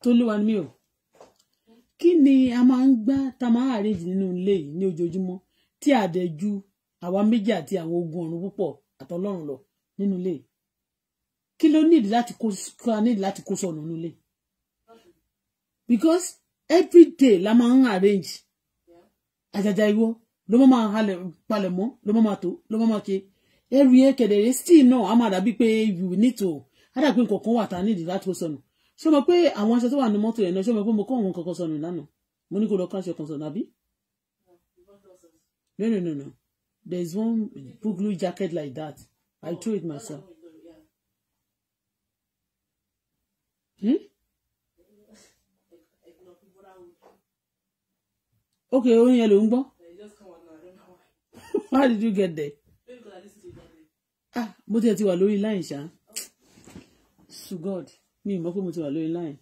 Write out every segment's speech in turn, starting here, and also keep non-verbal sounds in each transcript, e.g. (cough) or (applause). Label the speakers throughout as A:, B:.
A: tolúwa mi ò kí ni a máa ń gbá tá a máa àrèjì nínú ilé yìí ní ojoojúmọ́ tí a dẹ̀ ju àwa méjì àti àwọn ogun ọ̀run púpọ̀ àtọlọ́run lọ nínú ilé yìí kí ló need láti kó kí ló need láti kó sọnù nílé because every day la máa ń arrange àjàjà ìwọ ló máa máa halẹ̀ palẹ̀ mọ́ ló máa máa tó ló máa máa ṣe ẹrù yẹn kẹ̀dẹ̀rẹ̀ still náà a máa dàbí pé you need to adàpé nǹkan kan wà tá a need láti kó sọnù ṣé o mọ̀ pé àwọn aṣọ tó wà ní mọ́tò yẹn náà ṣé o mọ̀ pé mo kó àwọn kankan sọnù lánàá mo ní kó lọ káṣọ kan sọnù àbí. no no no no there is one blue jacket like that i throw it myself. Hmm? Okay, only a ló (laughs) How did you get there? Ah, mo tiẹ̀ ti wà lórí line ṣá. To God, mi ì mọ̀ pé mo ti line.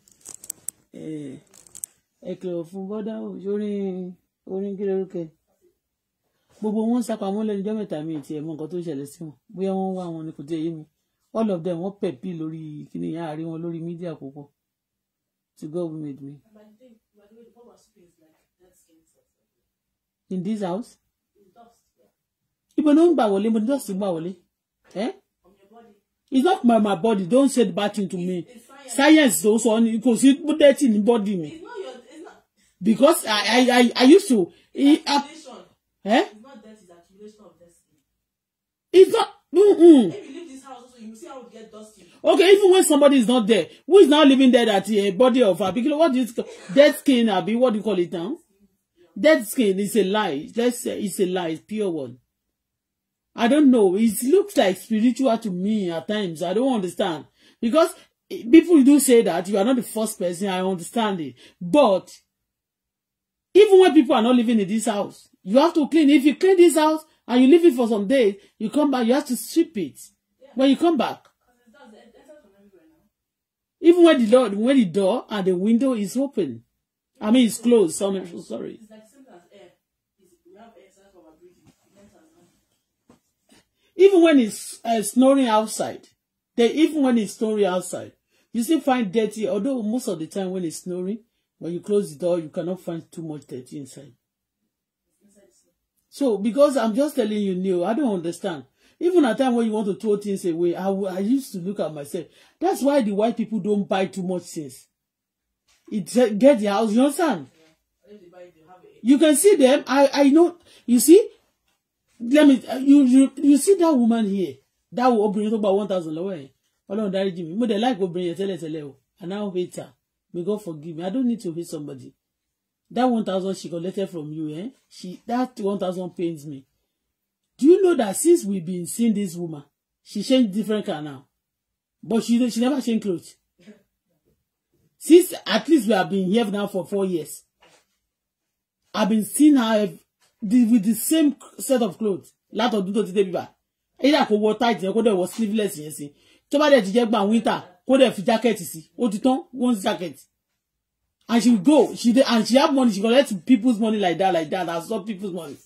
A: Eh, kìlọ̀ fún bọ́dá o, orin orin kí lórúkẹ. Gbogbo wọn sápamọ́ lẹ́nu jọ́ mẹ́ta mi ì tiẹ̀ mọ nǹkan tó ń ṣẹlẹ̀ sí wọn. Bóyá wọ́n ń wá wọn all of them wọ́n pẹ̀ bí lórí kíní yẹn àárín wọn lórí mídíà púpọ̀ to God who made me. in this house. ibo ló ń gbà wọlé mo ní dust gbà wọlé. Eh? it's not my my body don't say the bad thing to me science tó sọ ni kò sí dẹ́tì ní bọ́dì mi because I I I, I used to. It's not destiny. Eh? It's not. Mm-mm okay even when somebody is not there who is now living there that a eh, body of a because what is dead skin abi what do you call it now dead skin is a lie let's say it's a lie it's pure one i don't know it looks like spiritual to me at times i don't understand because eh, people do say that you are not the first person i understand it but even when people are not living in this house you have to clean if you clean this house and you leave it for some days you come back you have to sweep it When you come back, even when the door, when the door and the window is open, I mean it's closed. So I'm sorry. Even when it's uh, snoring outside, they even when it's snoring outside, you still find dirty. Although most of the time when it's snoring, when you close the door, you cannot find too much dirty inside. So because I'm just telling you, Neil, I don't understand even at time when you want to throw things away i i used to look at myself that's why the white people don't buy too much things it uh, get the house you understand you can see them i i know you see let me uh, you you you see that woman here that will bring you about one thousand lọ́wọ́ hold on, dáríjì mi mo dẹ̀ like obìnrin yẹn tẹ́lẹ̀tẹ́lẹ̀ o and now waiter, may God forgive me i don't need to hit somebody that one thousand she collected from you eh she that one thousand pains me Do you know that since we've been seeing this woman, she changed different car now. But she she never changed clothes. Since at least we have been here now for four years. I've been seeing her the, with the same set of clothes. Látọ̀dún tó ti dé bíbá. Either kò wọ tight yẹn kó dẹ̀ wọ sleeveless yẹn sí. Tó bá dẹ̀ ti jẹ́ gbà winter kó dẹ̀ fi jacket sí. Ó ti tán one jacket. And she go she dey and she have money she collect people's money like that like that and some people's money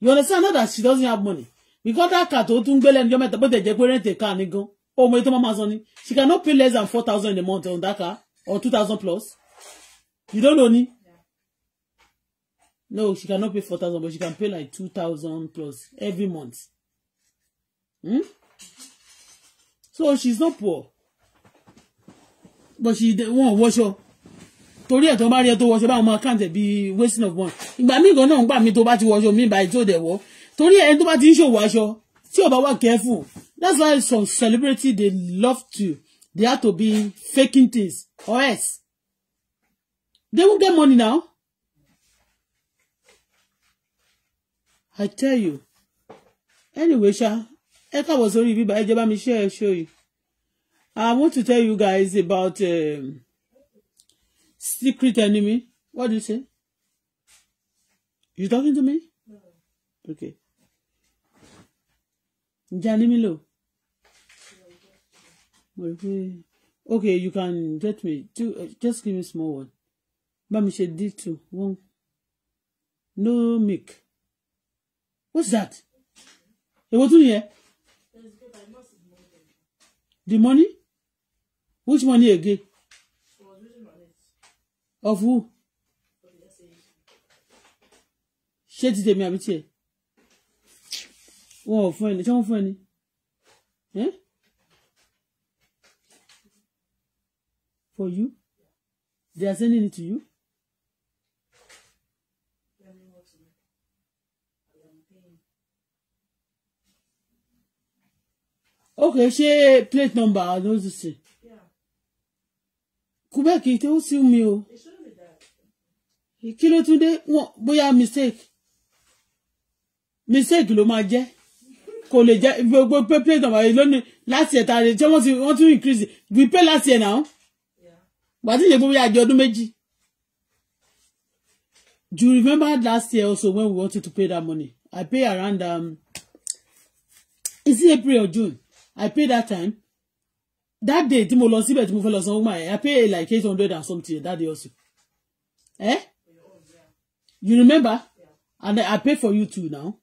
A: you understand not that she doesn't have money because that car tó tún gbé lẹ́nu jọ́ mẹ́ta bó tẹ̀ jẹ́ pé rent a car ni gan ohun èyí tó máa ma ni she cannot pay less than four thousand in a month on that car or two thousand plus you don't know ni no she cannot pay four thousand but she can pay like two thousand plus every month hmm? so she's not poor but she won't wash up torí ẹ̀ tó bá rí ẹ tó wọṣọ báwọn máa kàn tẹ̀ bíi wasting of money ìgbà míì gan náà ń gbà mí tó bá ti wọṣọ mí báyìí tó dẹ̀ wọ́ torí ẹ̀ tó bá ti ń ṣòwò aṣọ tí ò bá wà careful that's why some celebrity they love to they have to be faking things or else they won't get money now I tell you anyway ṣá ẹ káàbọ̀ sórí bíbá ẹ jẹ́ bá mi share ẹ show you I want to tell you guys about. Um, secret enemy. What do you say? You talking to me? No. Okay. Janimilo. Okay, you can get me. Two, uh, just give me small one. Mami said D two one. No milk. What's that? Èwo tún here? The money? Which money again? of who ṣé ti tèmi àbí tiẹ̀ wọn ò fún ẹni ṣé wọn fún ẹni for you they are sending it to you. okay ṣé plate number ló ti sè kúbẹ́ẹ̀kì tó sì mi o kí ló tún dé bóyá mistake mistake ló máa jẹ́ kò lè jẹ́ gbogbo pépé ìtànbà yìí lónìí láti ẹ̀ta rẹ̀ tí wọ́n tún increase we pay last year now wàá ti lè gbogbo àjọ ọdún méjì do you remember last year also when we wanted to pay that money I pay around um, is it April or June I pay that time that day tí mo lọ síbẹ̀ tí mo fẹ́ lọ sanwó máa yẹn I pay like eight hundred and something that day also eh? you remember and I pay for you too now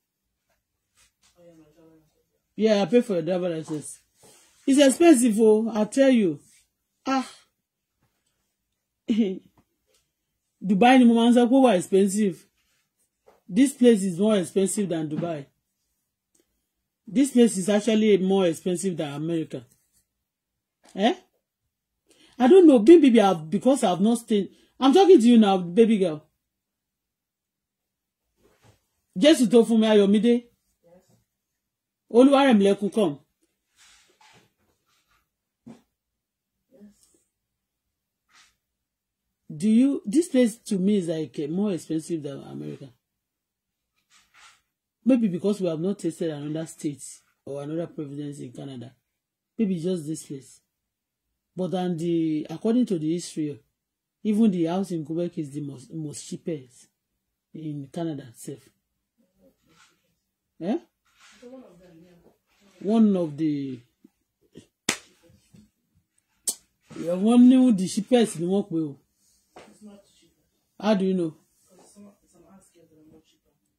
A: yeah I pay for your driver license it's expensive oh I tell you ah (laughs) Dubai ni mo máa ń sọ pé wà expensive this place is more expensive than Dubai this place is actually more expensive than America. Eh? I don't know. Maybe I've, because I've not stayed. I'm talking to you now, baby girl. Jésù tó Yes. mi Ayọ̀mídé. Olúwarẹ̀mílẹ́kùn come. Do you this place to me is like uh, more expensive than America? Maybe because we have not tasted another state or another province in Canada. Maybe just this place. But then the according to the history, even the house in Quebec is the most most cheapest in Canada itself. Yeah? One of the one new the cheapest in wọ́n pè How do you know?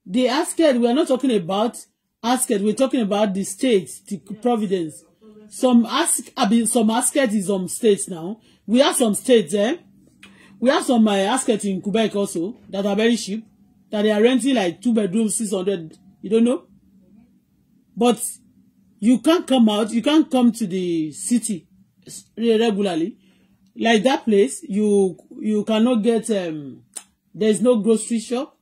A: They asked. we are not talking about asked. we are talking about the state the yeah. Providence some ask I mean, some asket in some states now we have some states eh we have some uh, asket in Quebec also that are very cheap that they are renting like two bedrooms six hundred you don't know but you can't come out you can't come to the city regularly like that place you you cannot get um, there is no grocery shop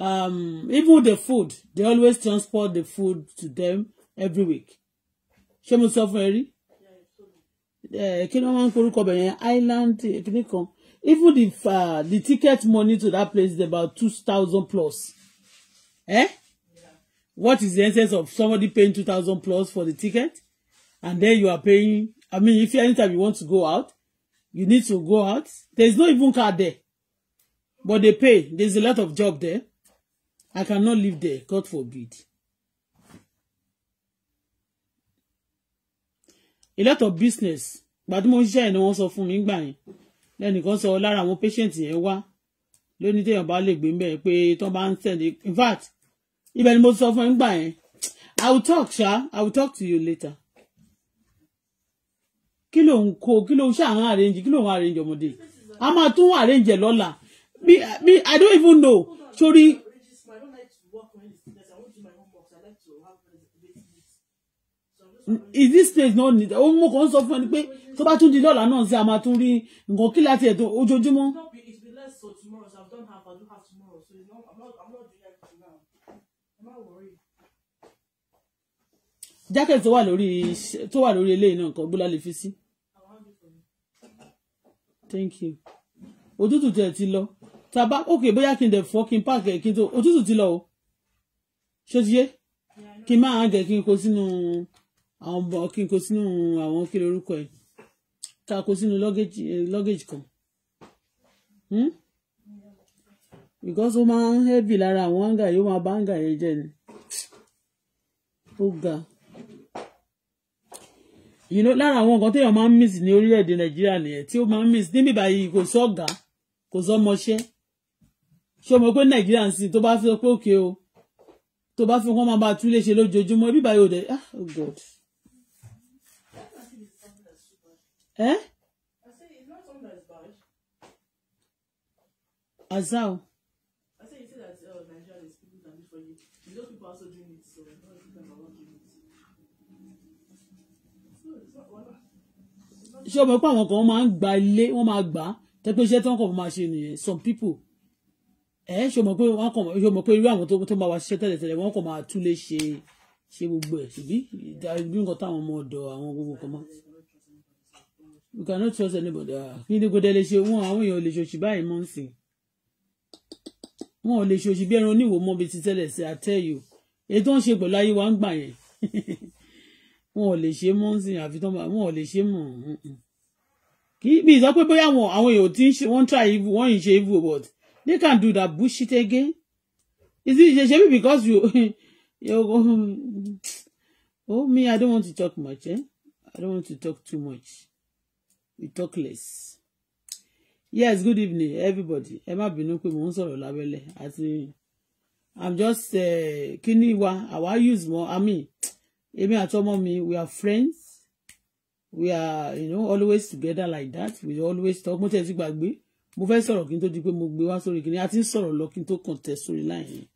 A: um even the food they always transport the food to them every week ṣé mo sọ fún ẹ rí eh, kí ni wọ́n máa ń korúkọ bẹ̀ yẹn island kìíní kan even the uh, the ticket money to that place is about two thousand plus eh? yeah. what is the essence of somebody paying two thousand plus for the ticket and then you are paying I mean if anytime you want to go out you need to go out there is no even car there but they pay there is a lot of job there I cannot live there God forbid a lot of business gbàdúmọ̀ ṣiṣẹ́ yẹn ni wọ́n sọ fún mi gbà yẹn lẹ́nìkan sọ lára àwọn patient yẹn wá lónìí téèyàn bá lè gbé mbẹ́ pé tó bá ń tẹ̀lé in fact ibẹ̀ ni mo sọ fún ẹ gbà yẹn I will talk ṣá I will talk to you later kí ló ń kó kí ló ń ṣàhán àrẹ́njì kí ló ń àrẹ́njì ọmọdé a máa tún àrẹ́njì ẹ̀ lọ́la bí I don't even know Sorry. is this place náà ní ó mú kàn sọ fún ẹni pé tó bá tún di lọ́la náà sí a máa tún rí nǹkan kí láti ẹ̀tọ́ ojoojúmọ́. jacket tó wà lórí tó wà lórí eléyìí náà nǹkan bóla lè fi sí. thank you òtútù tẹ̀ ti lọ tàbá òkè bóyá kí n dẹ̀ fucking kí n pààkì ẹ̀ kí n tó òtútù ti lọ o ṣé ti yé kí n máa gẹ̀ kí n kó àwọn ọmọ kí n kó sínú àwọn kí lorúkọ ẹ ká kó sínú luggage eh, kan hmm? because ó máa ń heavy lára àwọn hanga yóò máa bá hanga yẹn jẹ ni ó ga you know lára àwọn nǹkan téèyàn máa ń miss ní orílẹ̀-èdè nàìjíríà nìyẹn tí ó máa ń miss níbi báyìí kò sọ́gà kò sọ́mọṣẹ́ ṣé o mọ̀ pé nàìjíríà ń sìn tó bá fi sọ pé òkè o tó bá fi wọ́n máa bá a túlé ṣe lójoojúmọ́ ibi báyìí ò dẹ̀ ah oh god. Eh? I say it's not something that's bad. Azao. I say you say that uh, Nigeria is people can do for you. You know people also it, so I don't think I'm not doing it. So it's not one ṣé o mọ̀ pé àwọn kan máa ń gba ilé wọ́n máa gbà á tẹ́pẹ́ iṣẹ́ tí wọ́n kàn máa ṣe nìyẹn some people ẹ̀ ṣé o mọ̀ pé wọ́n kàn ṣé o mọ̀ pé irú àwọn tó máa wá ṣiṣẹ́ tẹ́lẹ̀tẹ́lẹ̀ wọ́n kàn máa túlé ṣe ṣe gbogbo ẹ̀ ṣùgbọ́n ìdá ìgbìngàn táwọn ọmọ ọ̀dọ̀ àwọn gbogbo kan máa you cannot trust anybody ah, kí ni kò dé lè ṣe wọn àwọn èèyàn ò lè ṣòṣì báyìí mọ́ sí wọn ò lè ṣòṣì bí ẹran oníwò mọ́ bí ti tẹ́lẹ̀ sí I tell you èyí tó ń ṣe pẹ̀lú ayé wa ń gbà yẹn (laughs) wọn ò lè ṣe mọ́ sí àfi tán wọn ò lè ṣe mọ́ kì í bí ìsọ pé bóyá àwọn àwọn èèyàn tí ń ṣe wọ́n try evil wọ́n yìí ṣe evil but they can do that bullshit again is it ṣe bí because you (laughs) you go um, oh me I don't want to talk much eh? I don't want to talk too much we talk less. Yes, good evening, everybody. Emma, má bínú pé mò ń I'm just eh, kíní I àwa use more I mean èmi àti ọmọ we are friends we are you know always together like that we always talk mo tẹ̀ sí gbàgbé mo fẹ́ sọ̀rọ̀ kí n tó di pé mo gbé wá sórí kíní àti sọ̀rọ̀ lọ kí n tó kàn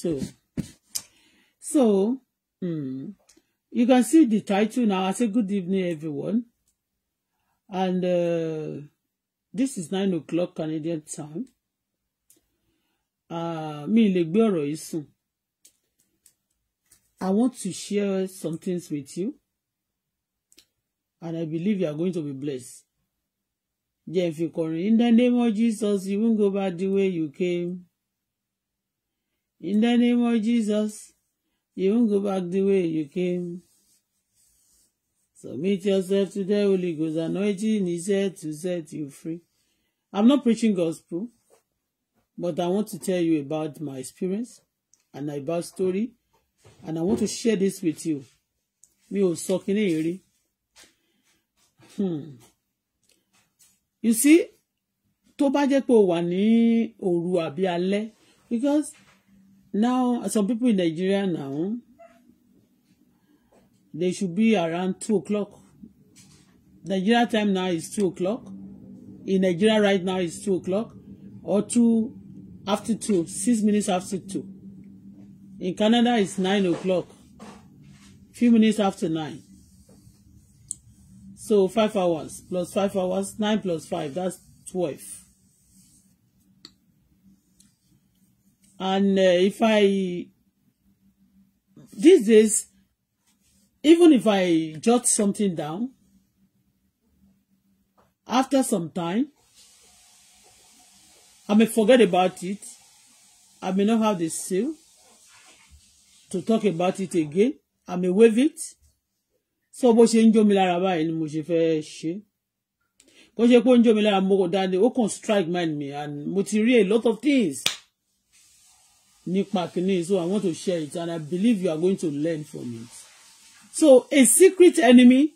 A: so so mm, you can see the title now I say good evening everyone and uh, this is nine o'clock Canadian time uh, mi lè gbé ọ̀rọ̀ yìí sùn I want to share some things with you and I believe you are going to be blessed jẹ́ fi kọrin in the name of Jesus you won't go back the way you came in the name of Jesus you won't go back the way you came. Submit yourself to the Holy Ghost anointing is here to set you free. I'm not preaching gospel, but I want to tell you about my experience and about story, and I want to share this with you. Mi ò sọ kíní Hmm. You see, to budget jẹ́ pé o wà ní òru àbí because now some people in Nigeria now They should be around two o'clock. Nigeria time now is two o'clock. In Nigeria right now is two o'clock or two, after two, six minutes after two. In Canada it's nine o'clock, few minutes after nine. So five hours plus five hours, nine plus five, that's 12. And uh, if I, these days, even if I jot something down, after some time, I may forget about it. I may not have the seal to talk about it again. I may wave it. So bó ṣe ń mi lára báyìí ni mo ṣe fẹ́ ṣe. Bó ṣe pé ó mi lára mo kò dání, ó kàn strike mind me and mo ti a lot of things nípa kìíní. So I want to share it and I believe you are going to learn from it. So a secret enemy,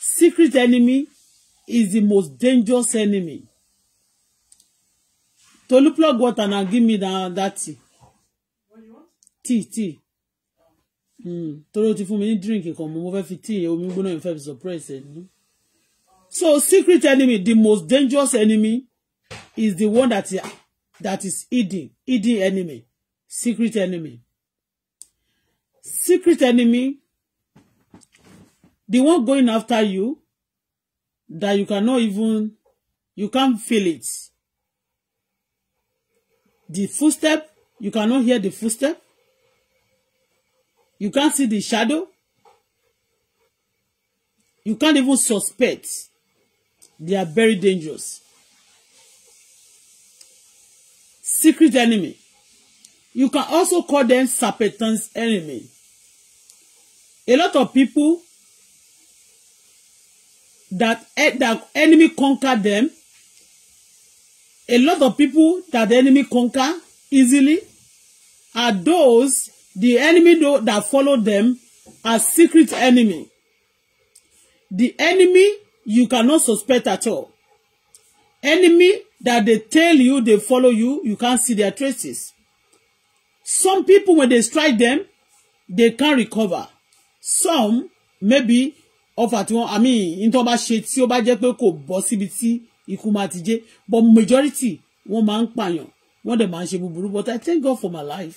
A: secret enemy is the most dangerous enemy. Tolu plug water now give me that, that tea. What do you want? Tea, tea. Mm. Tolu ti fún mi ní drink kan mo fẹ́ fi tea omi gbóná mi fẹ́ fi suppress ẹ̀ So secret enemy, the most dangerous enemy is the one that, that is hidden, hidden enemy, secret enemy. Secret enemy the one going after you that you cannot even you can't feel it the footstep you cannot hear the footstep you can't see the shadow you can't even suspect they are very dangerous secret enemy you can also call them serpent's enemy a lot of people that eh, that enemy conquer them. A lot of people that the enemy conquer easily are those the enemy though that follow them are secret enemy. The enemy you cannot suspect at all. Enemy that they tell you they follow you, you can't see their traces. Some people when they strike them, they can recover. Some maybe ọfà tí wọ́n àmì ní tó bá ṣe tí ó bá jẹ́ pé kò bọ́ síbi tí ikú máa ti jẹ́ but majority wọ́n máa ń pààyàn wọ́n dẹ̀ máa ń ṣe búburú but I thank God for my life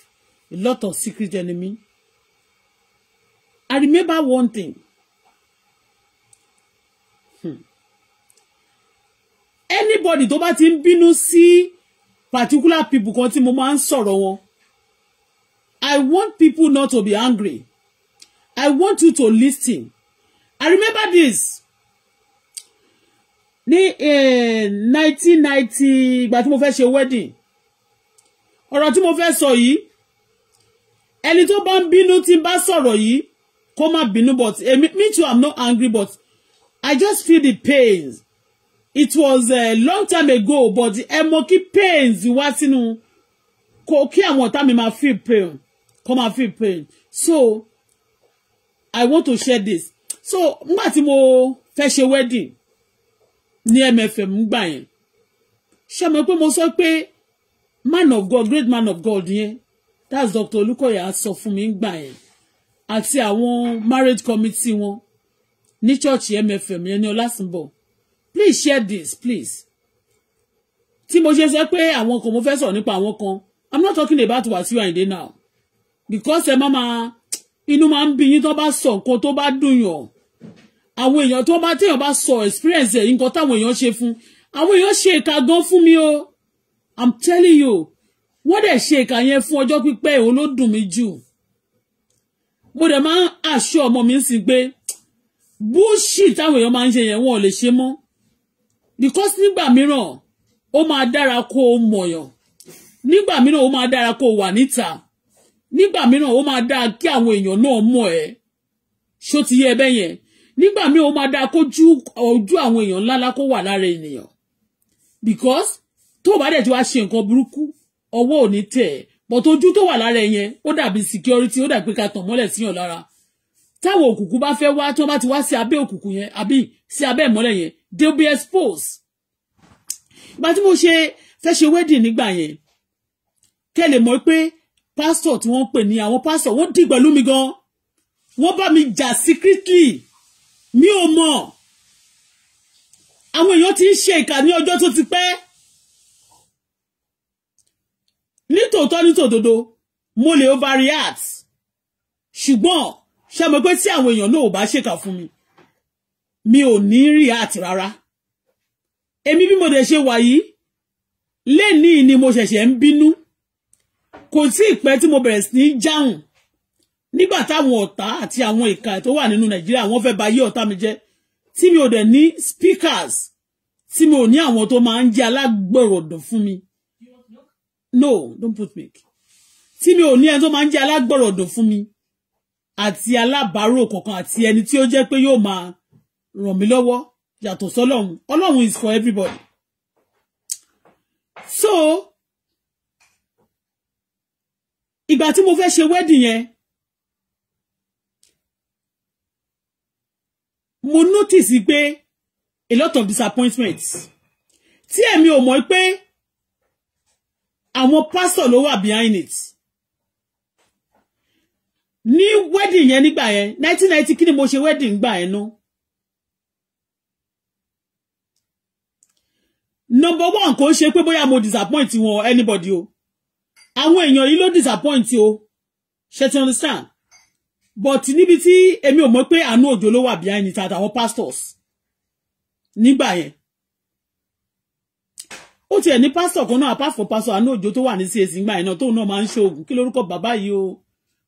A: a lot of secret enemy I remember one thing hmm. anybody tó bá ti ń bínú sí particular people kan tí mo máa ń sọ̀rọ̀ wọn I want people not to be angry I want you to listen I remember this ní eh, nineteen ninety ìgbà tí mo fẹ́ ṣe wedding ọ̀rọ̀ tí mo fẹ́ sọ yìí ẹni tó bá ń bínú tí bá sọ̀rọ̀ yìí kó má bínú but eh, me too I'm not angry but I just feel the pain it was a uh, eh, long time ago but ẹ mọ kí pains wá sínú kò kí àwọn ọ̀tá mi máa feel pain kó máa feel pain so I want to share this so nígbà tí mo fẹ́ ṣe wedding ní MFM gbà yẹn ṣe mọ̀ pé mo sọ pé man of God great man of God yẹn that's Dr. Olukoya sọ fún mi gbà yẹn àti àwọn marriage committee wọn ní church MFM yẹn ní Ọlásùnbọ̀ please share this please tí mo ṣe sọ pé àwọn kan mo fẹ́ sọ̀rọ̀ nípa àwọn kan i'm not talking about Wasiu Ayinde now because ẹ máa máa inú máa ń bí yín tó bá sọ nǹkan tó bá dùn yàn àwọn èèyàn tó bá téèyàn bá sọ experience ẹ̀ nǹkan táwọn èèyàn ṣe fún àwọn èèyàn ṣe ìka gan fún mi o i'm telling you wọ́n dẹ̀ ṣe ìka yẹn fún ọjọ́ pípẹ́ òun ló dùn mí jù mo dẹ̀ máa ń àṣọ ọmọ mi sí pé bullshit táwọn èèyàn máa ń ṣe yẹn wọn ò lè ṣe mọ́ because nígbà mìíràn ó máa dára kó o mọ̀yàn nígbà mìíràn ó máa dára kó o wà níta nígbà mìíràn ó máa dára kí àwọn èèyàn náà mọ̀ ẹ́ ṣó ti yé bẹ́yẹn nígbà míì ó máa dáa kójú ojú àwọn èèyàn ńláńlá kó wà lára ènìyàn because tó o bá dẹ̀ ti wá ṣe nǹkan burúkú ọwọ́ ò ní tẹ̀ ẹ́ bọ̀tọ̀ ojú tó wà lára yẹn ó dàbí security ó dàbí ká tàn mọ́lẹ̀ síyàn lára táwọn òkùnkùn bá fẹ́ wá tí wọ́n bá ti wá sí abẹ́ òkùnkùn yẹn àbí sí abẹ́ ìmọ́lẹ̀ yẹn they will be exposed. ìgbà tí mo ṣe fẹ́ ṣe wedding nígbà yẹn kẹ́ lè mọ̀ pé pásítọ̀ tí wọ́n ń pè ní àwọn pásítọ̀ wọ́n dì pẹ̀lú mi gan wọ́n bá mi jà secretly mi ò mọ̀ àwọn èèyàn ti ń ṣe ìkà ní ọjọ́ tó ti pẹ́ nítòótọ́ nítòdodo mo lè overreact ṣùgbọ́n ṣe mọ̀ pé tí àwọn èèyàn náà ò bá ṣèkà fún mi mi ò ní react rárá èmi bí mo dẹ̀ ṣe wà yìí lẹ́nìí ni mo ṣẹ̀ṣẹ̀ ń bínú kò tí ì pẹ́ tí mo bẹ̀rẹ̀ sí ní jáhùn nígbà táwọn ọ̀tá àti àwọn ìka tó wà nínú nàìjíríà wọ́n fẹ́ ba ayé ọ̀tá mi jẹ́ tí mi ò dẹ̀ ní speakers tí mi ò ní àwọn tó máa ń jẹ́ alágbọ̀rọ̀dọ̀ fún mi no don't put me. tí mi ò ní ẹni tó máa ń jẹ́ alágbọ̀rọ̀dọ̀ fún mi àti alábàárò kọ̀ọ̀kan àti ẹni tí ó jẹ́ pé yóò máa ràn mí lọ́wọ́ yàtọ̀ sọ́lọ́run ọlọ́run is for everybody so ìgbà tí mo fẹ́ ṣe wedding yẹn mo notice pé a lot of disappointment tí èmi ò mọ̀ pé àwọn pastor ló wà behind it ní wedding yẹn nígbà yẹn 1990 kí ni mo ṣe wedding nígbà yẹn náà. number one kò ṣe pé bóyá mo disappoint wọn anybody o àwọn èèyàn yìí ló disappoint o ṣe ti understand but níbi tí èmi ò mọ̀ pé àánú òjò ló wà behind it àtàwọn pastors nígbà yẹn ó tiẹ̀ ní pásítọ̀ kan náà apart from pásítọ̀ àánú òjò tó wà ní csc gbà yẹn náà tóun náà máa ń ṣe oògùn kí lórúkọ bàbá yìí o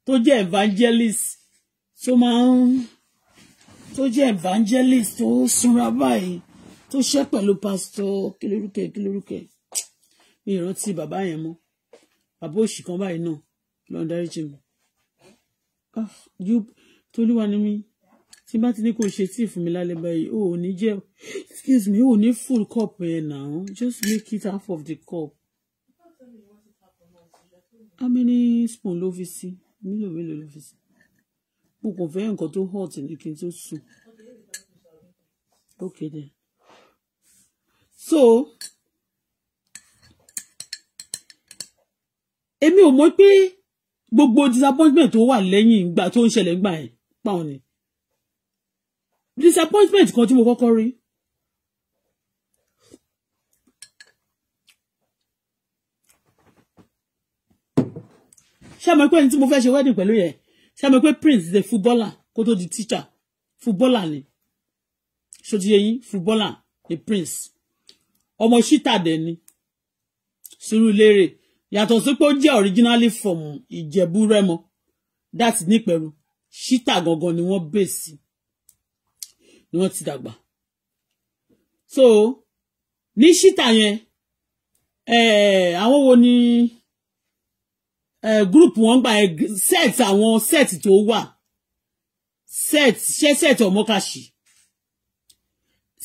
A: tó jẹ́ evangelist tó máa ń tó jẹ́ evangelist tó súnra báyìí tó ṣe pẹ̀lú pastor, kí lórúkẹ kí lórúkẹ mi ìrántí bàbá yẹn mọ́ bàbá òṣì kan báyìí náà lọ́ndarí jẹ́ mi ju ah, tolúwa ni mí tí bá ti ní kó ṣe tíì fún mi lálẹ́ báyìí o ò ní jẹ́ excuse me o ò ní full cup yẹn now just make it half of the cup how many spoon ló fi sí mélòó mélòó ló fi sí mo kò fẹ́ nǹkan tó hot ní kí n tó sùn okay then so èmi ò mọ̀ pé gbogbo disappointment tó wà lẹ́yìn ìgbà tó ń ṣẹlẹ̀ gbà yẹn pàwọn ni disappointment kan tí mo kọ́kọ́ rí ṣé àmọ́ pé ẹni tí mo fẹ́ ṣe wedding pẹ̀lú yẹn ṣé pé prince the footballer kó tó di teacher footballer ni ṣòtìyẹyìn footballer ni prince ọmọ ṣítà dẹ̀ ni sùúrù lérè yàtọ̀ sí pé ó jẹ́ originally from ìjẹ̀bú rẹ́mọ that nípẹ̀rù ṣítà gangan ni wọ́n bèsì ni wọ́n ti dàgbà so ní ṣítà yẹn eh, àwọn wo ni eh, group wọn gbà set àwọn set tó wà set ṣé set ọmọkàṣì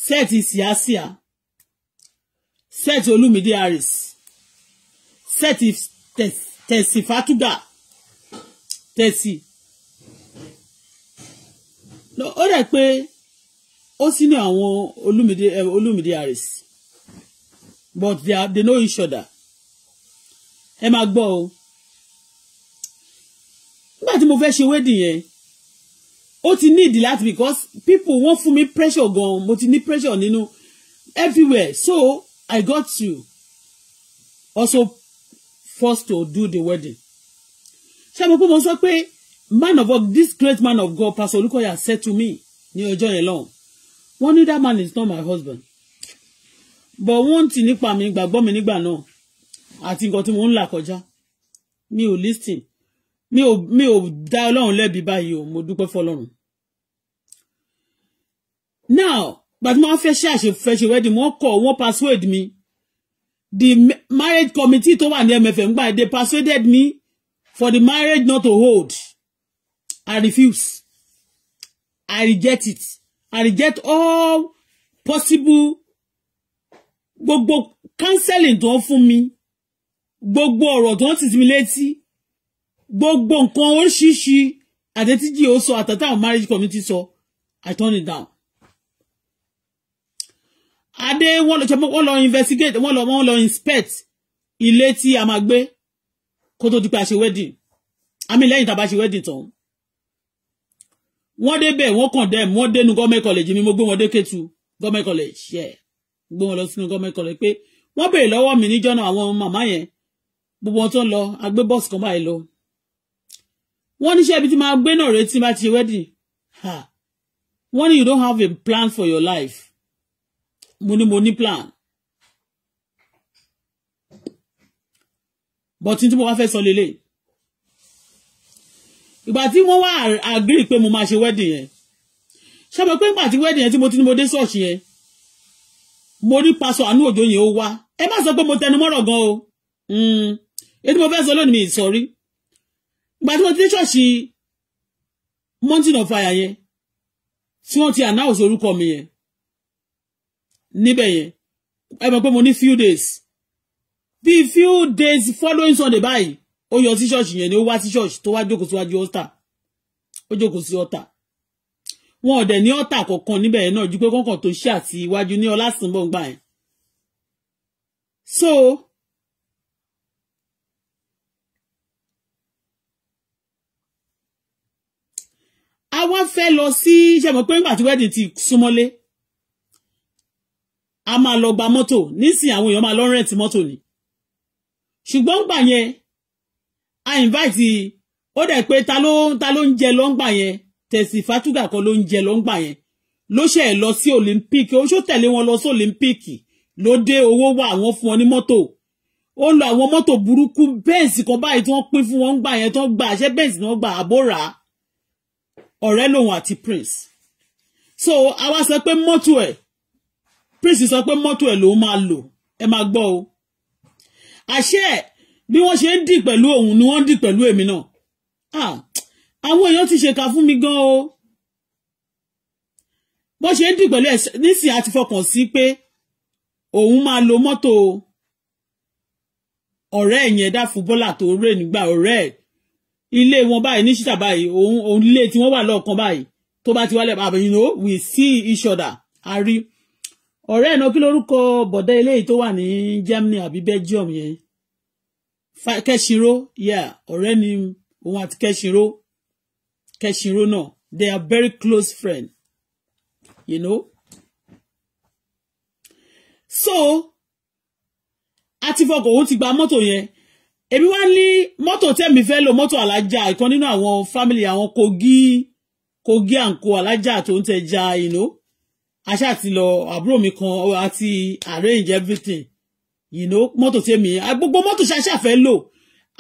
A: set ìsíásíà set olúmídé harris sẹ́ẹ̀tì tẹ̀sí fàtúgà tẹ̀sí ó rẹ̀ pé ó sí ní àwọn olúmìdí eh, olúmìdí àrèsì but they, are, they know each other ẹ máa gbọ́ o nígbà tí mo fẹ́ ṣe wedding yẹn ó ti need láti because people wọ́n fún mi pressure gan mo ti ní pressure nínú everywhere so I got to also forced to do the wedding ṣé mo pé mo sọ pé man of God this great man of God Pastor Olukoya said to me ní ọjọ́ yẹn lọ́hùn wọ́n ní that man is not my husband but wọ́n ti nípa mi gbàgbọ́ mi nígbà náà àti nǹkan tí mo ń là kọjá mi ò listen mi ò mi ò dá ọlọ́run lẹ́bi báyìí o mo dúpẹ́ fọlọ́run now gbàtí wọ́n fẹ́ ṣe àṣefẹ́ ṣe wedding wọ́n kọ̀ wọ́n persuade mi the marriage committee tó wà ní MFM gbà they persuaded me for the marriage not to hold I refuse I reject it I reject all possible gbogbo counseling tó ń fún mi gbogbo ọ̀rọ̀ tó ń tì mí létí gbogbo nǹkan oríṣiríṣi àtẹ̀tíjì ó sọ àtàtà àwọn marriage committee so I turn it down adé wọ́n lọ wọ́n lọ investigate wọ́n lọ wọ́n lọ inspect ilé tí a máa gbé kó tó di pé a ṣe wedding àmì lẹ́yìn tá a bá ṣe wedding tán wọ́n débẹ̀ wọ́n kàn dẹ̀ wọ́n dénú gọ́ọ̀mẹ̀ college mi mo gbé wọn dé Kétu gọ́ọ̀mẹ̀ college ṣe gbé wọn lọ sínú gọ́ọ̀mẹ̀ college pé wọ́n béèrè lọ́wọ́ mi níjọ́ náà àwọn màmá yẹn gbogbo wọn tó ń lọ agbé bọ́ọ̀sì kan báyìí lọ wọ́n níṣẹ́ ibi tí máa gbé náà retí bá ti ṣe wedding wọ́n ní you don't have a plan for your life mo ní mo ní plan but tí mo wá fẹ́ sọ lélẹ̀ ìgbà tí wọ́n wá agree pé mo máa ṣe wedding yẹn ṣe mọ̀ pé ìgbà tí wedding yẹn tí mo ti ní mo dé ṣọ́ọ̀ṣì yẹn mo rí pásọ àánú òjò yẹn ó wá ẹ má sọ pé mo tẹnu mọ́rọ̀ gan o hmm. ètò mo fẹ́ sọ lónìí mi ìsọ̀rí ìgbà tí mo ti dé ṣọ́ọ̀ṣì mountain of fire yẹn tí wọ́n ti announce orúkọ mi yẹn níbẹ̀ yẹn ẹ mọ̀ pé mo ní few days bí few days following sunday báyìí ó yọ sí ṣọ́ọ̀ṣì yẹn ni ó wá sí ṣọ́ọ̀ṣì tó wá jókòó síwájú ọ́tà ó jókòó sí ọ́tà wọn ọ̀dẹ̀ ní ọ́tà kọ̀ọ̀kan níbẹ̀ yẹn náà ju pé kọ́kàn tó ṣe àti iwájú ní ọlásìnbọ̀n gbà yẹn so a wá fẹ́ lọ sí ṣe mọ̀ pé nígbà tí wedding ti súnmọ́lé a máa lọ gba mọ́tò nísìnyí àwọn èèyàn máa lọ rẹ̀ǹtì mọ́tò ni ṣùgbọ́n ń gbà yẹn a invite ó dẹ̀ pé ta ló ta ló ń jẹ ló ń gbà yẹn tẹ̀sí fatuga kan ló ń jẹ ló ń gbà yẹn ló ṣe lọ sí olympic ó ṣó tẹ̀lé wọn lọ sí olympic ló dé owó wá àwọn fún wọn ní mọ́tò ó ń lo àwọn mọ́tò burúkú bẹ́ǹsì kan báyìí tí wọ́n pín fún wọn ń gbà yẹn tó ń gbà àṣẹ bẹ́ǹsì ni wọ́n gbà àbórà ọ̀rẹ́ lòun àti prince so àwa sọ pé mọ́tò ẹ̀ prince sọ pé mọ́tò ẹ̀ lòun máa lò ẹ máa gbọ́ o àṣẹ bí wọ́n ṣe ń dì pẹ̀lú òun ni wọ́n ń dì pẹ̀lú èmi náà àwọn èèyàn ti ṣèkà fún mi gan o bó ṣe ń dì pẹ̀lú ẹ̀ nísìnyí àti fọkàn sí pé òun máa lo mọ́tò ọ̀rẹ́ yẹn dáfù bọ́là tó rè nígbà ọ̀rẹ́ ẹ̀ ilé wọn báyìí ní ṣíṣà báyìí òun òun ilé tí wọ́n wà lọ́ọ̀kan báyìí tó bá ti wálẹ̀ bàbá yìí you know we see each other a rí ọ̀rẹ́ ẹ̀nà kí lorúkọ bọ̀dá eléyìí tó wà ní Germany àbí Belgium yẹn kẹ́sìnró yeah ọ̀rẹ́ ni òun àti kẹ́sìnró kẹ́sìnró náà they are very close friends you know so àti fọkàn òun ti gba mọ́tò yẹn èmi wá ní mọ́tò tẹ́mi fẹ́ lo mọ́tò alájà ìkan nínú àwọn fámìlì àwọn kogi kogi àǹkó alájà tó ń tẹ̀ ja you know aṣá ti lọ àbúrò mi kan àti arrange everything you know mọ́tò tèmi gbogbo mọ́tò ṣaṣà fẹ́ lò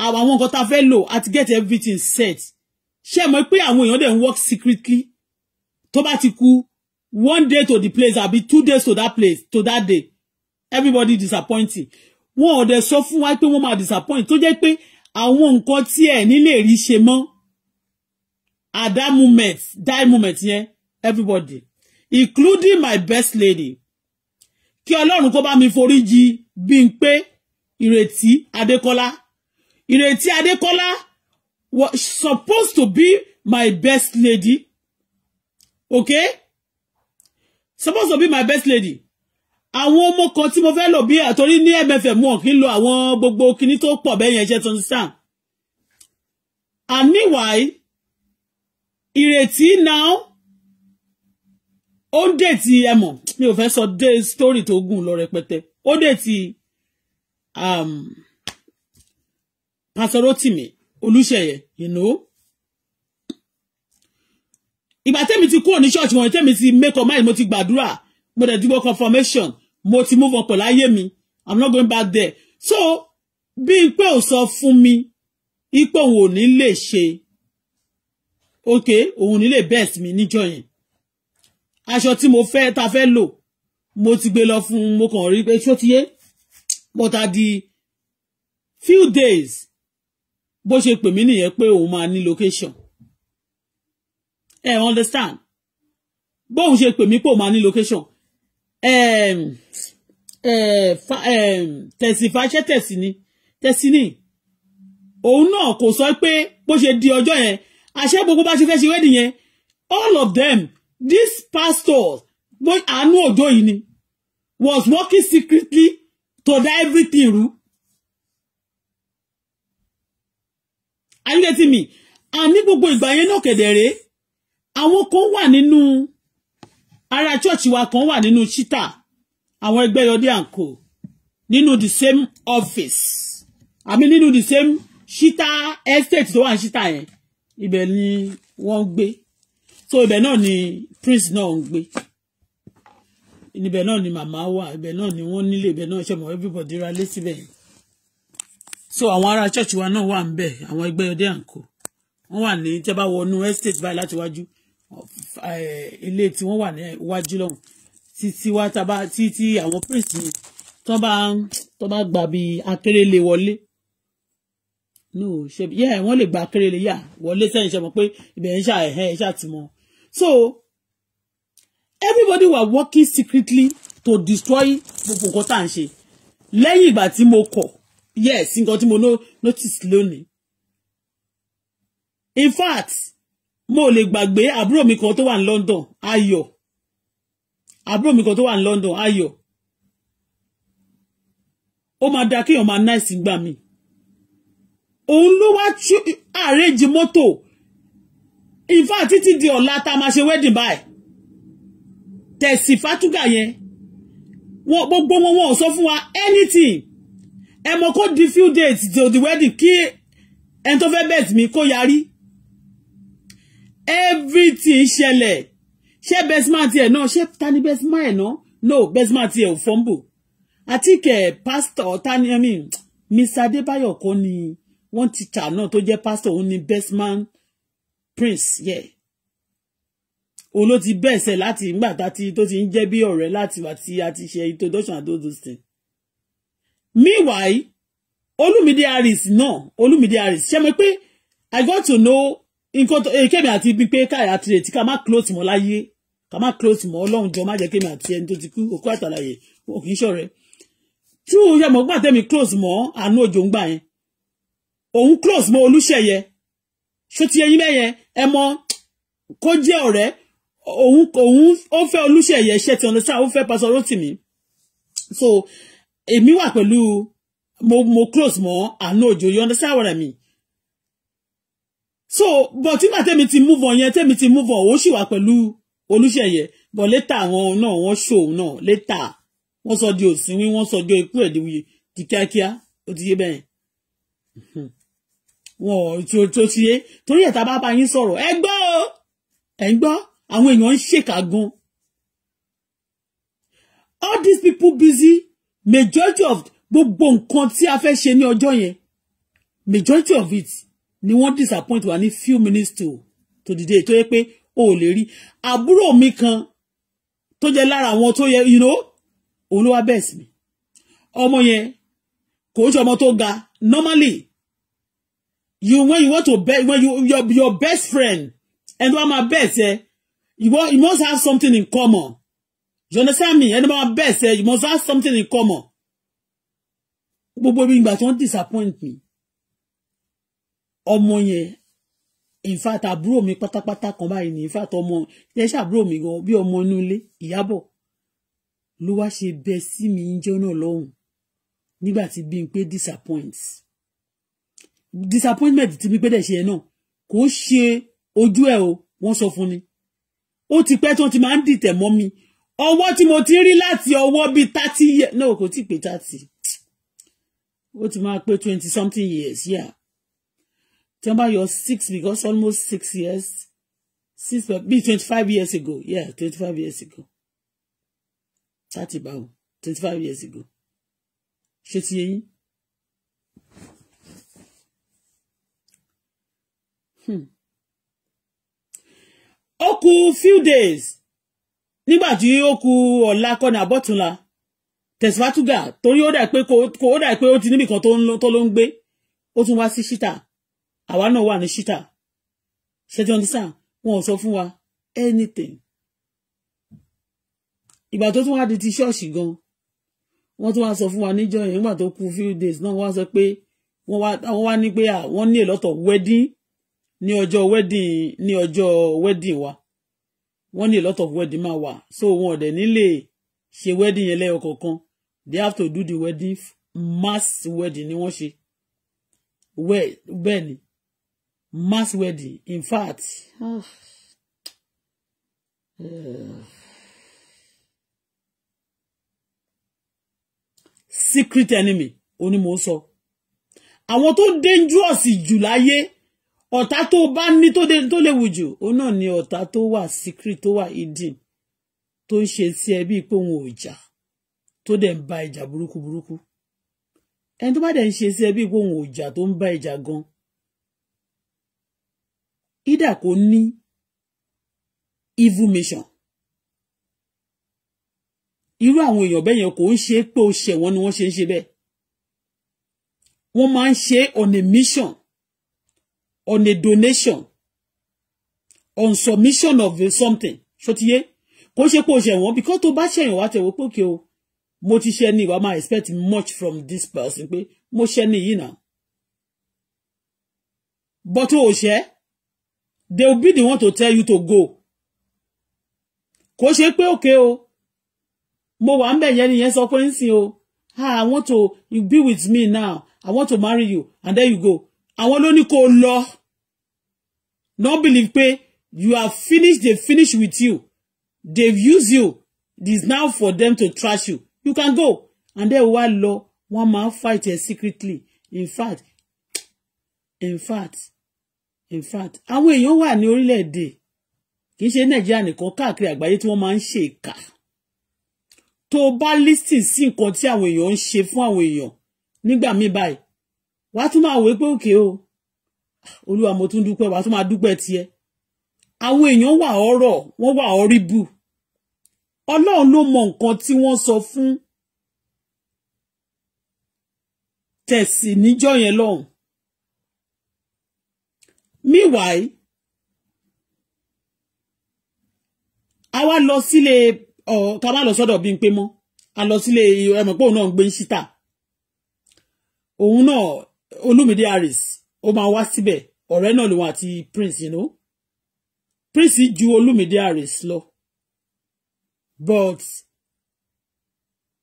A: àwọn nǹkan tá a fẹ́ lò àti get everything set ṣé mọ̀ pé àwọn èèyàn dẹ̀ ń work secretly tó bá ti kú one day to the place àbí two days to that place to that day everybody disappointing wọn ò dẹ̀ sọ fún wa pé wọ́n máa disappoint tó jẹ́ pé àwọn nǹkan tí ẹ̀ nílè rí ṣe mọ́ at that moment that moment yẹn everybody including my best lady kí ọlọ́run kó bá mi foríjì Bímpé Ìrètí Adékọ́lá Ìrètí Adékọ́lá was supposed to be my best lady okay supposed to be my best lady àwọn ọmọ kan tí mo fẹ́ lò bí àtòrí ní MFM wọn kì í lo àwọn gbogbo kinní tó pọ̀ bẹ́ẹ̀ yẹn jẹ́ tunsan and meanwhile Ìrètí now ó ń déètì ẹmọ mi ò fẹ́ sọ dé story tó gùn lọ rẹpẹtẹ ó déètì um, pásọrọtìmí olùṣeyẹ you know ìgbà tẹ́mi ti kúrò ní ṣọ́ọ̀ṣì wọn tẹ́mi ti make up mind mo ti gbàdúrà mo dẹ̀ dúró confirmation mo ti move up, pẹ̀lú ayé mi i'm not going back there so bí pé ò sọ fún mi ipò òun ò ní lè ṣe ok òun ò ní lè best mi níjọ́ yẹn aṣọ tí mo fẹ́ ta fẹ́ lò mo ti gbé lọ fún un mo kàn rí pé ṣó ti yé but at the few days bó ṣe pè mí nìyẹn pé òun máa ní location ẹ eh, understand bóun ṣe pè mí pé òun máa ní location um, um, um, tẹ̀sí fàṣẹ tẹ̀sí ni tẹ̀sí ni òun náà kò sọ pé bó ṣe di ọjọ́ yẹn àṣẹ gbogbo bá ṣe fẹ́ ṣe wedding yẹn all of them this pastor boy Anu Ojo yìí ni was working secretly to da everything ru are you getting me and ní gbogbo ìgbà yẹn náà kedere àwọn kan wà nínú ara church wa kan wà nínú chita àwọn ẹgbẹ́ yọdí àǹkò nínú the same office I àmì nínú the same chita estate tó wà ní chita yẹn ibẹ̀ ni wọ́n gbé so ibẹ̀ náà ni prince náà ń gbé ibẹ̀ náà ni màmá wà ibẹ̀ náà ni wọ́n nílé ibẹ̀ náà ṣe mọ̀ everybody ra lé síbẹ̀ yẹn so àwọn ará church wa náà wà ń bẹ̀ àwọn ẹgbẹ́ ọdẹ àǹkó wọ́n wà ní tẹ́ bá wọnú estate báyìí láti wájú eh, ilé tí wọ́n wà ní iwájú lọ́hùn títí wá tábà títí àwọn prince yẹn tó bá tó bá gbà bí akérèlé wọlé no ṣe yẹ wọ́n lè gba akérèlé yà wọlé sẹ́yìn ṣe mọ̀ pé ibẹ̀ ń ṣà ẹ̀hẹ́ ẹ̀ ṣàtìmọ́ so everybody were working secretly to destroy gbogbo nǹkan tá à ń ṣe lẹ́yìn ìgbà tí mo kọ̀ yes nǹkan tí mo no notice lónìí in fact mo lè gbàgbé àbúrò mi kan tó wà ní London ayọ̀ àbúrò mi kan tó wà ní London ayọ̀ ó máa da kéèyàn máa náìsì gbà mí òun ló wá àrèjì mọ́tò in fact títí di ọ̀la tá a máa ṣe wedding by. tẹ̀sí fátúgà yẹn wọn gbogbo wọn wọn ò sọ fún wa anything ẹ mọ kó di few dates to the wedding kí ẹni tó fẹ́ bet mi kó yarí everything ṣẹlẹ̀ ṣé bestman tiẹ̀ náà ṣé ta ni bestman ẹ̀ náà no bestman tiẹ̀ ò fọ́nbù àti kẹ̀ pastor tani i mean mr adébáyọ̀ kọ́ ni wọ́n ti tà náà tó jẹ́ pastor òun ni bestman prince yeah òun ló ti bẹ́ẹ̀ sẹ̀ láti ìgbà tàti tó ti ń jẹ́ bí ọ̀rẹ́ láti wà tí a ti ṣe introduction and those things. meanwhile olumide harris náà olumide harris ṣe mọ̀ pé i got to know nǹkan eh, kémi àti ibi pé káyà tirẹ̀ tí ká má close mọ́ láyé ká má close mọ́ ọlọ́run jọ má jẹ́ kémi àti ẹni tó ti kú òkú àtàlàyé òkú ìṣọ̀rẹ́ tí òun yẹ mọ̀ gbà tẹ́mi close mọ́ àánú òjò ń yẹn òun close mọ́ olúṣẹ̀yẹ ṣó ti ẹyin bẹ́yẹn ẹ mọ kó jẹ́ ọ̀rẹ́ òun òun ó fẹ́ olúṣèyẹ ṣe ti understand ó fẹ́ pásọ Rótìmí so èmi wà pẹ̀lú mo mo close mọ́ àánú òjò you understand what I mean so but nígbà tẹ́mi ti move on yẹn tẹ́mi ti move on òun sì wà pẹ̀lú olúṣèyẹ but later àwọn náà wọ́n ṣò náà later wọ́n sọ di òsínwí wọ́n sọ di ikú ẹ̀ di kíákíá ó ti yé bẹ́ẹ̀. Hmm wọn tí o tó ti yé torí ẹ̀ tá a bá bá yín sọ̀rọ̀ ẹ gbọ́ ẹ ń àwọn èèyàn ń ṣèkà gan all these people busy majority of gbogbo nǹkan tí a fẹ́ ṣe ní ọjọ́ yẹn majority of it ni wọ́n disappoint wa ní few minutes to to the day tó yẹ pé o ò lè rí àbúrò mi kan tó jẹ́ lára àwọn tó yẹ you know òun ló wá bẹ́ẹ̀ sí mi ọmọ yẹn kò ń ṣe ọmọ tó ga normally you when you want to bet when you your your best friend and one my best eh you want you must have something in common you understand me and my best eh you must have something in common gbogbo mi ìgbà tó ń disappoint me ọmọ yẹn in fact àbúrò mi pátápátá kan báyìí ni in fact ọmọ yẹn ṣàbúrò mi gan bí ọmọ inú ilé ìyábọ̀ ló wá ṣe bẹ sí mi ń jẹ́ náà lọ́hùn nígbà tí Bímpé disappoints disappointment ti mi pé dẹ̀ ṣe ẹ̀ náà kò ṣe ojú ẹ̀ o wọ́n sọ fún ni ó ti pẹ́ tó ti máa ń dìtẹ̀ mọ́ mi ọwọ́ tí mo ti rí láti ọwọ́ bíi thirty years náà kò tí ì pé thirty ó ti máa pé twenty something years yeah tí wọ́n bá yọ six because almost six years six bíi twenty five years ago yeah twenty five years ago thirty báwo twenty five years ago ṣé ti yẹ yín Hmm. ó kù few days nígbà tí ó kù ọ̀la kọ́ni àbọ̀túnla tẹ̀síwátúgà torí ó dà pé ó dà pé ó ti níbìkan tó ló ń gbé ó tún wá sí ṣítà àwa náà wà ní ṣítà ṣẹ́tí ọ̀nìsàn wọn ò sọ fún wa anything ìgbà tó tún wá di ti ṣọ́ọ̀ṣì gan wọ́n tún wá sọ fún wa níjọ́ yẹn nígbà tó kù few days náà wọ́n wá sọ pé wọ́n wá ní pé àwọn ní èlọ́tọ̀ wedding ní ọjọ́ wedding ní ọjọ́ wedding wa wọ́n ní a lot of wedding máa wà so wọn ò dẹ̀ nílè ṣe wedding yẹn lẹ́yọ kọ̀ọ̀kan they have to do the wedding mass wedding ni wọ́n ṣe bẹ́ẹ̀ ni mass wedding in fact secret enemy onímọ̀ sọ àwọn tó dangerous jù láyé ọ̀tá tó bá ní tó léwu jù òun náà ni ọ̀tá tó wà secret tó wà hidden tó ń ṣe sí ẹbí pé òun ò jà tó dẹ̀ ń ba ìjà burúkú burúkú ẹni tó bá dẹ̀ ń ṣe sí ẹbí pé òun ò jà tó ń ba ìjà gan ìdà kò ní evil mission irú àwọn èèyàn bẹ́ẹ̀ yẹn kò ń ṣe pé ó ṣẹ̀wọ́n ni wọ́n ṣe ń ṣe bẹ́ẹ̀ wọ́n máa ń ṣe on a mission on a donation on submission of something ṣótiyé kò ṣe kó ṣẹ̀wọ̀n because tó bá ṣẹ̀yìn wá tẹ̀wọ́ pé òkè o mo ti ṣe ni ìwà máa expect much from this person pé mo ṣe ni yìí náà but o ṣe they will be the one to tell you to go kò ṣe pé òkè o mo wà ń bẹ̀ yẹn nìyẹn sọ pé ń sìn o ah i want to be with me now i want to marry you and there you go àwọn ló ní kó lọ don't believe pé you are finished they finish with you they use you it is now for them to trash you you can go and then wá lọ wọ́n máa fight ẹ secretly in fact in fact in fact àwọn èèyàn wà ní orílẹ̀-èdè kì í ṣe nàìjíríà nìkan káàkiri àgbáyé tí wọ́n máa ń ṣe ìkà tó o bá lísìn sí nǹkan tí àwọn èèyàn ń ṣe fún àwọn èèyàn nígbà míì báyìí wàá tún máa wé pé òkè o olúwa mo tún dúpẹ́ wàá tún máa dúpẹ́ tiẹ̀ àwọn èèyàn wà ọ̀rọ̀ wọ́n wà ọ̀ríbù ọlọ́run ló mọ nǹkan tí wọ́n sọ fún tẹ̀sí níjọ́ yẹn lọ́hùn meanwhile a wá lọ sílé ọ ká má lọ sọ́dọ̀ Bímpé mọ́ a lọ sílé ẹmọ pé òun náà ń gbé ń ṣítà òun náà Olumide Harris ó máa wá síbẹ̀ ọ̀rẹ́ náà lòun àti Prince you know Prince ju Olumide Harris lọ but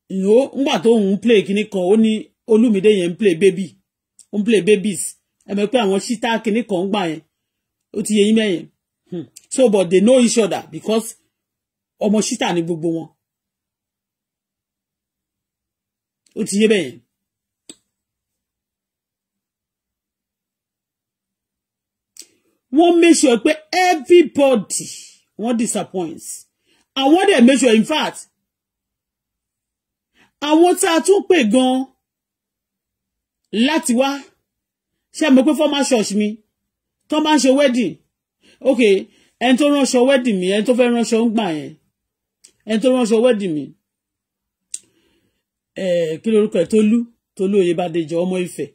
A: you know ngbà tó ń play kinní kan ó ní Olumide yẹn ń play baby ó ń play babies ẹ mọ̀ pé àwọn ṣítá kinní kan ń gbà yẹn ó ti yẹ yín mẹ́yìn hmm. so but they know each other because ọmọ ṣítà ni gbogbo wọn ó ti yé bẹ́yẹn wọ́n make sure pé everybody wọ́n disappoint àwọn dẹ̀ make sure in fact àwọn tá a tún pè gan láti wá ṣe mọ̀ pé former church mi tó bá ń ṣe wedding ok ẹni tó ránṣọ wedding mi ẹni tó fẹ́ ránṣọ ń gbà yẹn ẹni tó ránṣọ wedding mi kí lorúkọ ẹ̀ Tolú Tolú Oyèbádéjọ ọmọ Ifẹ̀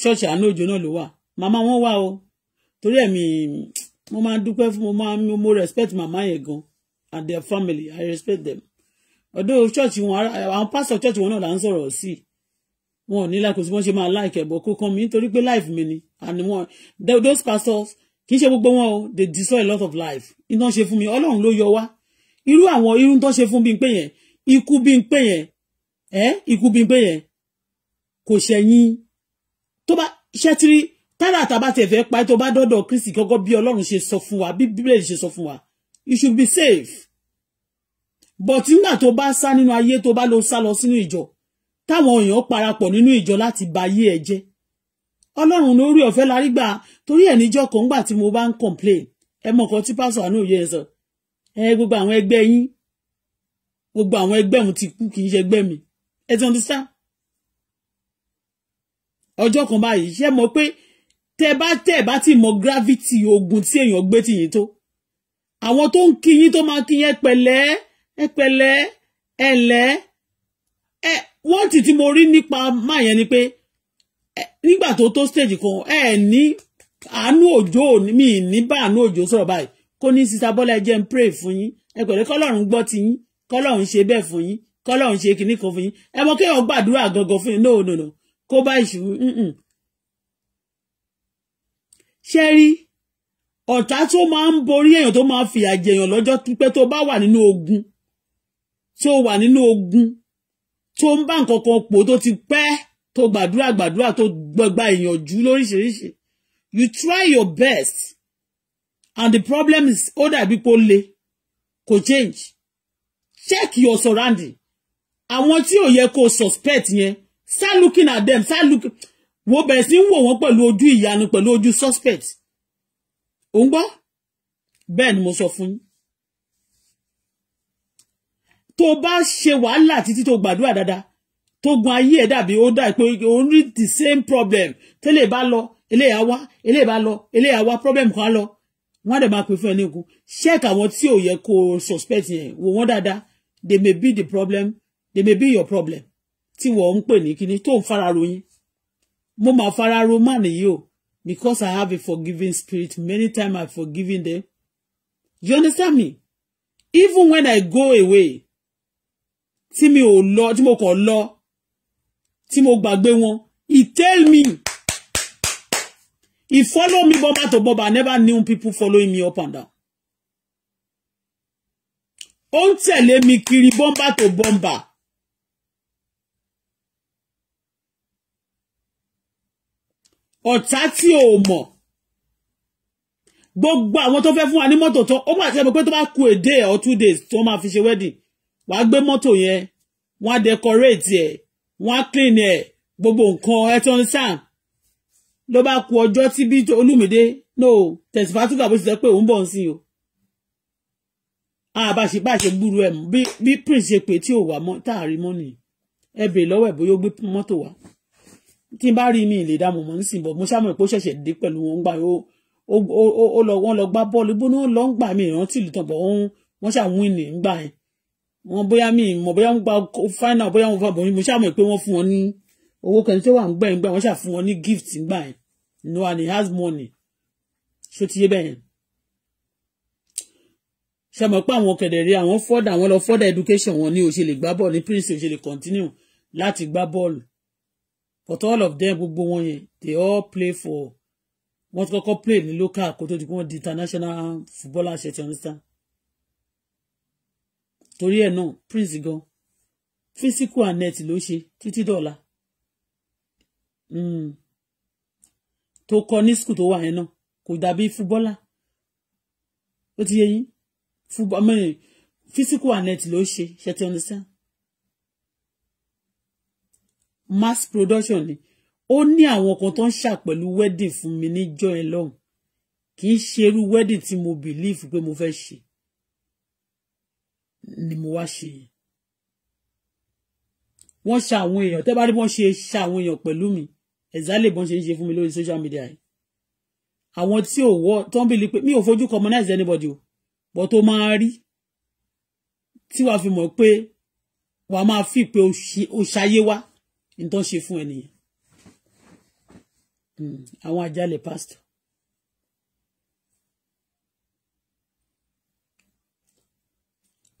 A: ṣọ́ọ̀ṣì àánú òjò náà ló wà màmá wọn wà o torí ẹ̀mí mo máa dúpẹ́ fún mo máa mo respect màmá yẹn gan and their family i respect them ọ̀dọ̀ church wọn àwọn pastor church wọn náà là ń sọ̀rọ̀ sí wọn ò ní láì kò sí wọn ṣe máa láì kẹ̀bọ̀ kó kàn nítorí pé life mi ni and one. those pastors kì í ṣe gbogbo wọn o they destroy a lot of life iná ṣe fún mi ọlọ́run ló yọ wá irú àwọn irú tó ṣe fún Bímpé yẹn ikú Bímpé yẹn ẹ ikú Bímpé yẹn kò ṣẹ̀yìn tó bá ṣẹ́tírí tára tàbá tẹ̀ fẹ́ pa tó bá dọ́dọ̀ Kristi gọ́gọ́ bí Ọlọ́run ṣe sọ fún wa bí Bíbélì ṣe sọ fún wa you should be safe but nígbà tó bá sá nínú ayé tó bá lọ sá lọ sínú ìjọ táwọn èèyàn parapọ̀ nínú ìjọ láti ba ayé ẹ jẹ́ Ọlọ́run lórí ọ̀fẹ́ larí torí ẹ̀ kan ńgbà tí mo bá ń complain ẹ mọ̀ kan tí pásọ̀ àánú òye ẹ sọ ẹ gbogbo àwọn ẹgbẹ́ yín gbogbo àwọn ẹgbẹ́ òun ti kú kì í ṣe ẹgbẹ́ mi ẹ ti understand ọjọ́ kan báyìí ṣé mọ̀ pé tẹ bá tẹ bá ti mọ gravity ogun tí èèyàn gbé tìyín tó àwọn tó ń kíyín tó máa kíyín ẹpẹ̀lẹ́ ẹpẹ̀lẹ́ ẹlẹ ẹ wọn ti ti mo rí nípa máa yẹn ni pé nígbà tó tó stage kan ẹ ní àánú òjò mi ní bá àánú òjò sọ̀rọ̀ báyìí kó ní sísá bọ́lá ẹ ń pray fún yín ẹ pẹ̀lẹ́ kọ́lọ́run gbọ́ ti yín kọ́lọ́run ṣe bẹ́ẹ̀ fún yín kọ́lọ́run ṣe kinní kan fún yín ẹ mọ kéèyàn gbàdúrà gangan fún yín no no no kó bá ìṣù ṣe rí ọ̀tá tó máa ń borí èèyàn tó máa fìyà jẹyàn lọ́jọ́ pípẹ́ tó bá wà nínú ogun tó wà nínú ogun tó ń bá nǹkan kan pò tó ti pẹ́ tó gbàdúrà gbàdúrà tó gbọgba ìyànjú lóríṣiríṣi you try your best and the problem is ó dàbí kó le kò change check your surrounding àwọn tí ò yẹ kó suspect yẹn start looking at them start looking wo bẹ̀rẹ̀ sí ń wò wọ́n pẹ̀lú ojú ìyanu pẹ̀lú ojú suspect ò ń gbọ́ bẹ́ẹ̀ ni mo sọ fún yín tó bá ṣe wàhálà títí tó gbàdúrà dáadáa tó gun ayé ẹ̀ dàbí ó dà pé ó ń rí the same problem tẹ́lẹ̀ bá lọ eléyà wá eléyà bá lọ eléyà wá problem kan lọ wọ́n á dẹ̀ máa pè fún ẹ ní ogun ṣẹ́ẹ̀kì àwọn tí ò yẹ kó o suspect yẹn wò wọ́n dáadáa they may be the problem they may be your problem tí wọ́n ń pè ní kíní tó ń fara ròyìn mo mà fara ro má nìyí o because I have a forgiving spirit many times I forgiven them you understand me even when I go away tí mi ò lọ tí mo kàn lọ tí mo gbàgbé wọn he tell me he follow me bọ́bá to bọ́bá I never knew people following me up and down ó ń tẹ̀lé mi kiri bọ́mbà tó bọ́mbà. ọ̀tá tí ò mọ̀ gbogbo àwọn tó fẹ́ fún wa ní mọ́tò tán ó mà ti rẹ̀ pé tó bá ku a day or two days tó máa fi ṣe wedding wàá gbé mọ́tò yẹn wọ́n á decorate ẹ̀ wọ́n á clean ẹ̀ gbogbo nǹkan ẹ̀tọ́ ní sàn ló bá ku ọjọ́ tí bí Olúmídé no tẹ̀sífàtúgà bó ti sẹ́ pé òun bọ̀ ń sìn o àbáṣe ah, báṣe gbúrú ẹ̀ mọ́ bí prince ṣe pé tí ò wà mọ́ táàrí mọ́ nìyí ẹ bèè lọ́wọ́ ẹ̀ bóyá ó gbé mọ́tò wá tí n bá rí mi lè dá mo mọ̀ nísìnyí bọ̀ mo ṣàmọ̀ pé ó ṣẹ̀ṣẹ̀ dé pẹ̀lú wọn gbà ó lọ wọn lọ gbá bọ́ọ̀lù gbóná lọ ń gbà mí ìrántí ìlú tàn bọ̀ wọ́n ṣàwìn ní ń gbà yẹn wọn bóyá mi mọ̀ bóyá wọ́n gba final bóyá wọ́n fa bọ̀ mo ṣàmọ̀ pé wọ́n fún wọn ní owó kan tí ó wà ń gbà yẹn gbà wọ́n ṣàfún wọn ní gift ń gbà yẹn no and has money ṣó ti yé bẹ́ẹ̀ yẹn ṣe mọ̀ pé àwọn kẹ̀dẹ̀ rí àwọn fọ́dà àwọn lọ fọ́dà education wọn ní òṣèlè gbá bọ́ọ̀lù ní prince òṣèlè continue láti gbá bọ́ọ̀lù but all of them gbogbo wọn yẹn they all play for wọ́n ti play ní local kó tó di pé wọ́n di international footballer ṣe ti understand torí ẹ̀ náà prince gan physical and net ló ṣe títí dọ̀la hmm. tó kọ ní school tó wà yẹn náà kò dàbí footballer ó ti yẹ yín physical and net ló ṣe ṣe ti understand mass production ni ó ní àwọn kan tó ń ṣà pẹ̀lú wedding fún mi níjọ́ ẹ lọ́hùn kì í ṣe irú wedding tí mo believe pé mo fẹ́ ṣe ni mo wá ṣe yẹn wọ́n ṣa àwọn èèyàn tẹ́ bá rí wọ́n ṣe ṣa àwọn èèyàn pẹ̀lú mi ẹ̀zálè bọ́n ṣe ń ṣe fún mi lórí social media yìí àwọn tí ò wọ́ tó ń bìlí pé mi ò fojú commonize anybody o but ó máa rí tí wàá fi mọ̀ pé wàá máa fi pé ó ṣayé wá n tó ń ṣe fún ẹ nìyẹn hmm, àwọn àjálẹ̀ pásítọ̀.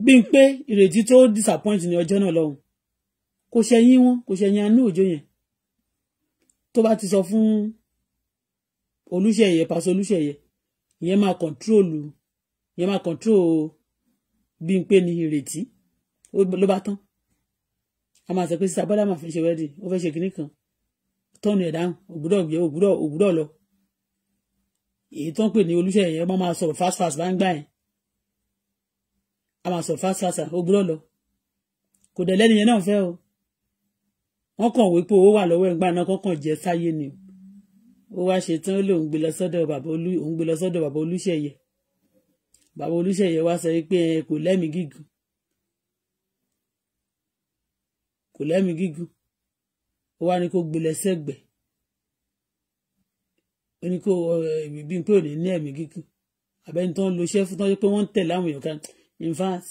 A: bí n pé ìrètí tó disappoint ní ọjọ́ náà lọ́hùn kò ṣẹ̀yìn wọn kò ṣẹ̀yìn àánú òjò yẹn tó bá ti sọ fún olùṣeyẹ pàṣẹ olùṣeyẹ ìyẹn máa kọńtíròlù ìyẹn máa kọńtírò bí n pé ní ìrètí ló bá tán a máa sọ pé sísá bọ́lá máa fẹ́ ṣe wẹ́dì ó fẹ́ ṣe kinní kan tọ́nu ẹ̀ dáhùn ògbúdọ̀ gbé ògbúdọ̀ ògbúdọ̀ lọ èyí tó ń pè ní olùṣẹ́ yẹn máa sọ̀rọ̀ fast fast bá ń gbà yẹn a máa sọ̀rọ̀ fast fast ògbúdọ̀ lọ kò dẹ̀ lẹ́nu yẹn náà fẹ́ o wọ́n kàn wí pé owó wà lọ́wọ́ ẹ̀gbá náà kọ́kàn jẹ́ sáyé ni ó wá ṣe tán lòun gbé lọ sọ́dọ̀ bàbá olú òun gbé lọ sọ́dọ̀ bàbá olùṣẹ́ yẹn bàbá olùṣẹ́ yẹn wá sọ pé kò lẹ́mìí gígùn kò lẹ́mí gígùn ó wá ní kó gbilẹ sẹ́gbẹ̀ ó ní kó eh, bíi pé ò ní ní ẹ̀mí gígùn abẹni tó ń lo iṣẹ́ fún tó ń jẹ́ pé wọ́n ń tẹ̀lé àwọn èèyàn kan in fact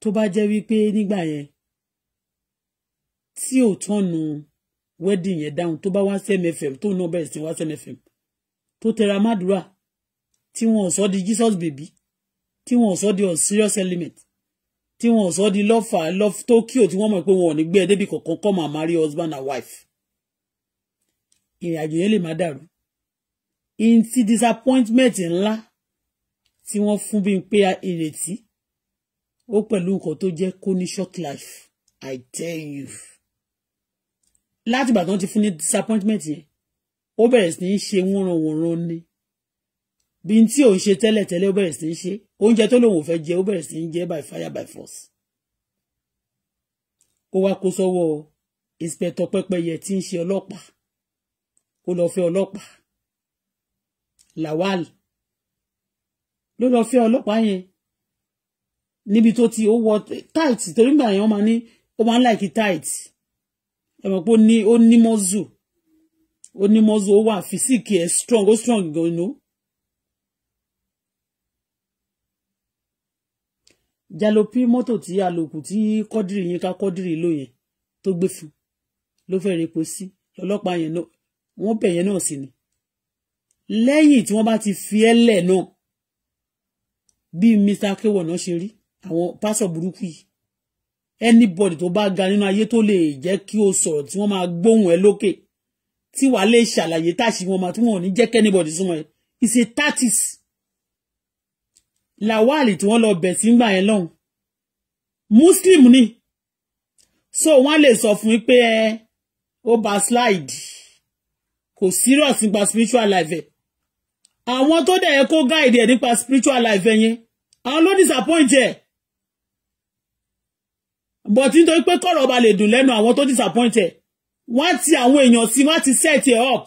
A: tó bá jẹ́ wípé nígbà yẹn tí ò tọ́nu wedding yẹn dáhùn tó bá wá sẹ́mẹ̀fẹ̀m tó náà bẹ̀rẹ̀ sí wá sẹ́mẹ̀fẹ̀m tó tẹra mádùúrà tí wọn sọ di Jesus baby tí wọn ò sọ di on serious element tí wọn sọ di lọ́fà lọ́f Tokyo tí wọ́n mọ̀ pé wọn ò ní gbé ẹ débi kankan come and marry husband and wife ìrìn àjò yẹn lè má dàrú in ti disappointment ńlá tí wọ́n fún bí pé ìrètí ó pẹ̀lú nǹkan tó jẹ́ kó ní short life I tell you láti ìgbà tí wọ́n ti fún ní disappointment yẹn ó bẹ̀rẹ̀ sí ní ṣe wọ́nranwọ̀nran ni bí n tí ò ń ṣe tẹ́lẹ̀tẹ́lẹ̀ ó bẹ̀rẹ̀ sí ń ṣe oúnjẹ tó lòun ò fẹ́ jẹ ó bẹ̀rẹ̀ sí ń jẹ by fire by force ó wá kó sọ́wọ́ inspector pẹ́pẹ́yẹ tí ń ṣe ọlọ́pàá ó lọ fẹ́ ọlọ́pàá Lawal ló lọ fẹ́ ọlọ́pàá yẹn níbi tó ti ó wọ tight torí gbà yẹn ó máa ní ó máa ń láìkí tight ẹ mọ̀ pé ó ní mọ́zù ó ní mọ́zù ó wà físíkì ẹ̀ strong ó strong gan-an jalopy mọ́tò tí àlòkù tí kọ́dìrì yín ká kọ́dìrì ló yẹn tó gbé fún ló fẹ́ repo sí ọlọ́pàá yẹn náà wọ́n bẹ̀ yẹn náà sí ni lẹ́yìn tí wọ́n bá ti fi ẹ́ lẹ̀ náà bí mr akewọ̀nà ṣe rí àwọn pásọ̀ burúkú yìí anybody tó bá ga nínú ayé tó lè jẹ́ kí o sọ̀rọ̀ tí wọ́n máa gbóhùn ẹ lókè tí wàá lè ṣàlàyé táṣì wọn máa tí wọn ò ní jẹ́ kẹ́nìbọ̀dì súnmọ́ ẹ is a tactics lawal tí wọ́n lọ bẹ̀ sí gbà yẹn lọ́hùn muslim ni so wọ́n lè sọ fún mi pé ẹ ó ba slide kò serious nípa spiritual life ẹ̀ àwọn tó dẹ̀ yẹ kó guide ẹ̀ nípa spiritual life ẹ̀ yẹn àwọn ló disappoint ẹ̀ but nítorí pé kọ̀rọ̀ ọba lè dùn lẹ́nu àwọn tó disappoint ẹ̀ wọ́n ti àwọn èèyàn sí wọ́n ti set ẹ̀ up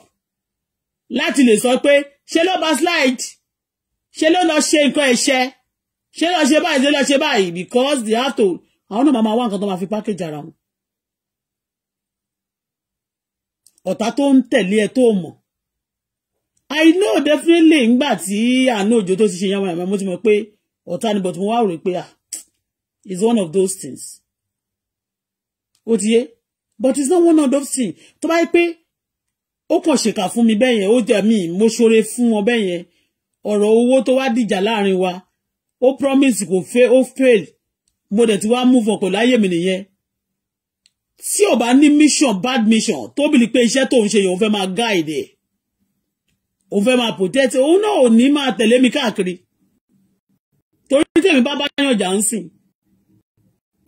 A: láti lè sọ pé ṣe ló ba slide ṣé ló lọ ṣe nǹkan ẹ̀ṣẹ̀ ṣé lọ ṣe báyìí ṣé lọ ṣe báyìí because they have to àwọn náà máa wá nǹkan tó máa fi package ara wọn. ọ̀tá tó ń tẹ̀lé ẹ tó mọ̀ I know definitely ngbà tí àánú òjò tó ti ṣe yan wọn mo ti mọ̀ pé ọ̀tá ni but mo wá rò pé ah it's one of those things ó ti yé but it's not one of those things tó bá yẹ pé ó kàn ṣèkà fún mi bẹ́ẹ̀ yẹn ó jẹ́ mi mo ṣoore fún wọn bẹ́ẹ̀ yẹn ọ̀rọ̀ owó tó wá dìjà láàrin wa ó promise kò fẹ́ ó fail mo dẹ̀ ti wá move on pẹ̀lú mi nìyẹn tí o bá ní mission bad mission tó bìlí pé iṣẹ́ tó ń ṣe yẹn òun fẹ́ máa guide ẹ̀ òun fẹ́ máa protect òun náà ò ní máa tẹ̀lé mi káàkiri torí tèmi bá bá yàn jà ń sìn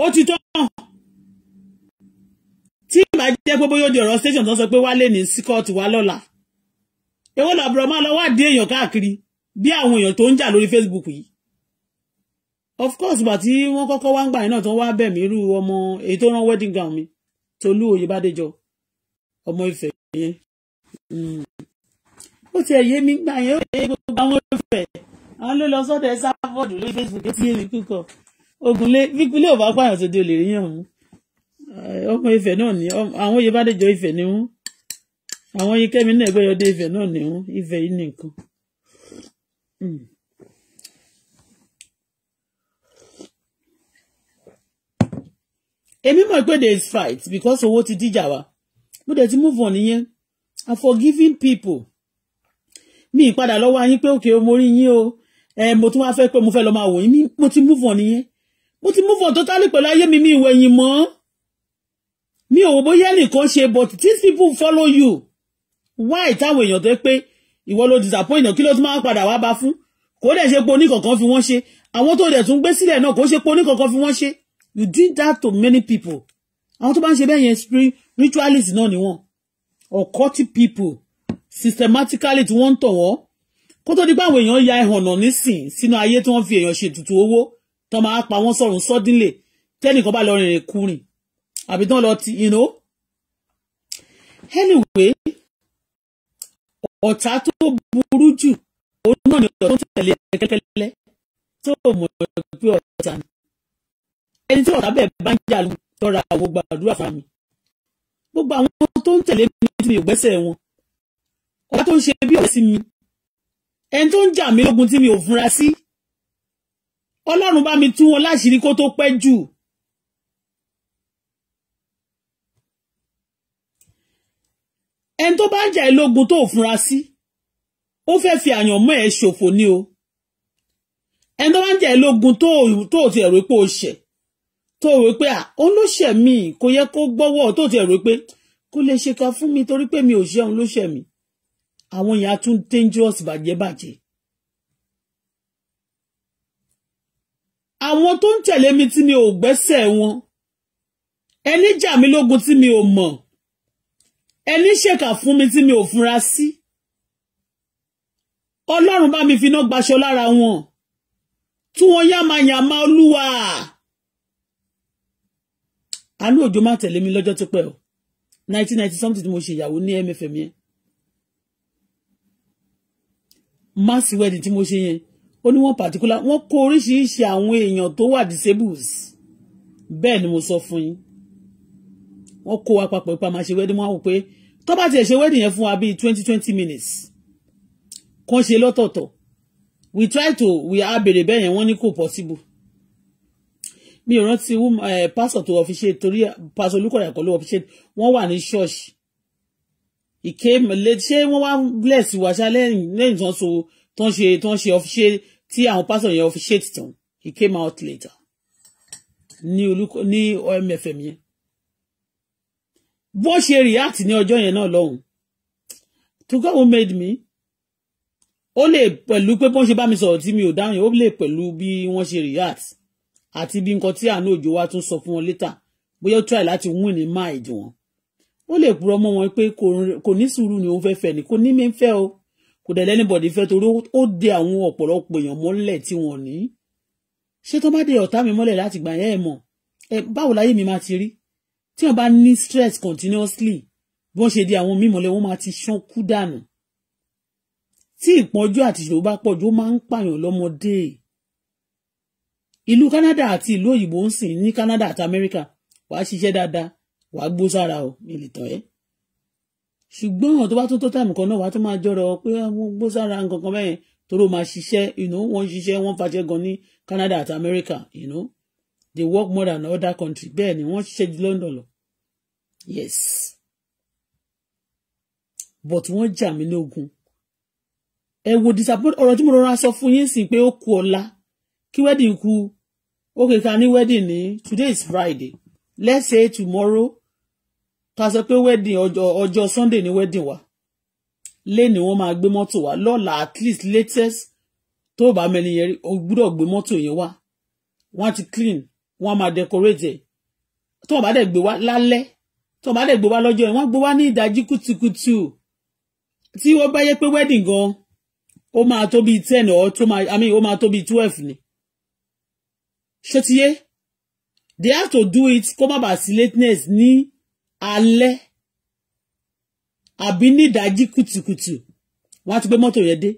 A: ó ti tọ́ tí ìbá jẹ́ pé bóyá ó di ọ̀rọ̀ station tó sọ pé wálé ní síkọ́ọ̀tù wá lọ́la èwo làbúrò máa lọ wádìí èèyàn káàkiri bí àwọn èèyàn tó ń jà lórí Facebook yìí of course gbà tí wọ́n kọ́kọ́ wá ń gbà yín náà tó ń wá bẹ̀ mí irú ọmọ èyí tó rán wedding gown mi Tolú Oyèbádéjọ ọmọ Ifẹ̀ yẹn hmm. ó ti ẹ̀yẹ mi gbà yẹn ó yẹ gbogbo àwọn Ifẹ̀ àwọn ló lọ sọ́dọ̀ ẹ sáfọ́ọ̀dù lórí Facebook ó ti yé mi kúkọ ogunlé fípínlẹ ò bá pààyàn tó di olè ríyàn mú ọmọ Ifẹ̀ náà ni àwọn Oyèbádéjọ Ifẹ̀ ni wọn àwọn Yíkẹ́mi náà Ẹgbẹ́yọdé Ifẹ̀ náà ni wọn Ifẹ̀ yìí nìkan. Mm. èmi mọ̀ pé there is fight because owó ti díjà wa mo dẹ̀ ti move on nìyẹn and forgiving people mi ìpadà lọ́wọ́ ayín pé òkè mo rí yín o mo tún wá fẹ́ pé mo fẹ́ lọ́ọ́ máa wò yín mo ti move on nìyẹn mo ti move on totally pẹ̀lú ayé mi mi ìwẹ̀ yìí mọ́ mi ò wò bóyá nìkan ṣe but these people follow you why táwọn èèyàn tó pé ìwọ ló disappoint náà kí ló tún máa padà wá bá fún kò dẹ̀ ṣe pé oníkankan fi wọ́n ṣe àwọn tó dẹ̀ tún gbé sílẹ̀ náà kò ṣe pé oníkankan fi wọ́n ṣe you did that to many people àwọn tó bá ń ṣe bẹ́ẹ̀ yẹn spiritualist náà ni wọ́n ọ̀kọ́tì people systematically tí wọ́n ń tọ̀ wọ́ kó tó di pé àwọn èèyàn ya ẹ̀hànà nísìn sínú ayé tí wọ́n fi èèyàn ṣe ètùtù owó tó máa pa wọ́n sọ̀rùn sọ́dínlẹ̀ tẹ́nìkan bá lọ rìnrìn kùnrin àbí tán lọ ti you know anyway ọ̀tá tó burú jù òun náà ni ọ̀tá tó tẹ̀lé kẹ́kẹ́lẹ́ tó mọ̀ pé ọ̀tá ni ẹni tí ọ̀tá bẹ́ẹ̀ bá ń jà lù tọ́ra àwọ̀ gbàdúrà fún mi gbogbo àwọn tó ń tẹ̀lé mi ti mi ò gbẹ́sẹ̀ wọn ọ̀tá tó ń ṣe bí ọ̀rẹ́ sí mi ẹni tó ń jà mí lógun tí mi ò fura sí ọlọ́run bá mi tú wọn láṣìírí kó tó pẹ́ jù. ẹni tó bá ń jà ìlógun tó fura sí ó fẹ́ fi àyànmọ́ ẹ̀ ṣòfò ni o ẹni tó bá ń jà ìlógun tó tó ti rò pé o ṣẹ̀ tó rò pé òun ló ṣẹ̀ kò yẹ kó gbọ́wọ́ tó ti rò pé kó lè ṣe ká fún mi torí pé mi ò ṣe òun ló ṣẹ̀ àwọn èèyàn tún dangerous bàjẹ́ bàjẹ́. àwọn tó ń tẹ̀lé mi tí mi ò gbẹ́sẹ̀ wọn ẹni jà mí lógun tí mi ò mọ̀ ẹni ṣèkà fún mi tí mi ò fura sí ọlọ́run bá mi finá gbaṣọ lára wọn tí wọ́n yàmàyàmà olúwa àánú òjò má tẹ̀lé mi lọ́jọ́ tó pẹ́ o nineteen ninety something tí mo ṣe ìyàwó ní mfm yẹn mass wedding tí mo ṣe yẹn ó ní wọ́n particular wọ́n kó oríṣiríṣi àwọn èèyàn tó wà disables bẹ́ẹ̀ ni mo sọ fún yín wọ́n kó wa papọ̀ ipa máa ṣe wedding wọ́n á wò pé tó bá tiẹ̀ ṣe wedding yẹn fún wa bíi twenty twenty minutes kan ṣe lọ́tọ̀ọ̀tọ̀ we try to we are bèrè bẹ́ẹ̀ yẹn wọ́n ní kò possible mi ò rántí eh, pásọ̀ tó officiate torí pásọ̀ Olúkọ̀yà kọ́ ló officiate wọ́n wà ní ṣọ́ọ̀ṣì ìkéèmọ̀ lè ṣé wọ́n wá bless wa ṣá lẹ́yìn tán so tán ṣe tán ṣe officiate tí àwọn pásọ̀ yẹn officiate tán he came out later ní olùkọ́ ní OMFM yẹn bó ṣe react ní ọjọ́ yẹn náà lọ́hùn to God who made me ó lè pẹ̀lú pé bó ṣe bá mi sọ̀rọ̀ tí mi ò dáhùn yẹn ó lè pẹ̀lú bí wọ́n ṣe react àti bí nǹkan tí àánú òjò wa tún sọ fún wọn létà bóyá ó try láti win ní mind wọn ó lè purọ́ mọ́ wọn pé kò ní sùúrù ni òun fẹ́ fẹ́ ni kò ní mi fẹ́ o kò dẹ̀ lẹ́nìbọ̀dì fẹ́ torí ó de àwọn ọ̀pọ̀lọpọ̀ èèyàn mọ́lẹ̀ tí wọ́n ní ṣé tó bá de ọ̀tá mi mọ́lẹ̀ láti gbà yẹn mọ̀ báwo láyé mi máa ti rí tí wọ́n bá ní stress continuously bó ṣe di àwọn mímọ́lẹ̀ wọ́n máa ti ṣán kú dànù tí ìpọ́njú àti ìṣòro bá pọ̀jù ó máa ń pààyàn lọ́mọdé ìlú Canada àti ìlú òyìnbó ń sìn ní Canada àti America wàá ṣiṣẹ́ dáadáa wàá gbó sára o ìlìtọ̀ ẹ́ ṣùgbọ́n àwọn tó bá tún tó tàìmù kan náà wàá tún máa jọrọ pé ah, wọ́n gbó sára nǹkan kan bẹ́ẹ̀ tó ló máa ṣiṣẹ́ you know wọ́n ṣiṣẹ́ wọ́n fàṣẹ gan ní Canada àti America you know they work more than other country bẹ́ẹ̀ ni wọ́n ṣiṣẹ́ ju London lọ yes but wọ́n jà mí Ogun. ẹ wo disappoint ọ̀rọ̀ tí mo rọra sọ fún yín sí pé ó kù ọ̀la kí wedding kú ókè ká ní wedding ni? today is Friday let's say tomorrow ká sọ pé wedding ọjọ́ ọjọ́ Sunday ni wedding wa ni wọ́n máa gbé mọ́tò wá lọ́la at least latest tó bá mẹ́ni yẹn ó gbúdọ̀ gbé mọ́tò yẹn wá wọ́n ti clean wọ́n máa decorate ẹ̀ tí wọ́n bá dẹ̀ gbé wá lálẹ́ tí wọ́n bá dẹ̀ gbé wá lọ́jọ́ yẹn wọ́n gbé wá ní ìdájí kùtùkùtù tí ó bá yẹ pé wedding gan ó máa tó bíi ten or tó máa i mean ó máa tó bíi twelve ni ṣé ti yé they have to do it kó má bàa sí lateness ní alẹ́ àbí ní ìdájí kùtùkùtù wọ́n á ti gbé mọ́tò yẹn dé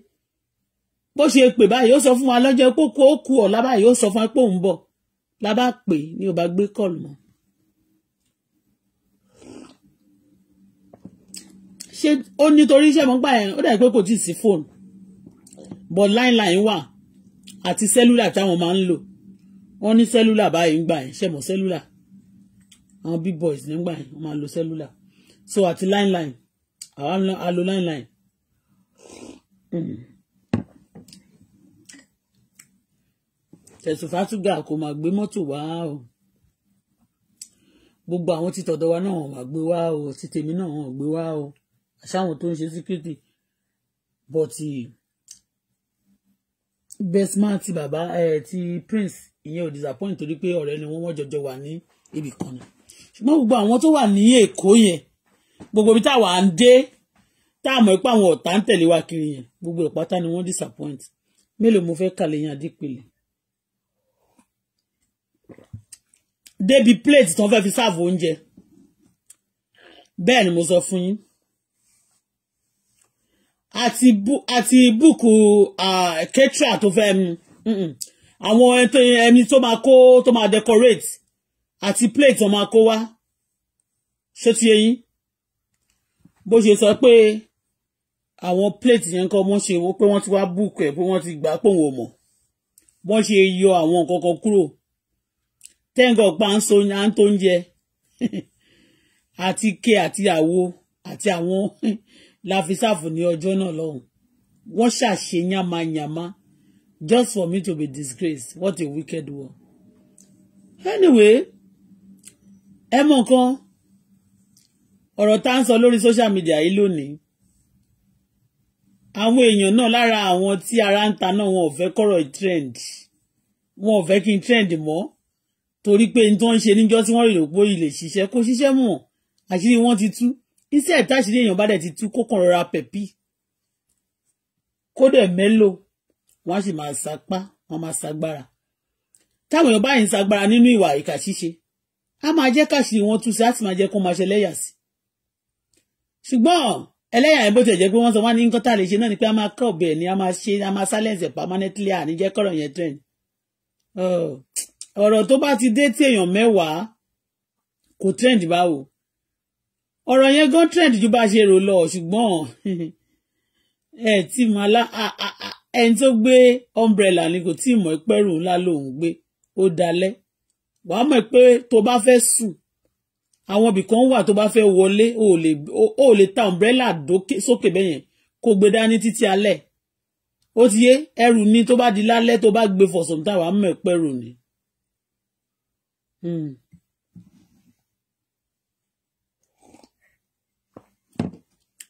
A: bó ṣe pè báyìí ó sọ fún wa lọ́jọ́ pé kó kú ọ̀la báyìí ó sọ fún wa pé òun bọ̀ la bá pè ní o bá gbé kọ́ọ̀lù mọ́. ṣé ó nítorí iṣẹ́ mọ́ gbà yẹn ó dàbí pé kò tí ì sí fóònù but láìláì wà àti sẹ́lúlà táwọn máa ń lò wọ́n ní sẹ́lúlà báyìí ń gbà yẹn ṣe mọ̀ sẹ́lúlà àwọn big boys nígbà yẹn wọ́n máa lo sẹ́lúlà so àti láìláì àwa a lo láìláì. Mm. tẹ̀sùfátúgà kò máa gbé mọ́tò wá o gbogbo àwọn tí tọ̀dọ̀ wa náà wọ́n máa gbé wá o tí tèmi náà wọ́n gbé wá o àṣàwọn tó ń ṣe síkírìtì bọ̀tì bestman ti bàbá ẹ ti prince ìyẹn ò disappoint torí pé ọ̀rẹ́ ni wọ́n wọ́n jọjọ wà ní ibì kan ni ṣùgbọ́n gbogbo àwọn tó wà ní èkó yẹn gbogbo ibi táwa ń dé táàmù ẹ̀ pé àwọn ọ̀tá ń tẹ̀lé wa kiri yẹn gbogbo ìpátá ni wọ́n disappoint mélòó mo fẹ́ kàlẹ́ yẹn adípele débi plate tán fẹ́ fi sáàfù oúnjẹ bẹ́ẹ̀ ni mo sọ fún yín àti àti búùkù kẹ́tìrà tó fẹ́ mm, mm, àwọn ẹni tó máa kó tó máa decorate àti plate tó máa kó wá ṣé ti yé yín bó ṣe sọ pé àwọn plate yẹn kọ́ wọ́n ṣe wọ́n pé wọ́n ti wá búùkù ẹ̀ pé wọ́n ti gbà pòun ò mọ̀ wọ́n ṣe yọ àwọn nǹkan kan kúrò tẹ́ǹgọ̀ pa ń so à ń tó ń jẹ (laughs) àti ike àti àwo àti àwọn láfisáàfù (laughs) ní ọjọ́ náà lọ́hùn wọ́n ṣàṣe yamayama just for me to be disgraced what a wicked war. anyway ẹ mọ̀ nǹkan ọ̀rọ̀ tá ń sọ lórí social media yìí lónìí àwọn èèyàn náà lára àwọn tí ara ń ta náà wọn ò fẹ́ kọ́rọ̀ trend wọn ò fẹ́ kí n trend mọ́ torí pé n tó ń ṣe níjọ́ tí wọ́n rìn òpó ilé ṣiṣẹ́ kò ṣiṣẹ́ mọ̀ àṣírí wọn ti tú iṣẹ́ ìtàṣírí èèyàn bá dẹ̀ ti tú kó kàn rọra pẹ̀pì kó dẹ̀ mélò wọ́n á sì máa sapá wọ́n máa sagbára táwọn èèyàn báyìí ń sagbára nínú ìwà ìkà ṣíṣe á máa jẹ́ káṣírí wọn tú sí á sì máa jẹ́ kó máa ṣe lẹ́yà sí ṣùgbọ́n ẹlẹ́yà yẹn bó ti jẹ́ pé wọ́n sọ wọ́n ní nǹkan tá a lè ṣe náà ni pé a máa kọ́ ọ̀bẹ ni a máa ṣe a máa silence permanently àníjẹ́ yẹn trend oh ọ̀rọ̀ tó bá ti dé tí èèyàn mẹ́wàá kò trend báwo ọ̀rọ̀ yẹn gan trend ju bá ṣe rò lọ ṣùgbọ́n (laughs) ẹ tí mà lá ẹni tó gbé umbrella ni kò tí ì mọ̀ pẹ́rù ńlá lòún gbé ó dalẹ̀ wàá mọ̀ pé tó bá fẹ́ sùn àwọn ibì kan wà tó bá fẹ́ wọlé ó lè ta umbrella sókè bẹ́yẹn kó gbé dání títí alẹ́ ó ti yé ẹrù ni tó bá di lálẹ́ tó bá gbé fọ̀sọ̀mù táwa mọ̀ pẹ́rù ni. Mm.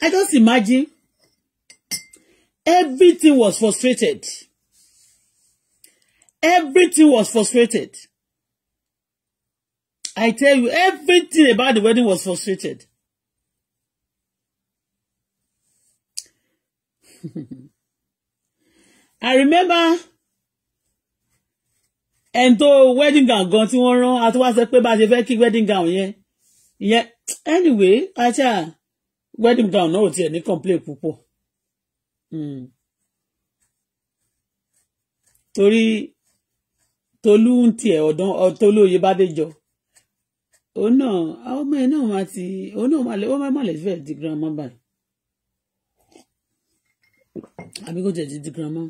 A: I just imagine everything was frustrated. Everything was frustrated. I tell you, everything about the wedding was frustrated. (laughs) I remember ẹni tó wedding gown gan tí wọ́n rán àti wá sọ pé bá a ṣe fẹ́ kí wedding gown yẹn yẹn anyway àti wedding gown náà ò tiẹ̀ ní complain púpọ̀ hmm. torí tolú ń tiẹ̀ ọ̀dán tolú oyè bá dé jọ òun náà àwọn ọmọ ẹ náà máa ti òun náà máa lè wọ́n máa lè fẹ́ di grandma báyìí àbí kò tẹ̀ di grandma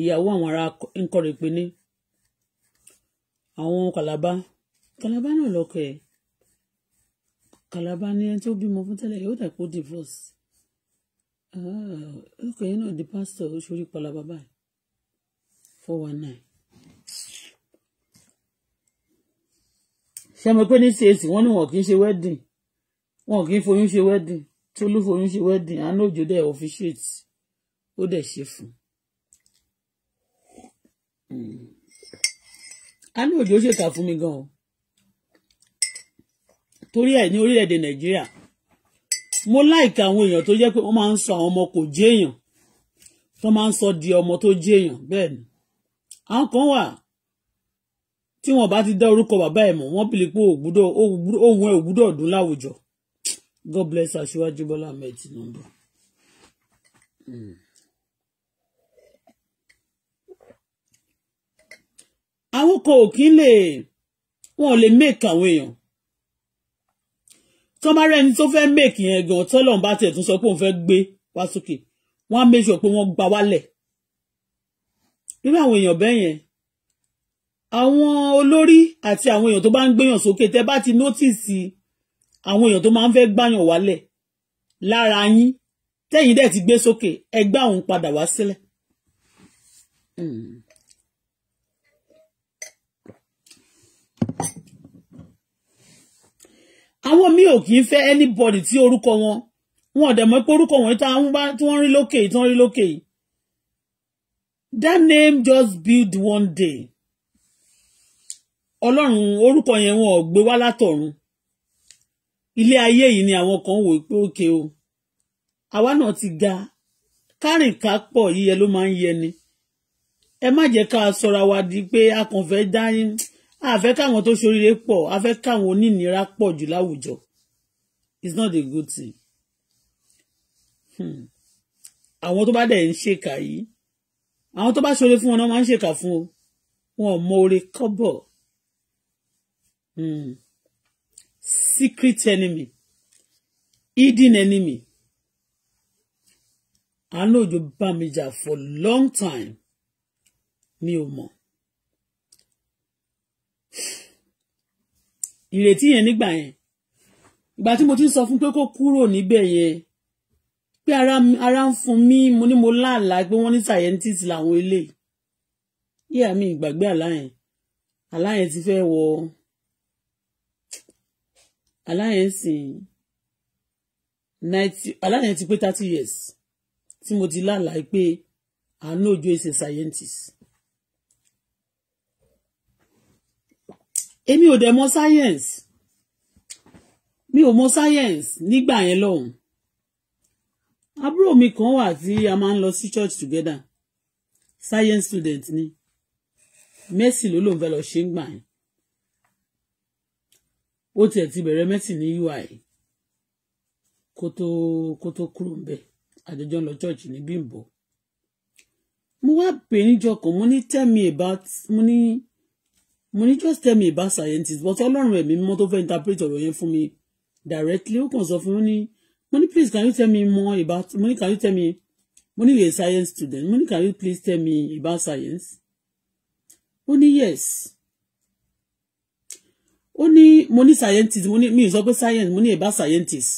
A: ìyàwó àwọn ará nkọrin pinni àwọn kàlábá kàlábá náà lọkọ ẹ kàlábá ni ẹni tó bímọ fún tẹ́lẹ̀ yóò dà kó divorce ọkọ ah, yẹn náà di pastor oṣooṣi kàlábá báyìí four one nine. ṣé mo pé ní cac wọn ní wọn kì í ṣe wedding wọn kì í foyún ṣe wedding tólú foyún ṣe wedding àánú òjò dẹ officiate ó dẹ ṣe fún un àánú òjò ṣèkà fún mi gan o torí ẹ̀ ní orílẹ̀-èdè nàìjíríà mo láìka àwọn èèyàn tó jẹ́ pé wọ́n máa ń sọ àwọn ọmọ kò jéèyàn tó máa ń sọ di ọmọ tó jéèyàn bẹ́ẹ̀ ni àwọn kan wà tí wọ́n bá ti dá orúkọ bàbá ẹ̀ mọ̀ wọ́n bìlì pé òun ẹ̀ ògbúdọ̀ dùn láwùjọ God bless Aṣíwájú Bọ́lá Ahmed Tinubu. Hmm. àwọn kan ò kí lè wọn ò lè make àwọn èèyàn tó bá rẹni tó fẹ́ make yẹn gan tọ́lọ́run bá tiẹ̀ tún sọ pé òun fẹ́ gbé wá sókè wọ́n á make sure pé wọ́n gba wálẹ̀ nínú àwọn èèyàn bẹ́ẹ̀ yẹn àwọn olórí àti àwọn èèyàn tó bá ń gbéyàn sókè tẹ́ bá ti nọ́tìsì àwọn èèyàn tó máa ń fẹ́ gbàyàn wálẹ̀ lára yín tẹ́yìn dẹ̀ ti gbé sókè ẹ gbá padà wá sílẹ̀. Mm. àwọn mi ò kì í fẹ́ anybody tí orúkọ wọn wọn ò dẹ̀ mọ́ pé orúkọ wọn tí wọ́n bá tí wọ́n rí lókè tí wọ́n rí lókè that name just build one day ọlọ́run orúkọ yẹn wọn ò gbé wá látọ̀run ilé ayé yìí ni àwọn kan wò pé òkè o àwa náà ti ga kárìnká pọ̀ yíyẹ ló máa ń yẹni ẹ má jẹ́ ká sọra wa di pé a kàn fẹ́ dáyín a fẹ́ káwọn tó ṣoríire pọ̀ a fẹ́ káwọn onínira pọ̀ jù láwùjọ it's not a good thing hmm. àwọn tó bá dẹ̀ ń ṣèkà yìí àwọn tó bá ṣoore fún wọn náà máa ń ṣèkà fún o wọn ò mọ oore kọ́bọ̀ hmm. secret enemy hidden enemy àánú òjò bá mi jà for long time mi ò mọ̀ ìrètí yẹn nígbà yẹn ìgbà tí mo ti ń sọ fún pé kó kúrò níbẹ̀ yẹn pé ara ara ń fún mi mo ní mo láàlá pé wọ́n ní scientist làwọn eléyìí yíyà mi ìgbàgbé àlá yẹn àlá yẹn ti fẹ́ wọ àlá yẹn sìn ninety àlá yẹn ti pé thirty years tí mo ti láàlá pé àánú òjò ṣe scientist èmi ò dẹ̀ mọ science mi ò mọ science nígbà yẹn lọ́hùn àbúrò mi kan wà tí a máa ń lọ sí church together science student ni mercy ló lóun fẹ́ lọ ṣe ń gbà yẹn ó tiẹ̀ ti bẹ̀rẹ̀ mercy ní ui kó tó kó tó kúrò ń bẹ̀ àjọjọ́ ń lọ church ní Bímbọ́ mo wá pè níjọ kan mo ní tell me about mo ní. Ni mo ní just tell me about scientist but ọlọ́run ẹ̀mí mímọ́ tó fẹ́ interpret ọ̀rọ̀ yẹn fún mi directly ó kàn sọ fún mi ní mo ní please can you tell me more about mo ní can you tell me mo ní you a science student mo ní can you please tell me about science ó ní yes ó ní mo ní scientist mo ní mi ì sọ pé science mo ní about scientist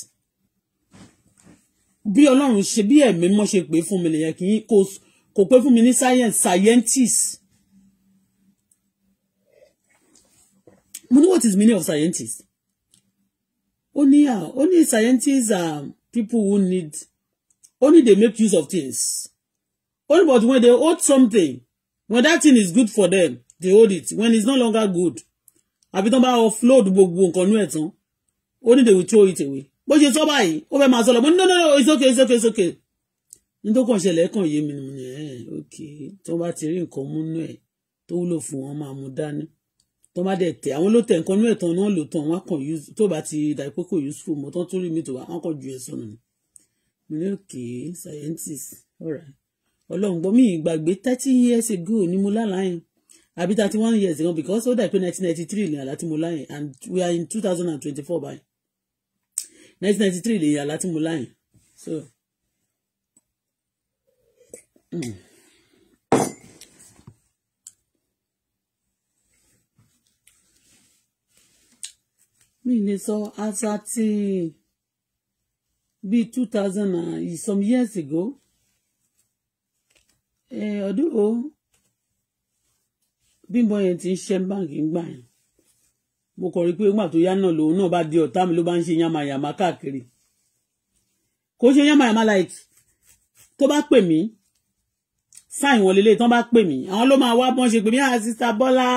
A: bí ọlọ́run ṣe bí ẹ̀mí mọ́ ṣe pé fún mi lè yẹ kí kò pé fún mi ní science scientist You know what is meaning of scientists only uh, only scientists are people who need only they make use of things only but when they hold something when that thing is good for them they hold it when it's no longer good I be tán bá offload gbogbo nǹkan only they will throw it away But you saw by over fẹ́ máa no no no it's okay it's okay it's okay ní tó kàn ṣẹlẹ̀ kàn yé mi nìyẹn eh, ok tí wọ́n bá ti rí nǹkan tó má dẹ̀ tẹ̀ àwọn ló tẹ̀ nǹkan nínú ẹ̀tàn náà ló tàn wọ́n kàn tó bá ti dà pé kò useful mọ́ tán tún rí mi tó wá wọ́n kàn ju ẹ̀sọ́ nù. mo ní òkè scientist ọlọ́run gbọ́ mi ìgbàgbé thirty years ago ni mo lálàá yẹn àbí thirty one years ago because ó dà pé nineteen ninety three ni àlá mo lá and we are in two thousand and twenty four báyìí nineteen ninety three ni àlá mo lá so. Mm. mi lè sọ as at bíi two thousand and some years ago ọdún o bímbọ yẹn ti ń ṣe báǹkì ń gbà yẹn mo kọ̀ rí pé nígbà tó yá náà lòun náà bá di ọ̀tá mi ló bá ń ṣe yàmàyàmà káàkiri kò ṣe yàmàyàmà like tó bá pè mí sáì wọn lélẹ̀ tán bá pè mí àwọn ló máa wá bọ́n ṣe pè mí àà ah, sista Bọ́lá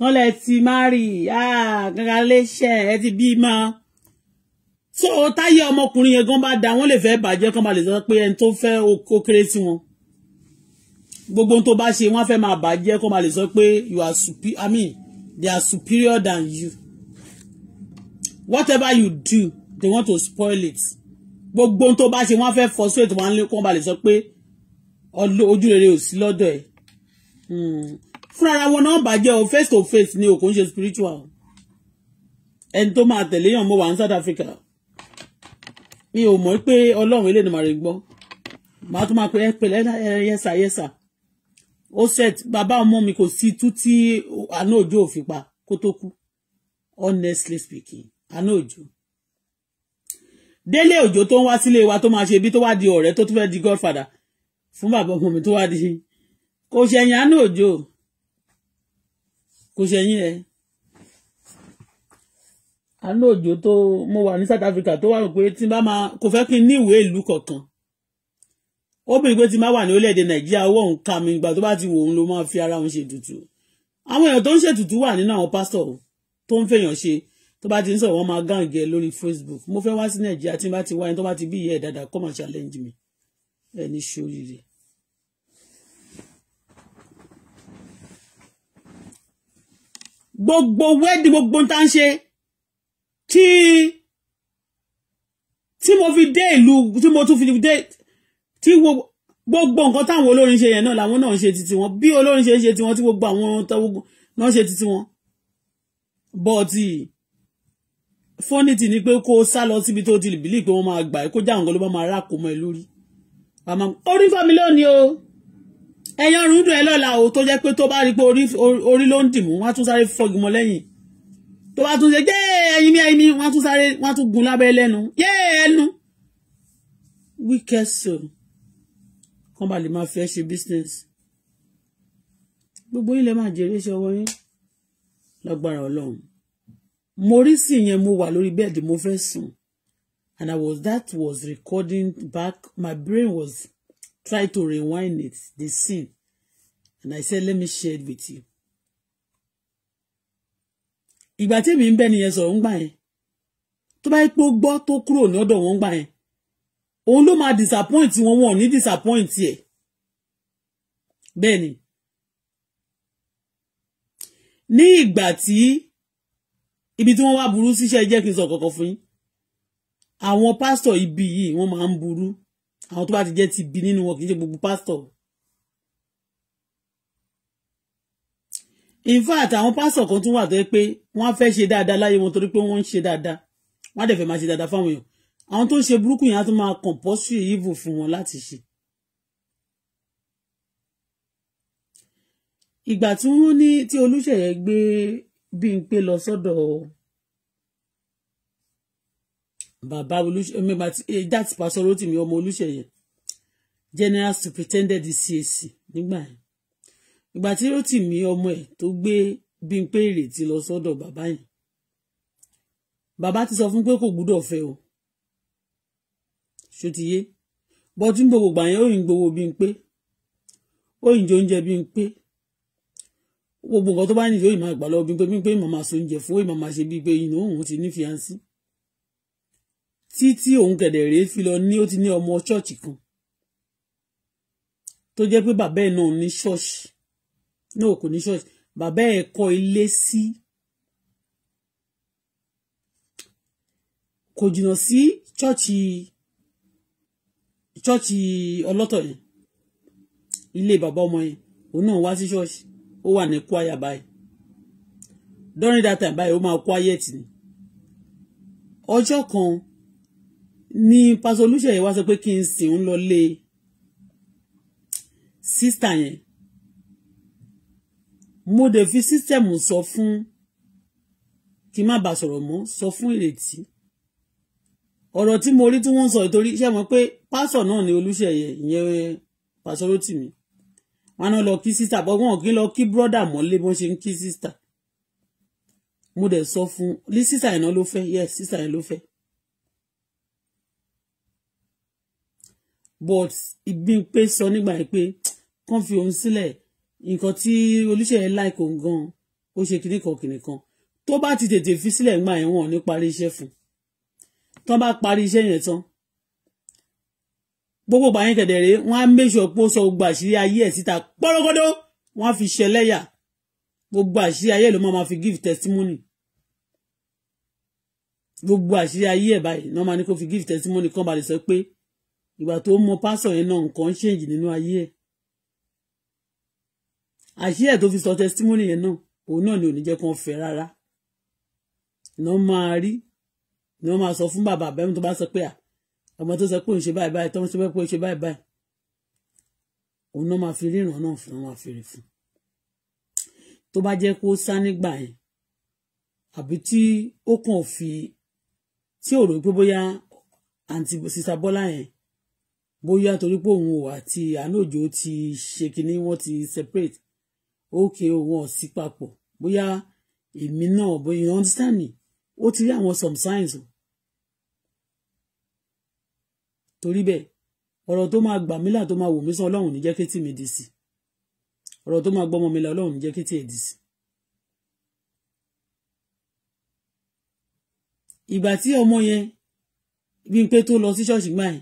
A: wọ́n lẹ ti mari ah, congratulation ẹ ti bímọ so táyé ọmọkùnrin yẹn gan bá da wọ́n lè fẹ́ bàjẹ́ kan bá lè sọ pé ẹni tó fẹ́ ó kéré sí wọn gbogbo tó bá ṣe wọ́n fẹ́ máa bàjẹ́ kan bá lè sọ pé you are superior i mean they are superior than you whatever you do they want to spoil it gbogbo tó bá ṣe wọ́n fẹ́ frustrate wọn lé kan bá lè sọ pé ojú rere ò sí lọ́dọ̀ ẹ̀. Hmm fúnra wọn náà bàjẹ́ o face to face ni o ń ṣe spiritual ẹni tó máa tẹ̀lé yàn mo wà ní South Africa mi ò mọ̀ pé ọlọ́run ilé ni màá rí gbọ́ màá tún máa pe ẹ pẹ̀lẹ́ yẹ́sà yẹ́sà ó set bàbá ọmọ mi kò sí tú tí òfin pa kó tó kú honestly speaking àná òjò délé òjò tó ń wá sílé wa tó máa ṣe bí tó wá di ọ̀rẹ́ tó tún fẹ́ di godfather fún bàbá ọmọ mi tó wá di kò ṣẹ̀yìn àná kò ṣẹyìn ẹ àánú òjò tó mo wà ní South Africa tó wà pé tí n bá máa kò fẹ́ kí n ní ìwé ìlú kankan ó bìrì pé tí n bá wà ní orílẹ̀-èdè Nàìjíríà owó òun ka mi ìgbà tó bá ti wò òun ló máa fi ara òun ṣètùtù àwọn èèyàn tó ń ṣètùtù wà nínú àwọn pásítọ̀ tó ń fèèyàn ṣe tó bá ti ń sọ̀rọ̀ wọ́n máa gàǹgẹ̀ lórí Facebook mo fẹ́ wá sí Nàìjíríà tí n bá ti wá tó bá ti bí ìyá ẹ̀ dáadáa kọ́ máa challenge mi ẹni ṣoríire gbogbo wẹ́ẹ̀dì gbogbo tá ń ṣe tí tí mo fi dé ìlú tí mo tún fi dé tí gbogbo nǹkan táwọn olórin ṣe yẹn náà làwọn náà ń ṣe títí wọn bí olórin ṣe ń ṣe tiwọn tí gbogbo àwọn tọwọgbọn náà ṣe títí wọn bọ́ọ̀tì fọ́nìtì ni pé kó sá lọ síbi tó ti bìlì pé wọ́n máa gbà kó jáwọn kan ló bá máa rákò mọ́ ẹ lórí orí fámilọ́ọ̀ni o ẹyọ ọrùn dùn ẹ lọ́la o tó jẹ́ pé tó bá rí pé orí ló ń dì mú wọ́n á tún sáré fọ́gi mọ́ lẹ́yìn tó bá tún ṣe yé ẹyin mi ẹyin mi wọ́n á tún sáré wọ́n tún gun lábẹ́ lẹ́nu yé ẹnu wicked kán bá lè máa fẹ́ ṣe business gbogbo yín lè máa jèrè ṣe ọwọ́ yín lágbára ọlọ́run mo rí sí yẹn mo wà lórí bẹ́ẹ̀dì mo fẹ́ sùn and I was that was recording back my brain was try to rewind it, the scene. And I said, let me share it with you. Ìgbà tí mi ń bẹ́ nìyẹn sọ̀rọ̀ ń gbà yẹn. Tó bá yẹ pé ó gbọ́ tó kúrò ní ọ̀dọ̀ wọn gbà yẹn. Òun ló máa disappoint wọn wọn ò ní disappoint ẹ̀. Bẹ́ẹ̀ni. Ní ìgbà tí ibi tí wọ́n wá burú síṣẹ́ jẹ́ kí n sọ kọ̀ọ̀kan fún yín. Àwọn pásítọ̀ ibi yìí wọ́n máa ń burú àwọn tó bá ti jẹ́ ti bí nínú wọn kì í ṣe gbogbo pásítọ̀. in fact àwọn pásítọ̀ kan tún wà tó yẹ pé wọ́n á fẹ́ ṣe dáadáa láyé wọn torí pé wọ́n ń ṣe dáadáa wọ́n á dẹ̀ fẹ́ máa ṣe dáadáa fáwọn èèyàn àwọn tó ń ṣe burúkú yẹn á tún máa compulsory evil fún wọn láti ṣe. ìgbà tí wọ́n ní tí Olúṣèyẹ gbé Bímpé lọ sọ́dọ̀. So bàbá olùsẹyẹ that pastor Rotimi ọmọ olùsẹyẹ general superintendent CAC nígbà yẹn ìgbà tí Rotimi ọmọ ẹ̀ tó gbé Bímpé Ìrètí lọ sọ́dọ̀ bàbá yẹn bàbá ti sọ fún pé kò gbúdọ̀ fẹ́ o ṣòtìyé bọ́tún gbogbo gbà yẹn òyìn gbowó Bímpé òyìn jẹ oúnjẹ Bímpé gbogbo nǹkan tó bá nìyí òyìn máa gbà lọ Bímpé Bímpé ìmọ̀ máa so oúnjẹ fún òyìn máa máa ṣe bíi pé ìnáwó òun ti nífìyànsí títí òun kẹ̀dẹ̀ rèé fi lọ ní ó ti ní ọmọ ṣọ́ọ̀ṣì kan tó jẹ́ pé bàbá ẹ̀ náà ní ṣọ́ọ̀ṣì náà kò ní ṣọ́ọ̀ṣì bàbá ẹ̀ kọ́ ilé sí kò jìnnà sí ṣọ́ọ̀ṣì ṣọ́ọ̀ṣì ọlọ́tọ̀ yẹn ilé bàbá ọmọ yẹn òun náà wá sí ṣọ́ọ̀ṣì ó wà ní kwaya báyìí during that time báyìí ó máa kwayẹ̀tì ni ọjọ́ kan ní pásọ olùṣèyẹ wá sọ pé kí n sìn ń lọlé sísítà yẹn mo dẹ̀ fi sísítẹ̀mù sọ fún kí n má bàa sọ̀rọ̀ mọ́ sọ fún ìrètí ọ̀rọ̀ tí mo rí tí wọ́n ń sọ ìtorí ṣé mo pé pásọ̀ náà ni olùṣèyẹ ìyẹn pásọ rótìmí wọn lọ kí sísítà bọ́ kí lọ kí bírọ́dà mọ́lé bó ṣe ń kí sísítà mo dẹ̀ sọ fún ní sísítà yẹn náà ló fẹ́ yẹ sísítà yẹn ló fẹ́ but Bímpé sọ nígbà yìí pé kàn fi òun sílẹ̀ nǹkan tí Olúṣèyẹ láìkò gan ó ṣe kinní kan kinní kan tó bá ti tètè fi sílẹ̀ ńgbà yẹn wọn ò ní parí iṣẹ́ fún tó bá parí iṣẹ́ yẹn tán gbogbo bàyẹn kẹ̀dẹ̀rẹ́ wọn á méṣọ pé ó sọ gbogbo àṣírí ayé ẹ̀ síta pọ́lọ́gọ́dọ́ wọn á fi ṣẹlẹ́yà gbogbo àṣírí ayé ló máa fi give testimony gbogbo àṣírí ayé ẹ̀ báyìí ní máa ní kó fi give testimony kan balẹ̀ sọ pé ìgbà tó mọ pásọ yẹn náà nǹkan ṣèǹjì nínú ayé ẹ̀ àṣé ẹ̀ tó fi sọ testimony yẹn náà òun náà ni ò ní jẹ́ kó fẹ́ rárá iná máa rí iná máa sọ fún bàbá àbẹ́mi tó bá sọ pé à ọmọ tó sọ pé òun ṣe báyìí báyìí tọ́mọ tó sọ pé òun ṣe báyìí báyìí òun náà máa fi ríran náà fún máa fi rí fún tó bá jẹ́ kó sá nígbà yẹn àbí tí ó kàn fi tí ò pé bóyá àǹtí sísá bọ́lá yẹn bóyá torí pé òun ò àti àánòjò ti ṣe kinní wọ́n ti separate ókè wọn sí papọ̀ bóyá èmi náà bóyá you understand me ó ti rí àwọn some signs o torí bẹ́ẹ̀ ọ̀rọ̀ tó máa gbà mí là tó máa wò mí sàn ọlọ́run ní jẹ́ kí tì mí dì sí ọ̀rọ̀ tó máa gbọ́mọ mi là ọlọ́run ní jẹ́ kí tì ẹ̀ dì sí. ìgbà tí ọmọ yẹn Bímpé tó lọ sí ṣọ́ọ̀ṣì gbà yẹn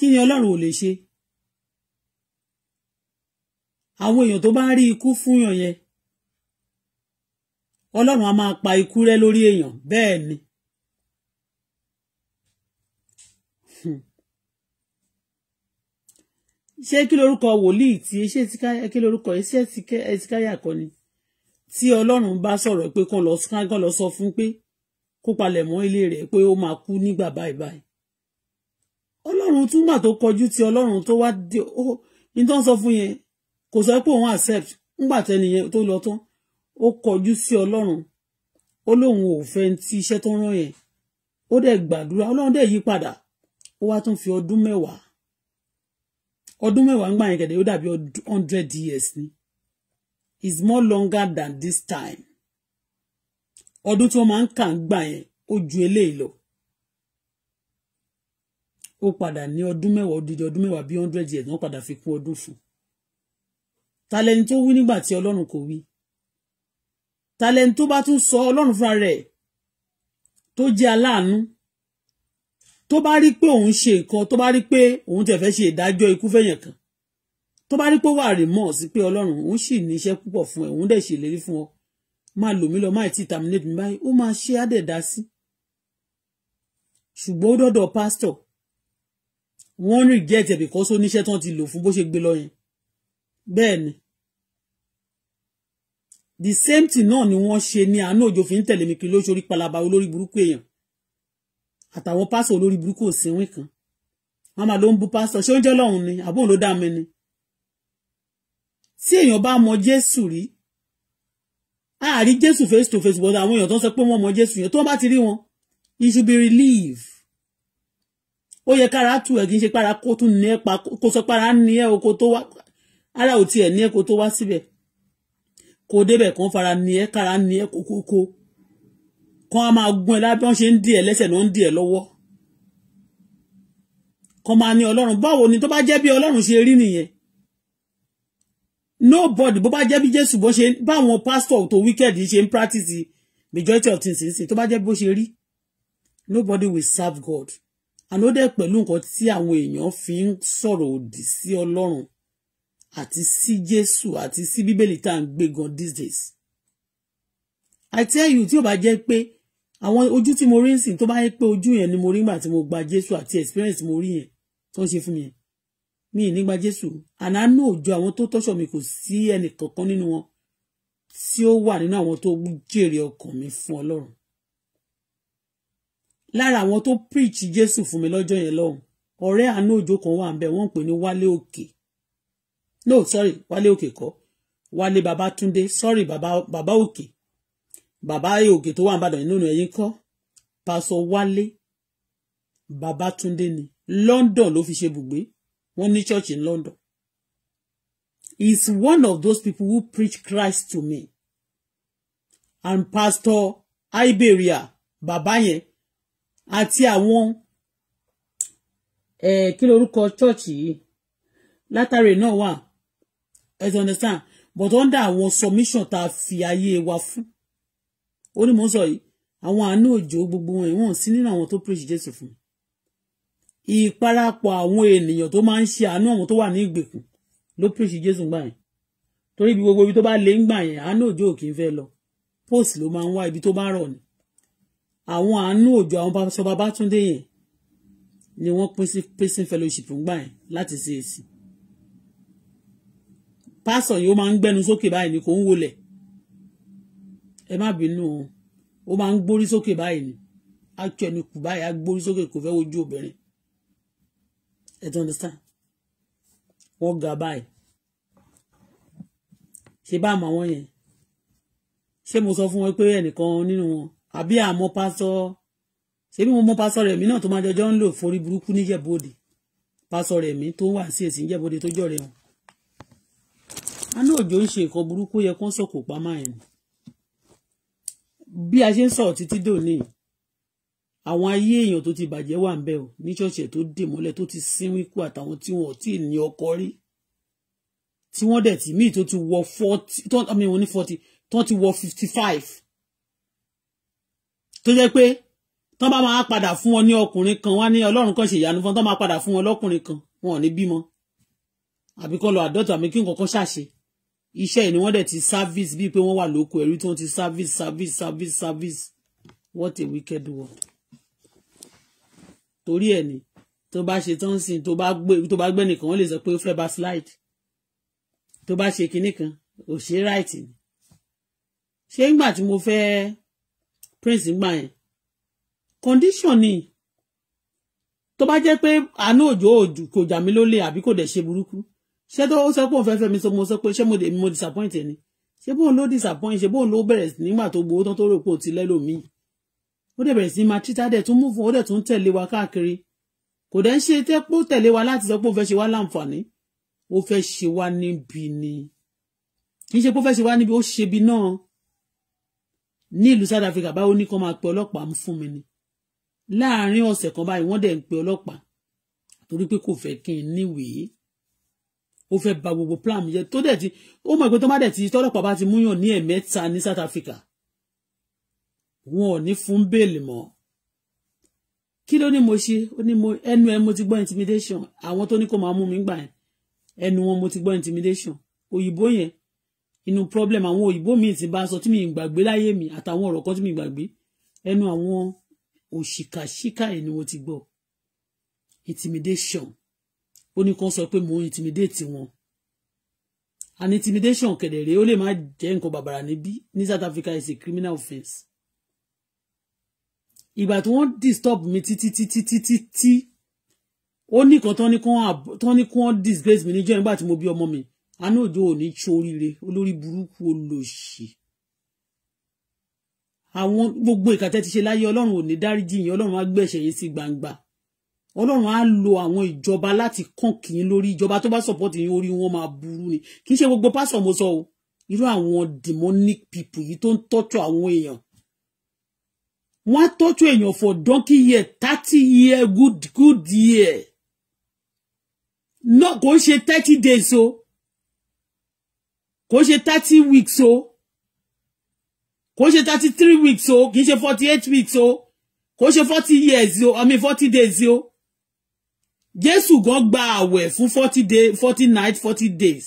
A: kí ni ọlọ́run ò lè ṣe àwọn èèyàn tó bá ń rí ikú fúnyàn yẹn ọlọ́run á máa pa ikú rẹ́ lórí èèyàn bẹ́ẹ̀ ni (laughs) ṣé kí lorúkọ wòlíì tí ṣé kí lorúkọ ṣé ẹtìkáyà kọ́ ni tí ọlọ́run bá sọ̀rọ̀ pé kàn lọ sọ fún pé kó palẹ̀ mọ́ ilé rẹ̀ pé ó máa kú nígbà báyìí báyìí ọlọ́run túmọ̀ tó kọjú ti ọlọ́run tó wá dé ó ní tó ń sọ fún yẹn kò sọ pé òun accept ńgbà tẹnìyẹn tó lọ tán ó kọjú sí ọlọ́run ó lóun ò fẹ́ ti iṣẹ́ tó rán yẹn ó dẹ̀ gbàdúrà ọlọ́run dẹ̀ yí padà ó wá tún fi ọdún mẹ́wàá ọdún mẹ́wàá ń yẹn kẹ̀dẹ̀ ó dàbí hundred years ni is more longer than this time ọdún tí wọ́n máa ń kà ń gbà yẹn ó ju eléyìí lọ ó padà ní ọdún mẹ́wàá odidi ọdún mẹ́wàá bíi hundred years wọ́n padà fi kún ọdún fún ta lẹni tó wí nígbà tí ọlọ́run kò wí ta lẹni tó bá tún sọ ọlọ́run fúnra rẹ̀ tó jẹ́ aláàánú tó bá rí pé òun ṣe nǹkan tó bá rí pé òun tẹ̀ fẹ́ ṣe ìdájọ́ ikú fẹ̀yàn kan tó bá rí pé wà rí mọ̀ sí pé ọlọ́run òun sì ní iṣẹ́ púpọ̀ fún ẹ òun dẹ̀ ṣèlérí fún ọ máa lò mí lọ máa ti terminate mi báyìí ó máa ṣe á dẹ̀ dá sí ṣùgbọ́n ó dọ̀dọ̀ pásítọ̀ wọ́n reject ẹ̀ because oníṣẹ́ tán ti lò fún bó ṣe gbé lọ yẹn bẹ́ẹ̀ ni the same thing náà ni wọ́n ṣe ní àánú òjò fi ń tẹ̀lé mi kiri lóṣorí palaba olórí burúkú èèyàn àtàwọn pásọ olórí burúkú òsínwìn kan wọn máa ló ń bú pásọ ṣé oúnjẹ ọlọ́run ni àbóun ló dá mi ni tí èèyàn bá mọ jésù rí àárí jésù face to face but àwọn èèyàn tó ń sọ pé wọ́n mọ jésù yẹn tó bá ti rí wọn you should be relieved ó yẹ kára tù ẹ kì í ṣe para kó tún ní ẹ pa kó sọ para ní ẹ oko tó wá ara ò tiẹ̀ ní ẹ kó tó wá síbẹ̀ kó débẹ̀ kàn fara ní ẹ kára ní ẹ kókókó kàn á máa gún ẹ lábẹ́ wọn ṣe ń dì ẹ lẹ́sẹ̀ ló ń dì ẹ lọ́wọ́ kàn máa ní ọlọ́run báwo ni tó bá jẹ́ bí ọlọ́run ṣe rí nìyẹn nobody bó bá jẹ́ bí jésù bó ṣe báwọn pásítọ̀ tó wicked ṣe ń practice majority of things tó bá jẹ́ bó ṣe rí nobody will serve God àná dẹ̀ pẹ̀lú nǹkan tí àwọn èèyàn fi ń sọ̀rọ̀ òdì sí ọlọ́run àti sí jésù àti sí bíbélì tá à ń gbé gan these days i tell you tí ò bá jẹ́ pé àwọn ojú tí mo rí ń sìn tó bá yẹ pé ojú yẹn ni mo rí nígbà tí mo gba jésù àti experience mo rí yẹn tó ń ṣe fún mi yẹn mi ì nígbà jésù ànánú òjò àwọn tó tọ́ṣọ̀ mi kò sí ẹnìkankan nínú wọn tí ó wà nínú àwọn tó jèrè ọkàn mi fún ọlọ́run lára àwọn tó preach Jésù fún mi lọ́jọ́ yẹn lọ́hùn ọ̀rẹ́ àánú òjò kan wà ń bẹ̀ wọ́n ń pè ní Wálé Òkè no sorry Wálé Òkè kọ́ Wálé Babátúndé sorry Bàbá Òkè Bàbá Òkè tó wà ń bàdàn nínú ẹ̀yìn kọ́ pásọ Wálé Babátúndé ni London ló fi ṣe bùgbé wọ́n ní church in London he is one of those people who preach Christ to me and Pastor Iberia Baba yẹn àti àwọn ẹ eh, kí lorúkọ chọọchì yìí látàrí náà wà ẹ ti understand but under àwọn submission tá a fi ayé wa fún ó ní mò ń sọ yìí àwọn àánú òjò gbogbo wọn ìwọ̀n sí nínú àwọn tó preach Jésù fún ìparapọ̀ àwọn ènìyàn tó máa ń ṣe àánú àwọn tó wà ní ìgbèkùn ló preach Jésù gbà yẹn torí ibi gbogbo ibi tó bá lè ń gbà yẹn àánú òjò kì í fẹ́ lọ post ló máa ń wá ibi tó bá rọ̀ ni àwọn àánú òjò àwọn bàbá Babátúndé yẹn ni wọ́n pín sí prison fellowship ńgbà yẹn láti ṣe èsì pásọ yìí ó máa ń gbẹnu sókè báyìí ni kò ń wọlẹ̀ ẹ má bínú o ó máa ń gbórí sókè báyìí ni á tún ẹni kù báyìí á gbórí sókè kò fẹ́ wojú obìnrin ẹ ti understand wọ́n ga báyìí ṣe bá àmọ́ àwọn yẹn ṣé mo sọ fún wọn pé ẹnìkan nínú wọn àbí àmọ́ pásọ ṣebí mo mọ pásọ rẹ̀ mí náà tó máa jọjọ́ ń lò forí burúkú níjẹ̀bọ́dè pásọ rẹ̀ tó wà sí èsì níjẹ̀bọ́dè tó jọ̀rẹ̀ wọn. aná ń ṣe nǹkan burúkú yẹ kó ń sọ̀kò pamọ́ ẹ̀ ni bí a ṣe ń sọ̀rọ̀ títí dòní àwọn ayé èèyàn tó ti bàjẹ́ wà ń bẹ̀ o ní ṣọ́ọ̀ṣì tó dè mọ́lẹ̀ tó ti sínwín kú àtàwọn tí wọn ò tí ì ní ọkọ rí tí wọ́n dẹ̀ tì míì tó ti wọ forty tó àmì wọn ní forty tó ti wọ fifty five tó jẹ́ pé tán bá máa padà fún wọn ní ọkùnrin kan wá ní ọlọ́run kan ṣèyanu fún tán máa padà fún wọn lọ́kùnrin kan wọn ò ní bímọ àbí kọ́ lọ àdọ́tọ̀ àmì kí nǹkan kan ṣàṣe iṣẹ́ yìí ni wọ́n dẹ̀ ti service bíi pé wọ́n wà lóko ẹ̀rí tí wọ́n ti service service service service what a wicked world torí ẹ̀ ni tó bá ṣe tán sí tó bá gbé tó bá gbé nìkan wọ́n lè sọ pé ó fẹ́ bá slide tó bá ṣe kinní kan ò ṣe right ni ṣé ńgbà tí mo fẹ́ press gbà yẹn condition ni tó bá jẹ́ pé àánú òjò òjò kò jà mí lólè àbí kò dẹ̀ ṣe burúkú ṣé tó sọ pé òun fẹ́ fẹ́ mi sọ mo sọ pé ṣé mo mo disappoint ẹ ni ṣé bóun ló disappoint ṣé bóun ló bẹ̀rẹ̀ nígbà tó gbowó tán tó rò pé ò ti lẹ́lòmíì ó dẹ̀ bẹ̀rẹ̀ sí máa títà dẹ̀ tún mú fún ó dẹ̀ tún tẹ̀lé wa káàkiri kò dẹ̀ ń ṣe tẹ́pó tẹ̀lé wa láti sọ pé ó fẹ́ ṣe wá láǹfààní ó fẹ́ ṣe wá níbi ni kì í ṣe pé ó fẹ́ ṣe wá níbi ó ṣe bí náà ní ìlú South Africa báwo ní kán máa pe ọlọ́pàá mú fún mi ni láàárín ọ̀sẹ̀ kan báyìí wọ́n dẹ̀ ń pe ọlọ́pàá torí pé kò fẹ́ kí n níwèé ó fẹ́ ba gbogbo plan mi jẹ́ tó dẹ̀ ti ó mọ̀ pé tó má dẹ̀ ti tọ́lọ́pàá bá ti múyàn ní ẹ̀mẹ́ta ní South Africa wọn ò ní fún bẹ́ẹ̀lì mọ́ kí ló ní mo ṣe ó ní mo ẹnu ẹ mo ti gbọ́ intimidation àwọn tó ní kó máa mú mi gbà ẹnu wọn mo ti gbọ́ intimidation òyìnbó yẹn inú problem àwọn òyìnbó mi ti bá sọ tí mi ì gbàgbé láyé mi àtàwọn ọ̀rọ̀ kan tí mi ì gbàgbé ẹnu àwọn òṣìkàṣíkà ẹ̀ ni mo ti gbọ́ intimidation ó ní kan sọ pé mò ń intimidate wọn and intimidation kẹ̀dẹ̀rẹ́ ó lè má jẹ́ nǹkan bàbàrà níbí ní South Africa is a criminal offence ìgbà tí wọ́n disturb mi títí títí títí tí ó ní kan tán ní kan disgrace mi níjọ́ nígbà tí mo bí ọmọ mi àánú òjò ò ní tí oríire olórí burúkú olòṣì àwọn gbogbo ìkàtẹ́ ti ṣe láyé ọlọ́run ò ní dáríjì yín ọlọ́run á gbẹ̀ṣẹ̀ yín sí gbangba ọlọ́run á lo àwọn ìjọba láti kàn kì í lórí ìjọba tó bá sọ̀pọ̀tì yín orí wọn máa burú ni kì í ṣe gbogbo pásọ̀ mo sọ o irú àwọn demonic people yìí tó ń tọ́jú àwọn èèyàn wọ́n á tọ́jú èèyàn for donkey year thirty year good good year náà kò ń ṣe thirty days o. So kò ṣe thirty weeks o kò ṣe thirty three weeks o kì í ṣe forty eight weeks o kò ṣe forty years o i mean forty days o jésù gan gba àwẹ̀ fún forty day forty night forty days.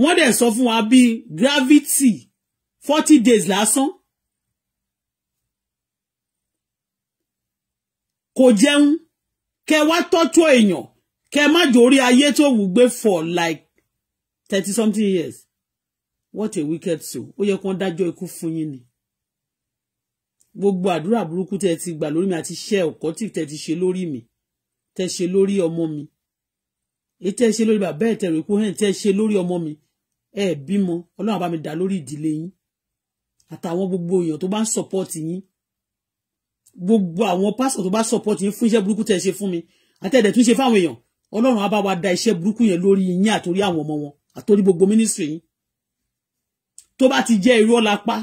A: wọ́n dẹ̀ sọ fún wa bíi gravity forty days lásán kò jẹun kẹ wá tọ́jú èèyàn kẹ má jórí ayé tó wù gbé for like thirty something years what a wicked soul ó yẹ kó dájọ́ ikú fún yín ni gbogbo àdúrà burúkú tẹ ti gbà lórí mi àti iṣẹ́ ọkọ tí tẹ ti ṣe lórí mi tẹ ṣe lórí ọmọ mi èyí tẹ ṣe lórí bàbá ẹ tẹ rò ikú hẹn tẹ ṣe lórí ọmọ mi ẹ bímọ Ọlọ́run àbá mi dá lórí ìdílé yín àtàwọn gbogbo èèyàn tó bá ń sọpọ́ọ̀tì yín gbogbo àwọn pásítọ̀ tó bá sọpọ́ọ̀tì yín fún iṣẹ́ burúkú tẹ ṣe fún mi àtẹ̀dẹ̀ tún ṣe fáwọn èèyàn ọlọ́run á bá wa da iṣẹ́ burúkú yẹn lórí yín àtòrí àwọn ọmọ wọn àtòrí gbogbo mínísírì yín tó bá ti jẹ́ irú ọ̀la pa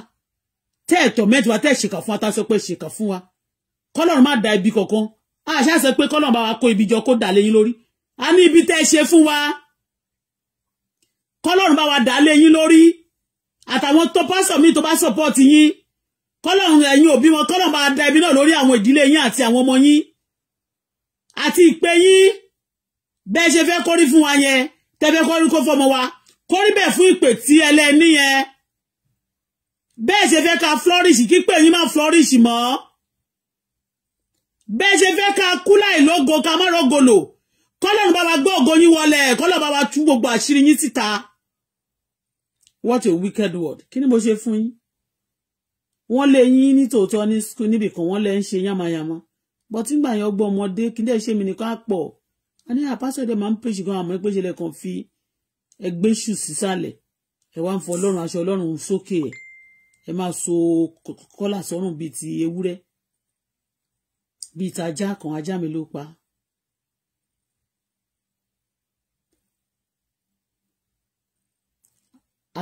A: tẹ́ ẹ̀tọ́ mẹ́tiwa tẹ́ ṣèkà fún wa tá a sọ pé ṣèkà fún wa kọ́lọ́run má da ibi kankan a ṣáà sọ pé kọ́lọ́run bá wa kó ibi jọ kó dà léyìn lórí a ní ibi tẹ́ ṣe fún wa kọ́lọ́run bá wa dà léyìn lórí àtàwọn tó pásọ̀ mi tó bá sọ̀pọ̀tì yín kọ́lọ́run ẹ̀yin òbí wọn kọ́lọ́run bá da ibi náà lórí àwọn ìdílé yín àti àwọn ọmọ yín àti ìpè yín bẹ́ẹ̀ ṣe fẹ́ kórí fún wa yẹn tẹ́fẹ́ kórí kó fọmọ wa kórí bẹ́ẹ̀ fún ìpè tí ẹlẹ́ni yẹn bẹ́ẹ̀ ṣe fẹ́ ka flourish kípè yín má flourish mọ́ bẹ́ẹ̀ ṣe fẹ́ ka kú láì lógo ka má rọ́gọlò kọ́lọ́run bá wa gbọ́ ògo yín wọlé kọ́lọ́run bá wa gbogbo àṣírí yín síta what a wicked word kí ni mo ṣe fún yín wọ́n lé yín ní tòótọ́ ní school níbìkan wọ́n lẹ́ ń ṣe yánmayánmá bọ́tí ń gbà yẹn ọgbọ́n ọmọdé kí n dẹ́ ṣe mí nìkan á a ní àpásọ̀dẹ̀ máa ń pèsè gan àmọ́ pèsè lẹ́ẹ̀kan fi ẹgbẹ́ ṣù sísàlẹ̀ ẹ wá ń fọ ọlọ́run aṣọ ọlọ́run sókè ẹ̀ ẹ máa so kọ́là sọ́rùn bíi ti ewúrẹ́ bíi ti ajá kan ajá mi ló pa.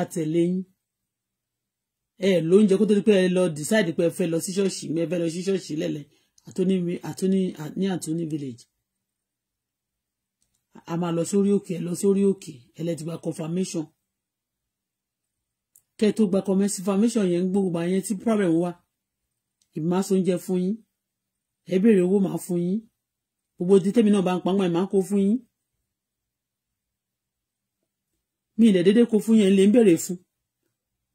A: àtẹ̀lẹ́yìn ẹ lóúnjẹ kó tó di pé ẹ lọ decide pé ẹ fẹ́ lọ sí ṣọ́ọ̀ṣì mi ẹ fẹ́ lọ sí ṣọ́ọ̀ṣì lẹ́lẹ̀ àtúní àtúní ní àtúní village a máa lọ sórí òkè lọ sórí òkè ẹlẹ́tìgbà confirmation kẹ́ tó gba confirmation yẹn ń gbogbo àyẹn tí problem wà ìmáṣoúnjẹ fún yín ẹ béèrè owó máa fún yín gbogbo di náà bá ń pamọ́ ẹ̀ máa kó fún yín mi ìdẹ̀ déédéé kó fún yẹn lè ń bèrè fún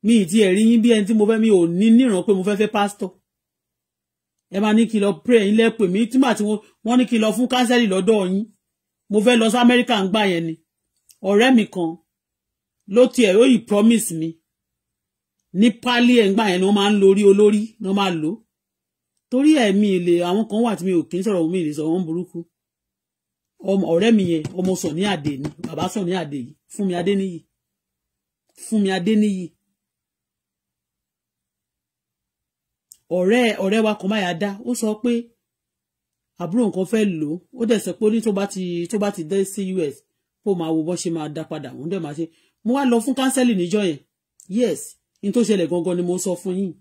A: mi ìdí ẹ̀rí yín bí ẹni tí mo fẹ́ mi ò ní níran pé mo fẹ́ fẹ́ pásítọ̀ ẹ máa ní kí lọ pray yín lẹ́pẹ̀ mi túmọ̀ tí wọ́n ní kí n lọ fún kánsẹ́lì lọ́dọ̀ yín mo fẹ́ lọ sí Amẹ́ríkà ń gbà yẹn ni ọ̀rẹ́ mi kan ló tiẹ̀ ó yìí promise mi ní pálí ẹ̀ ń gbà yẹn ni wọ́n máa ń lórí olórí ni wọ́n máa lò torí ẹ̀mí ilé àwọn kan wà tí mi ò kí ń sọ̀rọ̀ mi ìlè sọ̀rọ̀ wọn burúkú ọ̀rẹ́ mi yẹn ọmọ sọ̀ ní àdè ni bàbá sọ̀ ní àdè yìí fún mi Adéníyì fún mi Adéníyì ọ̀rẹ́ ọ̀rẹ́ wa kan máa dá ó sọ pé àbúrò nǹkan fẹ́ lò ó dẹ̀ sọ pé ó ní tó bá ti tó bá ti dé sí US kó máa wo bó ṣe máa dá padà òun dẹ̀ máa ṣe mo wá lọ fún kánsẹ́lì níjọ́ yẹn yes n tó ṣẹlẹ̀ gangan ni mo sọ fún yín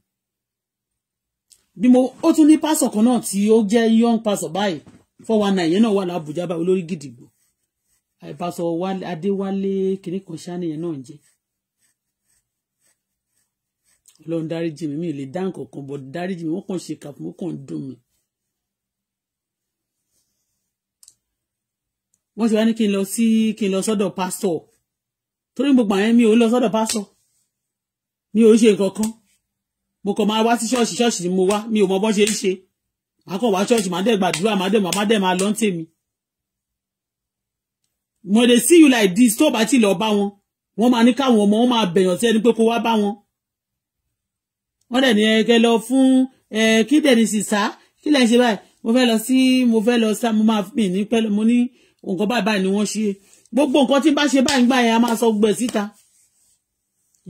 A: bí mo ó tún ní pásọ̀ kan náà tí ó jẹ́ young pásọ̀ báyìí four one nine yẹn náà wà lábùjá báyìí olórí gidigbo àìpásọ̀ adéwálé kìnnì kan ṣáà nìyẹn náà ń jẹ́ ọlọ́run dáríjì mi mi lè dá nǹkan kan bọ̀ dáríjì mi wọ́n kàn ṣe kàfún wọ́n kàn dùn mí wọ́n ti wá ní kí n lọ sí kí n lọ sọ́dọ̀ pásítọ̀ torí gbogbo àwọn mi ò lọ sọ́dọ̀ pásítọ̀ mi ò ṣe nǹkan kan mo kàn máa wá sí ṣọ́ọ̀ṣì ṣọ́ọ̀ṣì ni mo wá mi ò mọ bọ́n ṣe ń ṣe màá kàn wá ṣọ́ọ̀ṣì màá dẹ̀ gbàdúrà màá dẹ̀ màá dẹ̀ máa lọ ń tèmi. mo dey see you like this tó o bá ti lọ bá wọn wọ́n máa ní káwọn ọmọ wọn máa bẹ̀yàn sí ẹni pé kó wá bá wọn. wọ́n dẹ̀ ní ẹgẹ lọ fún ẹ kí dẹ̀ ní sísá kí lẹ́ ń ṣe báyìí mo fẹ́ lọ sí mo fẹ́ lọ sá mo máa mi ní pẹ́ mo ní nǹkan báyìí báyìí ni wọ́n ṣe gbogbo nǹkan tí bá ṣe báyìí gbà yẹn a máa sọ gbẹ síta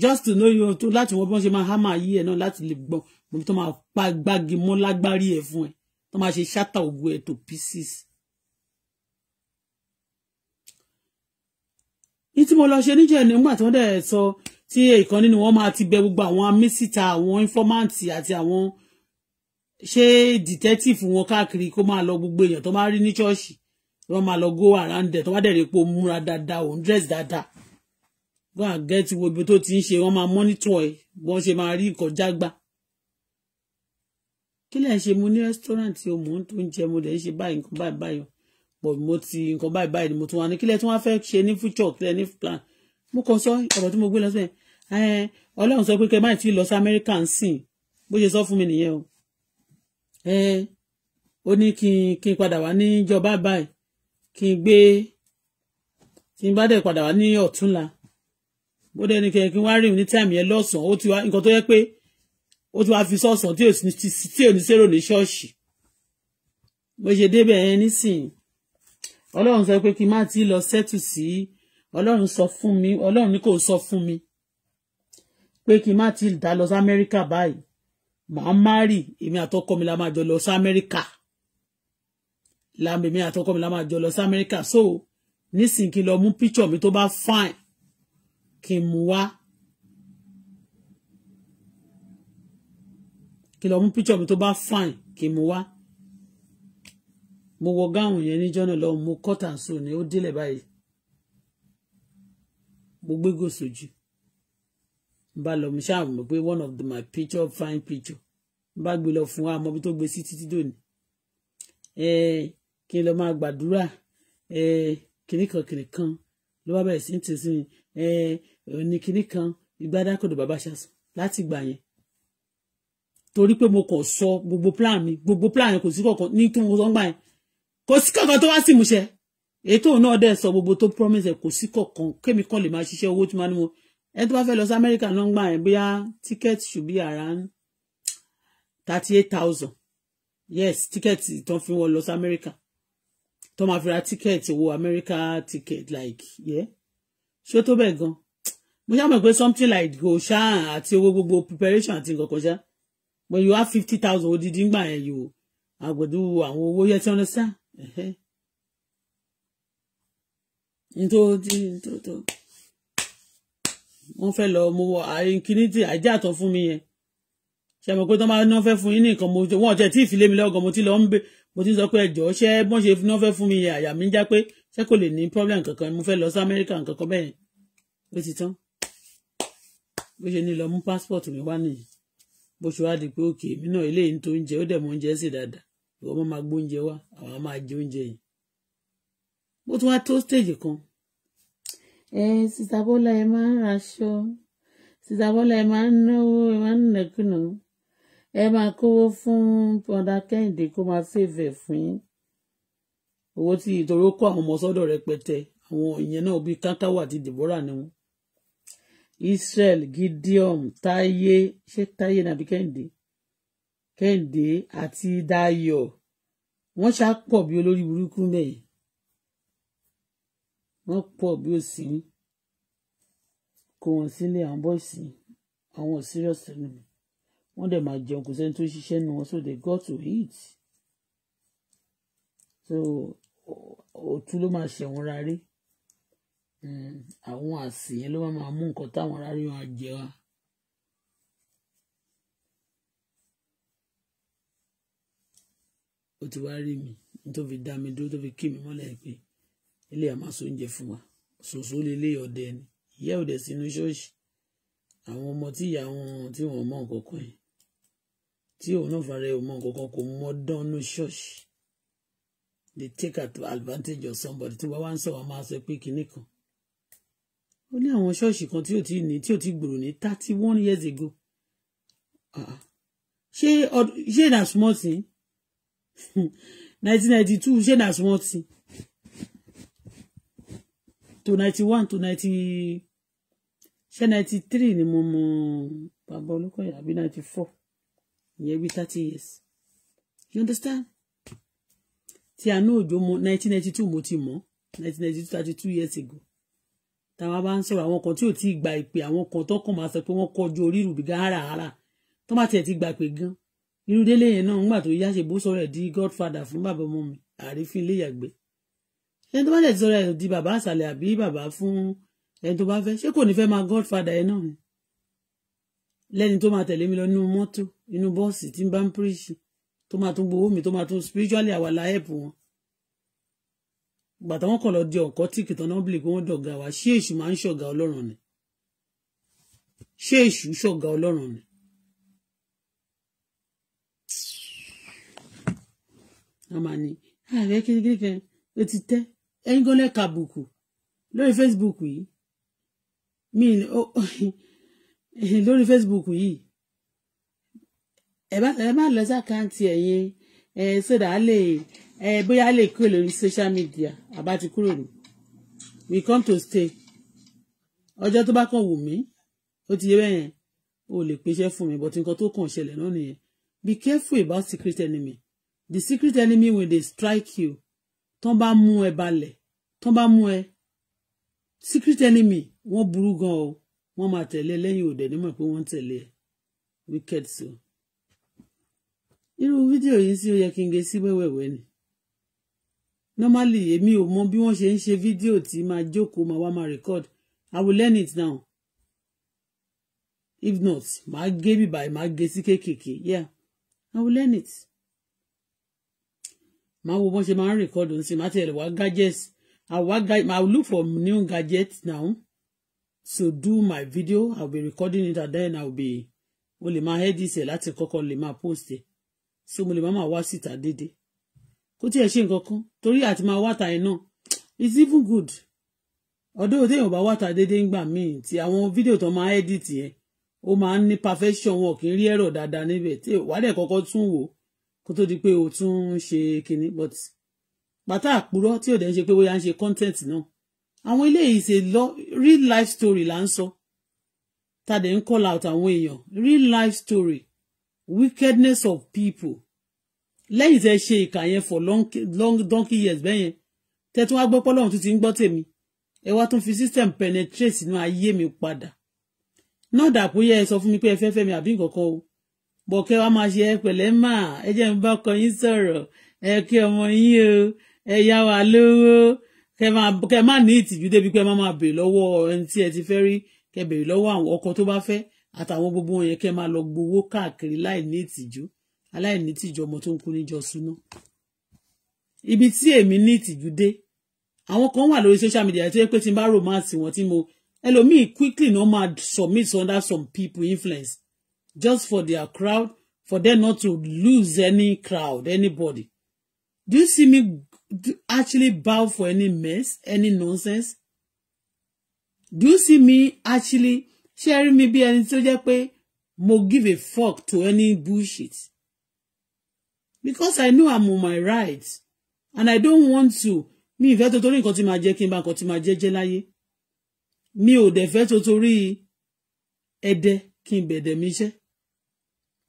A: just to know you to láti wọ́n bí wọ́n ṣe máa hámà yí ẹ̀ náà láti lè gbọ́n mo tó máa pa gbági mọ́ lágbárí ẹ̀ fún ẹ tó máa ṣe ṣátà ògùn ẹ̀ tó pieces. ní tí mo lọ ṣe níjẹ̀ nígbà tí wọ́n dẹ̀ sọ tí ìkan nínú wọn máa ti bẹ gbogbo àwọn amísítà àwọn ínfọ́máǹtì àti àwọn ṣé dìtẹ́tìfù wọn káàkiri kó máa lọ gbogbo èèyàn tó máa rí ní ṣọ́ọ̀ṣì wọ́n máa lọ go around there tó bá dẹ̀ rí pé o múra dáadáa o ń dress dáadáa go and get wo ibi tó ti ń ṣe wọ́n máa monitor ẹ̀ wọ́n ṣe máa rí ìkọjá gbà kí lẹ̀ ń ṣe mo ní restaurant o mò ń tó ń jẹ mo dẹ̀ ń ṣe báyìí nǹkan báyìí báyìí but mo ti nǹkan báyìí báyìí ni mo tún wá ní kí lẹ̀ tún wá fẹ́ ṣe ní future kí lẹ̀ ní plan mo kàn sọ ọ̀rọ̀ tí mo gbé lọ síbẹ̀ ọlọ́run sọ pé kẹ́ máa ti lọ sí amẹ́ríkà ń sìn bó ṣe sọ fún mi nìyẹn o ó ní kí n padà wá níjọba báyìí kí n gbé tí n bá dẹ̀ padà wá ní ọ̀túnla bó dẹ̀ ní kẹ́kẹ́ kí n wá rí mi ní táìmù yẹn lọ́sàn-án ó ti wá nǹkan tó yẹ pé ó ti wá fi sọ̀sàn tí ò ní sérò ní ṣọ́ọ̀ṣì bó ṣe débẹ̀ yẹn nísìnyí ọlọ́run sọ pé kí n má ti lọ sẹ́tù sí ọlọ́run sọ fún mi ọlọ́run ní kò sọ fún mi pé kí n má ti dá lọ sí amẹ́ríkà báyìí màá má rì èmi àtọkọ mi la máa jọ lọ sí amẹ́ríkà lámèmí àtọkọ mi la máa jọ lọ sí amẹ́ríkà so nísìnyí kí n lọ mú píchọ̀ mi tó bá fine kí n mú wá kí n lọ mú píchọ̀ mi tó bá fine kí n mú wá mo wọ gáwùn yẹn níjọ́ náà lọ mo cut and sew ni ó délẹ̀ báyìí mo gbégò sójú n bá lọ mi ṣáà mọ̀ pé one of the, my picture fine picture n bá gbé lọ fún wa àmọ́ bí tó gbé sí títí dòní. Eh, kí n lọ máa gbàdúrà kìnnìkan kìnnìkan ló bá bẹ̀rẹ̀ sí ní tìsín ní kìnnìkan ìgbádákòdò bàbá ṣàṣùn láti gbà yẹn torí pé mo kàn sọ gbogbo plan mi gbogbo plan yẹn kò sí kankan ní tí mo sọ ń gbà yẹn kò sí kankan tó wá sí ìmúṣẹ ètò náà dẹ̀ sọ gbogbo tó promise kò sí kankan kémi kan lè máa ṣiṣẹ́ owó tí máa ní ẹ tó bá fẹ́ lọ sí Amẹ́ríkà náà ń gbà yẹn bóyá ticket should be around thirty eight thousand yes ticket tó fi wọn lọ sí Amẹ́ríkà tó máa fi ra tíkẹ́ẹ̀tì wo America ticket like yeah ṣé tó bẹ́ẹ̀ gan mo ṣá mọ̀ pé something like go ṣá àti owó gbogbo preparation àti nǹkan kan ṣá when you have fifty thousand odidi ń gbà yẹn yìí o àgbẹ̀dù àwọn owó yẹn tí wọ́n lọ sá nítorí tó wọ́n fẹ́ lọ mo wọ àìkíní tí àìjẹ́ àtọ̀ fún mi yẹn ṣe mọ̀ pé tó máa ná fẹ́ fún yín nìkan mo wọ́n tẹ̀ tí ìfilé mi lọ́gàn mo ti lọ ń bẹ mo ti sọ pé ẹjọ́ ṣé bọ́n ṣe iná fẹ́ fún mi àyà mi já pé ṣé kò lè ní problem kankan mo fẹ́ lọ sí Amẹ́ríkà kankan bẹ́ẹ̀ bó ti tán bó ṣe ní lọ mú passport mi wá nìyí bó ṣe wá di pé òkè mi náà eléyìí tó oúnjẹ ó dẹ̀ mọ oúnjẹ sí dáadáa ìwọ mo máa gbóúnjẹ wá àwọn á máa jẹ oúnjẹ yìí bó tún wá tó stage kan. ẹ sísá bọ́lá ẹ máa ń raṣọ sísá bọ́lá ẹ máa ń náwó ẹ máa ń nàkúnà ẹ máa kówó fún pọnda kẹ́hìndé kó máa fèvẹ̀ fún owó tí ìtòrò kó àwọn ọmọ sọ́dọ̀ rẹpẹtẹ àwọn ìyẹn náà bíi kankawa àti deborah ni wọn israel gideon táyé ṣé táyé nàbí kẹ́hìndé kẹ́hìndé àti dayọ̀ wọ́n ṣá pọ̀ bí olórí burúkú mẹ́yìn wọ́n pọ̀ bí ó sì ń kó wọn sílé àwọn bọ́ìsì àwọn serious enemy wọ́n dẹ̀ máa jẹun kò sẹ́ni tó ṣiṣẹ́ nu wọn so they got to eat so òtún ló máa ṣẹ̀wọ̀n rárí hmm, àwọn àsìyẹn ló máa mú nǹkan táwọn rárí wọn jẹ wá. ó ti wá rí mi tó fi dá mi dúró tó fi kí mi mọ́lẹ̀ pé ilé àmà sóúnjẹ fún wa ṣòṣò lélẹ̀ ọ̀dẹ ni ìyá ọ̀dẹ sínú ṣọ́ọ̀ṣì àwọn ọmọ tí ìyá wọn tí wọn mọ nǹkan kan yìí tí òun náà fara ẹ̀ mọ kankan kò mọ dánú ṣọ́ọ̀ṣì they take advantage of somebody tí wọ́n wá ń sọ̀rọ̀ máa sọ pé kinní kan ó ní àwọn ṣọ́ọ̀ṣì kan tí ò tí ní tí ò tí gbòòrò ní thirty one years ago ah, ah. ṣé ṣé na small thing (laughs) nineteen ninety two ṣé na small thing to ninety one to ninety ṣé ninety three ni mo mọ bàbá Olúkọ̀yà àbí ninety four ìyẹn bí thirty years you understand tí àánú òjò mọ nineteen ninety two mo ti mọ nineteen ninety two thirty two years ago táwa bá ń sọ̀rọ̀ àwọn kan tí ò tí ì gba ìpè àwọn kan tó kàn máa sọ pé wọ́n kọjú orí ìrùbí gáràárà tó má tiẹ̀ ti gbà pé gan irú délé yẹn náà ńgbà tó yá ṣe bó sọ̀rọ̀ ẹ̀ di godfather fún bàbá ọmọ mi àrífín iléyàgbé ẹni tó bá dẹ̀ ti sọ̀rọ̀ ẹ̀ di bàbá àṣàlẹ̀ àbí bàbá fún ẹni tó bá fẹ́ ṣé kò ní fẹ́ máa godfather yẹn náà ni lẹ́ni tó máa tẹ̀lé mi lọ nínú mọ́tò nínú bọ́ọ̀sì tí ń bá ń píríṣì tó máa tún gbowó mi tó máa tún spiritually àwa la help wọn gbàtà wọn kàn lọ di ọkọ tí kìtàn náà bìlì pé wọn dọ̀gá wa ṣé èṣù máa ń ṣọ̀gá Ọlọ́run ni ṣé èṣù ṣọ̀gá Ọlọ́run ni. wọn máa ní ààrẹ ah, kékeré kan ó tẹ ẹyin gan lẹka àbùkù lórí Facebook yìí mi ò (laughs) (laughs) lórí Facebook yìí ẹ bá ẹ má lọ sí àkáǹtì ẹ̀yin ẹ sódà á lè ẹ bóyá á lè kúrò lórí social media àbá ti kúrò ní we come to stay ọjọ́ tó bá kàn wù mí ó ti yé bẹ́ẹ̀ o lè pèsè fún mi but nǹkan tó kàn ṣẹlẹ̀ náà nìyẹn be careful about secret enemy the secret enemy when they strike you tán bá mú ẹ balẹ̀ tán bá mú ẹ secret enemy wọ́n burú gan o wọ́n máa tẹ̀lé e lẹ́yìn òdẹ̀ nímọ̀ pé wọ́n tẹ̀lé e. wicked so irú fídíò yìí sí ó yẹ kí n gé e sí wẹ́wẹ́wẹ́ ni normally èmi ò mọ bí wọ́n ṣe ń ṣe fídíò tí máa jókòó máa wá máa record I will learn it now if not màá gé bíbá ẹ̀ màá gé sí kéékèèké yeah I will learn it màá wo bọ́n ṣe máa ń record nsìn màá tẹ̀lé wá gadgets I will look for new gadgets now to do my video i'll be recording it and then i'll be mo lè máa edit ẹ láti kọ́kọ́ lè máa post it. so mo lè má máa wá síta déédéé kó tí ẹ ṣe nǹkan kan torí àti máa ta ẹ it's even good ọdún òde ìwọ̀n bá wá ta déédéé ńgbà míì tí àwọn video to máa edit yẹn ó máa ń perfection wọn kì í rí ẹ̀rọ dáadáa níbẹ̀ tí ìwádìí kọ́kọ́ tún wò kó di pé o tun ṣe kinní but bàtà àpúrọ́ tí ò dẹ̀ ń ṣe pé bóyá ń ṣe content no àwọn eléyìí ṣe lọ real life story là ń sọ ta dẹ̀ ń call out àwọn èèyàn real life story wickedness of people lẹ́yìn tẹ́ ṣe ìkà yẹn for long, long donkey years bẹ́yẹn tẹ́ tún wá gbọ́ pọ́lọ́run tún ti ń gbọ́ tèmi ẹ wá tún fi system penetrate sínú ayé mi padà náà dàpọ̀ yẹ ẹ sọ fún mi pé ẹ fẹ́ fẹ́ mi àbí nǹkan kan o bọ̀kẹ́ wa máa ṣe ẹ pẹ̀lẹ́ mà ẹ jẹ́ mi bá ọkọ yín sọ̀rọ̀ ẹ kí ọmọ yín o ẹ yá wa lówó kẹ máa kẹ máa ní ìtìjú débi pé ẹ máa máa bèrè lọ́wọ́ ẹni tí ẹ ti fẹ́ rí kẹ bèrè lọ́wọ́ àwọn ọkọ tó bá fẹ́ àtàwọn gbogbo wọn yẹn kẹ máa lọ gbowó káàkiri láì ní ìtìjú aláì ní ìtìjú ọmọ tó ń kú níjọ súná ibi tí èmi ní ìtìjú dé àwọn kan wà lórí social media tó yẹ pé tí n bá romance wọn tí mo ẹlòmíì quickly no ma submit under some people influence just for their crowd for them not to lose any crowd anybody do you see me do actually bow for any mess, any nonsense? Do you see me actually sharing me bí ẹni tí ó jẹ́ pé mo give a fuck to any bullshit? Because I know I'm on my rights and I don't want to. Mi ìfẹ́ tó torí nǹkan tí màá jẹ́ kí n bá nǹkan tí màá jẹ́ jẹ́ láyé. Mi ò dẹ̀ fẹ́ tó torí ẹdẹ kí n bẹ̀dẹ̀ mi iṣẹ́.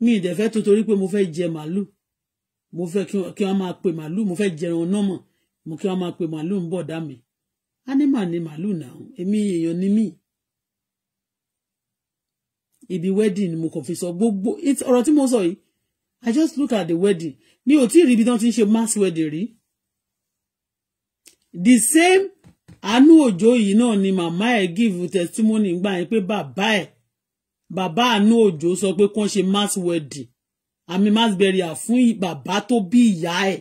A: Mi ìdẹ̀fẹ́ tó torí pé mo fẹ́ jẹ màálù mo fẹ́ kí wọ́n máa pe màálù mo fẹ́ jẹran nọ́mọ̀ mo kí wọ́n máa pe màálù ń bọ̀ dá mi ánímà ni màálù náà èmi èèyàn ni mí ibi wedding ni mo kàn fi sọ gbogbo ọ̀rọ̀ tí mo sọ yìí I just look at the wedding mi ò tí ì rí ibi tí wọ́n ti ń ṣe mass wedding rí the same àánú òjò yìí náà ni màmá ẹ̀ give testimony gbà yín pé bàbá ẹ̀ bàbá àánú òjò sọ pé kán ṣe mass wedding àmì mass burial fún bàbá tó bí ìyá ẹ̀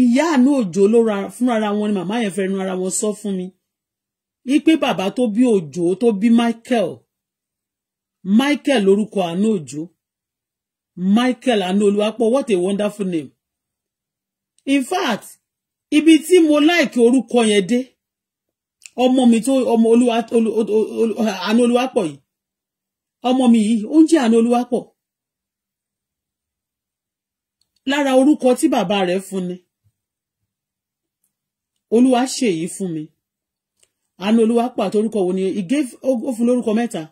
A: ìyá àánú òjò ló ra fúnra wọn ni màmá yẹn fẹnu ara wọn sọ fún mi wípé bàbá tó bí òjò tó bí Michael Michael lórúkọ àánú òjò Michael àánú olùwàpọ̀ what a wonderful name in fact ibi tí mo láìkí orúkọ yẹn dé ọmọ mi tó ọmọ olúwa yìí ọmọ mi yìí ó ń jẹ́ àánú olúwa pọ̀ lára orúkọ tí bàbá rẹ̀ fún ni olúwa ṣe fún mi àánú olúwa pọ̀ àti orúkọ wo ni he gave ó fún lórúkọ mẹ́ta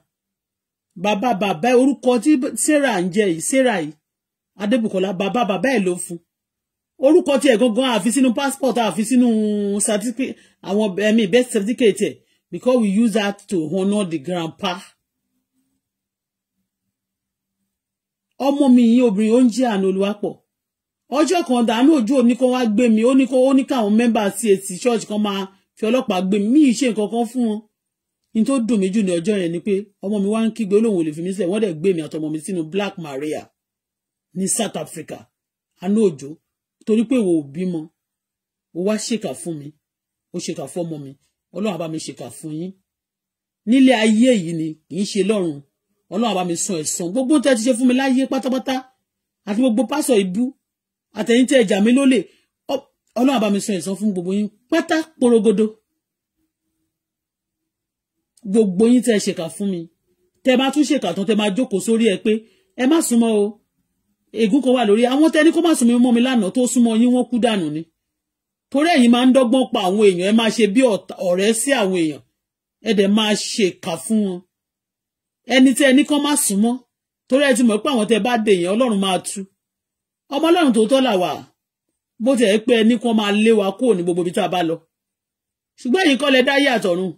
A: bàbá bàbá orúkọ tí sarah ń jẹ yìí sarah yìí adébùkọ́lá bàbá bàbá ẹ̀ ló fún orúkọ tiẹ̀ gangan àfi sínú passport àfi sínú certificate àwọn ẹ̀mí birth certificate ẹ̀ because we use that to honour the grandpa. ọmọ mi yìí obìnrin ó ń jẹ́ àná olùwàpọ̀ ọjọ́ kan dànù ojú òní kan wá gbé mi ó ní ó ní káwọn mẹ́mbà CAC church kan máa fi ọlọ́pàá gbé mi mí ì ṣe nǹkan kan fún wọn ní tó dùn mí jù ní ọjọ́ yẹn ni pé ọmọ mi wá ń kígbe olóhùn olè fi mí sílẹ̀ wọ́n dẹ̀ gbé mi àtọmọ mi sínú Black Maria ní South Africa àná òjò torí pé ìwọ ò bímọ ó wá ṣèkà fún mi ó ṣèkà fún ọmọ mi Ọlọ́run ni kì ọlọ́run àbá mi san ẹ̀san gbogbo tẹ́ ti ṣe fún mi láyé pátápátá àti gbogbo pásọ̀ ìbú àtẹ̀yìn tẹ́ ẹ̀jà mi lólè ọlọ́run àbá mi san ẹ̀san fún gbogbo yín pátá porogodo gbogbo yín tẹ́ ṣèkà fún mi tẹ́ máa tún ṣèkà tán tẹ́ máa jókòó sórí ẹ pé ẹ má súnmọ́ o ègún kan wà lórí àwọn tẹ́ni kó má súnmọ́ mọ́ mi lánàá tó súnmọ́ yín wọ́n kú dànù ni torí ẹ̀yin máa ń dọ́gbọ́n pa àwọn èèyàn ẹ máa ṣe bí ọ̀rẹ́ sí àwọn èèyàn ẹ dẹ̀ máa ṣèkà fún wọn ẹni tí ẹni kan má súnmọ́ torí ẹ ti mọ̀ pé àwọn tẹ bá dè yẹn ọlọ́run máa tú ọmọ ọlọ́run tòótọ́ là wà bó ti ẹ̀ pé ẹni kan máa lé wa kúrò ní gbogbo ibi tá a bá lọ ṣùgbọ́n èyí kọ́ lẹ dá yé àtọ̀run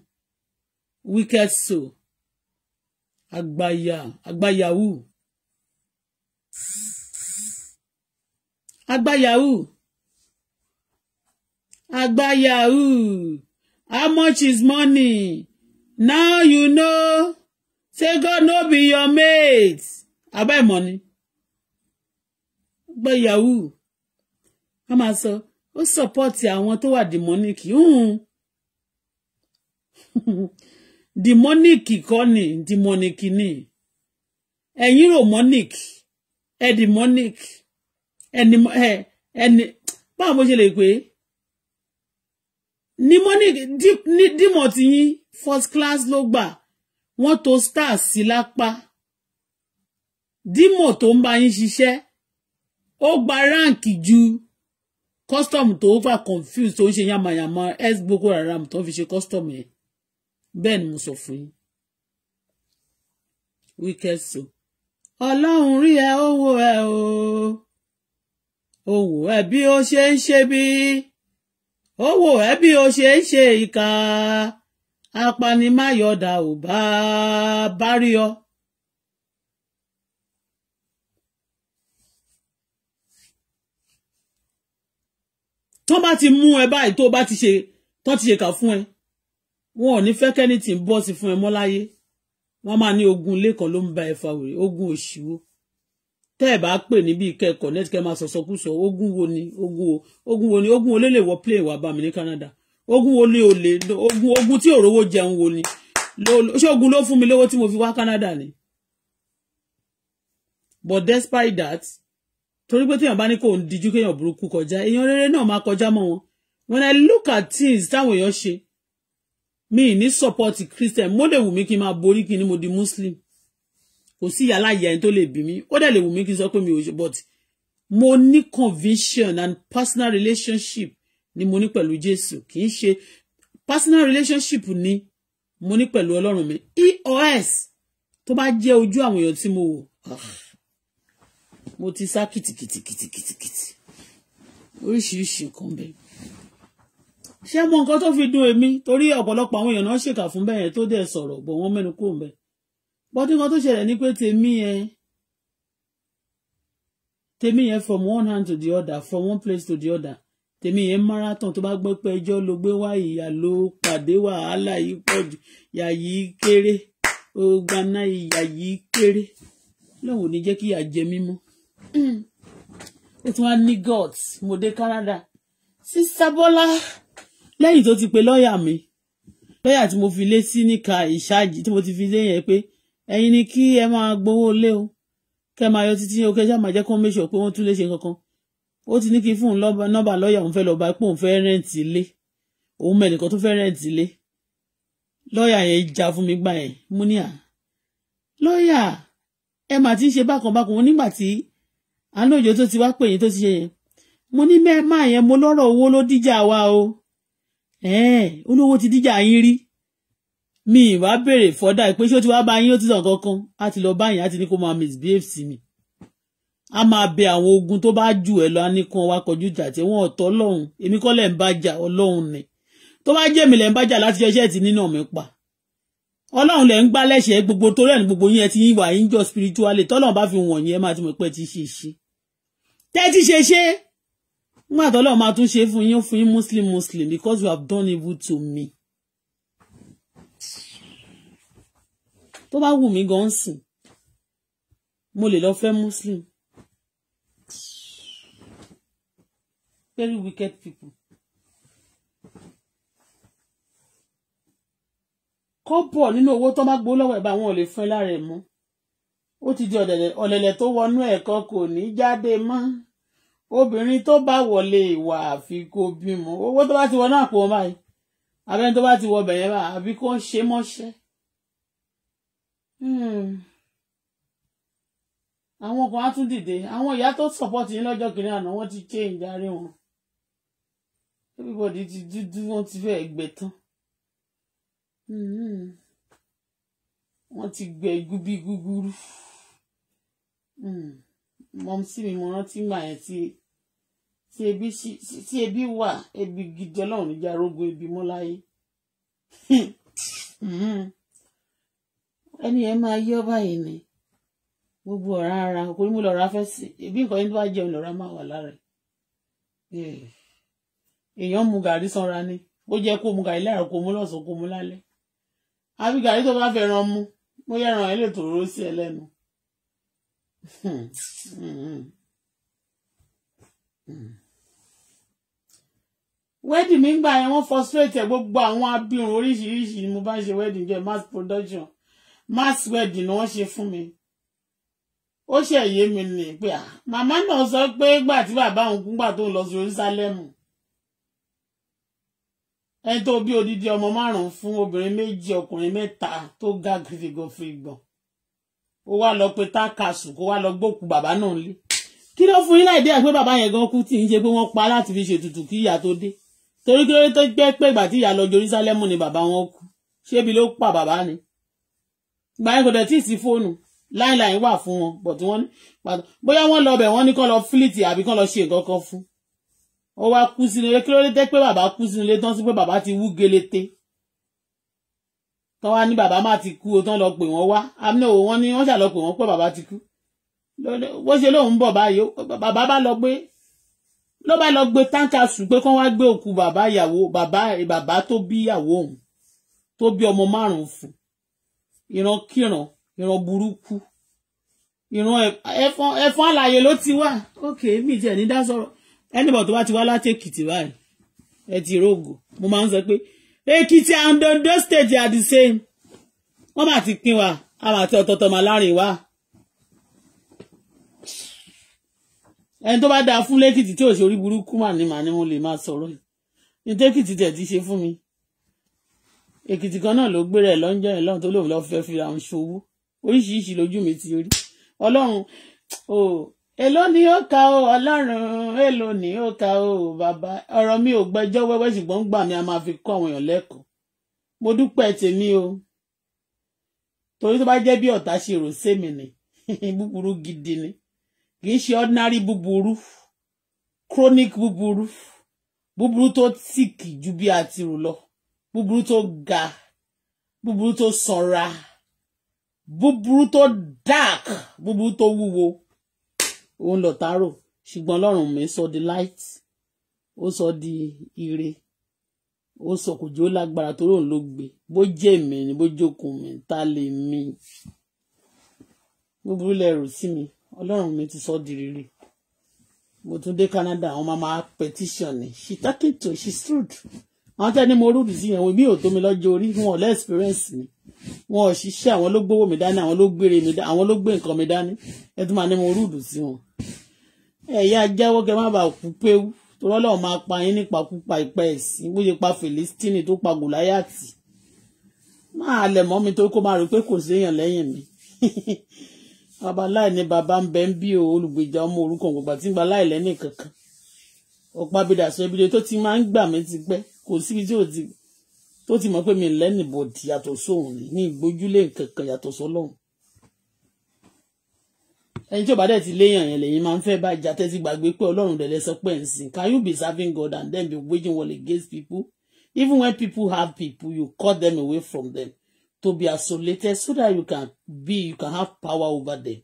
A: wicked so. àgbàyà àgbàyàwó àgbàyàwó àgbàyàwó how much is money now you know say God no be your mate abá ìmọ̀ ni gbọ́ yahoo wọ́n máa sọ ó sọpọ́ọ̀tì àwọn tó wà dìmọ́nìkì (laughs) dìmọ́nìkì kọ́ ni dìmọ́nìkì ni ẹ̀yin rò mọ́nìk ẹ̀dìmọ́nìk ẹni ẹni báwo mo ṣe lè pè é ní mọ́nìk dímọ̀ tiyín first class ló gbà wọ́n to star sí lápá dímò tó ń bá yín ṣiṣẹ́ ó gba ráǹkì ju custom tó over confused tó ń ṣe yamayama ex boko haram tó fi ṣe custom yẹn bẹ́ẹ̀ ni mo sọ fún yín wicked so ọlọ́run rí ẹ ó wò ẹ o ó wò ẹ bí ó ṣe ń ṣe bí ó wò ẹ bí ó ṣe ń ṣe ìkà apanimáyọ̀dà ò bá bá rí ọ. tó bá ti mú ẹ báyìí tó bá ti ṣe tó ti ṣe kà fún ẹ wọn ò ní fẹ́ kẹ́ni tí ń bọ́ sí fún ẹ mọ́ láyé wọ́n máa ní ogun ilé kan ló ń ba ẹ fa wèrè ogun òṣìwò tẹ́ ẹ̀ bá pè níbi ìkẹ́kọ̀ọ́ nẹ́tìkẹ́ máa sọ̀sọ́kùsọ ogun wo ni ogun wo ogun wo ni ogun olè lè wọ plane wá bá mi ní Canada ogun wo ni o lè ogun ogun tí òrówó jẹun wo ni ṣé ogun ló fún mi lówó tí mo fi wá Canada ni but despite that torí pé téèyàn bá ní kò ń dijú kéèyàn burúkú kọjá èèyàn rere náà máa kọjá mọ́ wọn when i look at things táwọn èèyàn ṣe mi ní support christian mo lè wù mí kí n máa borí kí ni mo di muslim kò sí ìyá láyé ẹni tó lè bí mi ó dẹ̀ lè wù mí kí n sọ mi ò but mo ní conviction and personal relationship ni mo ní pẹ̀lú Jésù kì í ṣe personal relationship ni mo ní pẹ̀lú Ọlọ́run mi eos tó bá jẹ́ ojú àwọn èèyàn tí mo wò ah, mo ti sá kìtìkìtìkìtìkìtì oríṣiríṣi nǹkan bẹ́ẹ̀ ṣé mo nǹkan tó fi dùn èmi torí ọ̀pọ̀lọpọ̀ àwọn èèyàn náà ṣèkà fún bẹ́ẹ̀ yẹn tó dẹ̀ sọ̀rọ̀ bọ̀ wọ́n mẹ́nu kúrò bẹ́ẹ̀ bọ́dún kan tó ṣẹlẹ̀ ní pé tèmi yẹn tèmi yẹn from one hand to the other from one place to the other tèmi yẹn marathon tó bá gbọ́ pé ẹjọ́ ló gbé wá ìyà ló pàdé wàhálà yìí pọ̀ jù ìyà yìí kéré ó gbaná ìyà yìí kéré lọ́wọ́ ní jẹ́ kí ìyà jẹ mí mọ́ ó tún wá ní gods mo dé Canada sísá Bọ́lá lẹ́yìn tó ti pe lọ́ọ̀yà mi lọ́ọ̀yà tí mo fi lé sí níka ìṣáàjì tí mo ti fi lé yẹn pé ẹ̀yin ni kí ẹ máa gbowó lé o kẹ́ máa yọ títí o kẹ́ ṣáà máa jẹ́ kó mẹ́sọ̀ pé wọ́n tún lè ṣe kankan ó ti ní kí fún un nọ́mbà lọ́ọ̀yà òun fẹ́ lọ́ọ́ bá pé òun fẹ́ rẹ́ǹtì ilé òun mẹ́nìkan tó fẹ́ rẹ́ǹtì ilé lọ́ọ̀yà yẹn já fún mi gbà yẹn mú ní à lọ́ọ̀yà ẹ mà ti ń ṣe bákan bákan wọn nígbà tí àánú òjò tó ti wá pè yín tó ti ṣe yẹn mo ní mẹ́ẹ̀má yẹn mo lọ́rọ̀ owó ló díjà wa o olówó ti díjà yín rí mi ìwà béèrè fọ́dà pé ṣé ó ti wá bá yín ó ti sàn kankan á ti lọ báyìí á ti ní kó máa misbehave sí mi a máa bẹ àwọn ogun tó bá jù ẹ lọ á ní kan wá kọjú ìjà tí wọn ọ̀tọ̀ Ọlọ́run èmi kọ́ lẹ ń bá jà Ọlọ́run ni tó bá jẹ́ èmi lẹ ń bá jà láti ṣẹṣẹ ti nínà mi pa Ọlọ́run lẹ ń gbá lẹ́sẹ̀ gbogbo torí ẹni gbogbo yín ẹ ti yín wà yín jọ spiritually tọ́lọ́run bá fi wọ̀nyí ẹ máa ti mọ̀ pé ti ṣe ṣe tẹ́ ti ṣe ṣe nígbà tọ́lọ́run máa tún ṣe fún yín fún yín muslim muslim because you have done evil to me tó bá wù mí gan sìn mo lè lọ fẹ́ muslim very wicked people. kọ́pọ̀ nínú owó tó bá gbó lọ́wọ́ ẹ̀ bá wọn ò lè fún ẹ lára ẹ̀ mọ́ ó ti di ọ̀lẹ̀lẹ̀ tó wọnú ẹ̀kọ́ kò ní jáde mọ́ obìnrin tó bá wọlé ìwà àfi kó bímọ owó tó bá ti wọnú àpò wọn báyìí abẹ́ni tó bá ti wọ bẹ̀yẹn bá àbí kó ń ṣe mọ́ṣẹ́ hmm. àwọn kan á tún dìde àwọn ìyá tó sọ̀pọ̀ tì yín lọ́jọ́ kìnìún àná wọ́n ti ché ìdarí wọn everybody ti dúdú wọ́n ti fẹ́ gbẹ tán mm-hmm. wọ́n ti gbẹ igú bí gúgúrú mọ̀mísí mm. mi mo rántí mà yẹn tí tí ebi tí ebi wà ebi gidi ọlọ́run níjà rogo ebi mọ́ láyé (laughs) mm-hmm. ẹni ẹ máa yọ báyìí ni gbogbo ọ̀rá ara kò ní mo lọ́ọ́ ra fẹ́ sí ebi nǹkan yẹn tó bá jẹun lọ́ọ́ ra máa wà lára ẹ̀ èèyàn mu gàrí sanra ni ó jẹ́ kó mu gàrí láàárọ̀ kó mu lọ́sàn-án kó mu lálẹ́ àbí gàrí tó bá fẹ́ ran mu mo yẹ ran ẹ lè tòró sí ẹ lẹ́nu. wẹ́ẹ̀dì mi ń gbà yẹn wọ́n frustrate ẹ̀ gbogbo àwọn abirùn oríṣiríṣi ni mo bá ṣe wẹ́ẹ̀dì jẹ́ mass production mass wedding ni wọ́n ṣe fún mi ó ṣe yé mi ni pé màmá náà sọ pé gbà tí bàbá òun kúngbà tó ń lọ sí Jerúsálẹ́mù ẹni tó bí odidi ọmọ márùn fún obìnrin méjì ọkùnrin mẹ́ta tó ga gírígàn fìgbọn ó wá lọ pe tákàsù kó wá lọ gbókù bàbá náà lé kí ló fún yín láì dé àgbé bàbá yẹn gan kú tí ń ṣe pé wọ́n pa láti fi ṣètùtù kí ìyá tó dé torí kí ló tó jẹ́ pé ìgbà tí ìyá lọ Jerúsálẹ́mù ni bàbá wọn kú ṣébi ló pa bàbá ni ìgbà yẹn kò dẹ̀ tí ì sí fóònù láìláì wà fún wọn bọ̀ tí wọ́n ní bóyá wọ́n lọ bẹ̀ wọ́n ní kán lọ fílìtì àbí kán lọ ṣe nǹkan kan fún ó wá kú sínú ilé kí ló dé tẹ́ pé bàbá kú sínú ilé tán sí pé bàbá ti wú gelete tán wá ní bàbá má ti kú o tán lọ pè wọ́n wá àmì ò wọ́n ní wọ́n ṣà lọ pè wọ́n pé bàbá ti kú wọ́n ṣe lóun ń bọ̀ báyìí bàbá bá lọ gbé ló bá lọ gbé táǹkà sùn pé kán wá gbé òkú bàbá ìyàwó bàbá bàbá tó bí ìyàwó òun tó bí ọmọ márùn-ún fún ìran kíran ìran burúkú ìran ẹ̀fọn ẹ̀fọn àlàyé ló ti wà ókè mi tiẹ̀ ní dá sọ̀rọ̀ anybody tó bá ti wá láti èkìtì báyìí ẹ ti rògò mo máa ń sọ pé èkìtì and ondo state are the same wọ́n bá ti pín wa àwọn àti ọ̀tọ̀ọ̀tọ̀ máa lárin wa. ẹni tó bá dáa fún lẹ́kìtì tí òṣèré burúkú mà ní màá ní mo lè máa sọ̀rọ̀ yìí ní tẹ́kìtì tẹ̀ ti ṣe fún mi èkìtì kan náà ló gbéra ẹ̀ lọ́njọ́ ẹ̀ lọ́run tó lóun lọ́ọ́ fẹ́ fi àwọn ṣòwò oríṣiríṣi lójú mi ti rí ọlọ́run o èló ni ó ka o ọlọ́run èló ni ó ka o bàbá ọ̀rọ̀ mi ò gbẹ́jọ́ wẹ́wẹ́ ṣùgbọ́n ń gbà mí a máa fi kọ́ àwọn èèyàn lẹ́kọ̀ọ́ mo dúpẹ́ tèmi o torí tó bá jẹ́ bí ọ̀tá ṣe rò sẹ́mi ni (laughs) búburú gidi ni kì í ṣe ordinary búburú chronic búburú búburú tó tìkì ju bí a ti rò lọ búburú tó ga búburú tó sanra búburú tó dark búburú tó wúwo òun lọ tààrò ṣùgbọ́n ọlọ́run mi sọ di light ó sọ di ire ó sọ kò jó lágbára tó lóun ló gbé bó jẹ́ èmi ni bó jókòó mi ta lè mi búburú lẹ́rù sí mi ọlọ́run mi ti sọ di rere mo tún dé Canada àwọn máa máa petition ni she take to she stood àwọn tẹ́ni mo rúdù sí yẹn wo mi ò tó mi lọ́jọ́ orí wọn ò experience ni wọn ò ṣiṣẹ́ àwọn ló gbówó mi dání àwọn ló gbére mi dání àwọn ló gbé nǹkan mi dání ẹ tún máa ní mo rúdù sí wọn. ẹ̀yà jẹ́wọ́ kẹ́ má bàa kú péwu torí ọlọ́run máa pa yín nípa púpa ìpa ẹ̀sìn bó ṣe pa Fìlísítínì tó pa Gòláyàtì máa lẹ̀ mọ́ mi torí kó máa rò pé kò séèyàn lẹ́yìn mi (laughs) bàbá láì ní bàbá ń bẹ ń bí o olùgbèjà ọmọ orúkọ gbogbo àti ìgbà láì lẹ́nì kankan ọ̀pá abidà sọ ibi tó ti máa ń gbà mí ti pẹ́ kò síbi tí ò ti tó ti mọ̀ pé mi lẹ́nìbọ̀dì yàtọ̀ sóhun rí ní ìgbójúlé kankan yàtọ̀ sọ́lọ́hun ẹni tí ò bá dẹ̀ ti léèyàn yẹn lẹ́yìn máa ń fẹ́ bá ìjà tẹ́tí gbàgbé pé ọlọ́run dẹ̀ lẹ pé ń sìn can you be serving God and then be waging war against people even when people have people you cut them away from them to be isolated so that you can be you can have power over them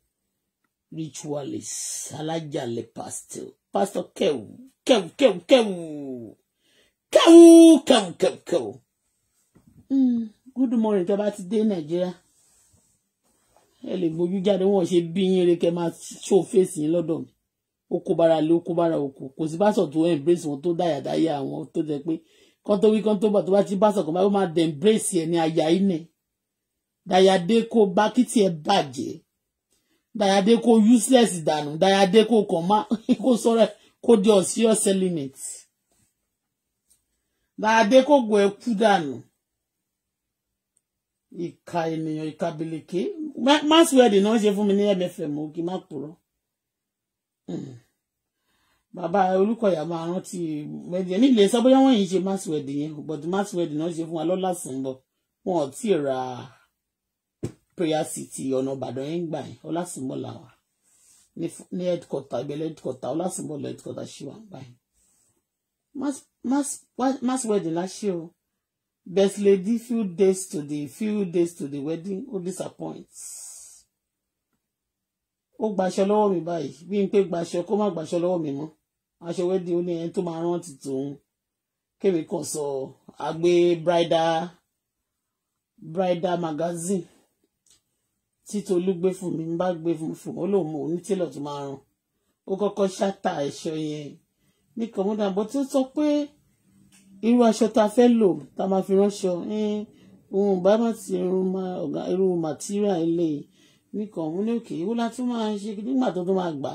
A: ritualists alájàlẹ̀ pastor pastor kẹwù kẹwù kẹwù kẹwù kẹwù kẹwù kẹwù kẹwù. Mm. good morning tẹ́ bá ti dé nàìjíríà ẹ lè gbójú jáde wọn ṣe bí yín eré kẹ́ máa ṣó fèsì yín lọ́dọ̀ mi ó kó bára lé ó bára òkú kò sí bá sọ tó embrace wọn tó dáyàdáyà àwọn tó jẹ pé kán tó wí kán tó bà tó bá ti bá sọkàn báyìí ó máa dẹ̀ embrace ẹ̀ ní àyà ìnẹ̀ dàyàdé kó bá kí tiẹ̀ bàjẹ́ dàyàdé kó useless dànù dàyàdé kó kàn má (laughs) kó sọ̀rọ̀ kó di ọ̀sí ọ̀sẹ̀ limit dàyàdé kó gùn ẹ̀ kú dànù ìka ènìyàn ìka bìlìkì masquerade náà ṣe fún mi ní MFM o kì í má purọ́ hmm. bàbá Olúkọ̀yà máa rántí wẹdí ẹni lè sọ bóyá wọn yìí ṣe masquerade yẹn but masquerade náà ṣe fún wa lọ́la sùnbọ̀ wọn ò tí ì ra prayer city ọ̀nà Ìbàdàn yẹn ń gbà yẹn ọlásùnbọ̀ làwà ní headquarter ibẹ̀ headquarter ọlásùnbọ̀ lọ headquarter ṣì wà ń gbà yẹn masquerade la ṣe o best lady few days to the few days to the wedding ó disappoint ó gbaṣọ lọ́wọ́ mi báyìí bí n pé gbaṣọ kó má gbaṣọ lọ́wọ́ mi mọ́ aṣọ wedding ó ní ẹni tó máa rántí tòun kémi kan sọ àgbé bridal bridal magazine tí Tolú gbé fún mi bá gbé fún fún ó lòun mọ òun télọ̀ tó máa ràn ó kọ́kọ́ ṣáta ẹ̀ṣọ́ yẹn ní kọ̀mọ́dà bó tí ó sọ pé irú aṣọ tá a fẹ́ lò tá a máa fi ránṣọ eh, ohun ìbá má ti irú màtíríà eléyìí nìkan òun ní òkè ìwúlá tún máa ń ṣe nígbà tó tó máa gbà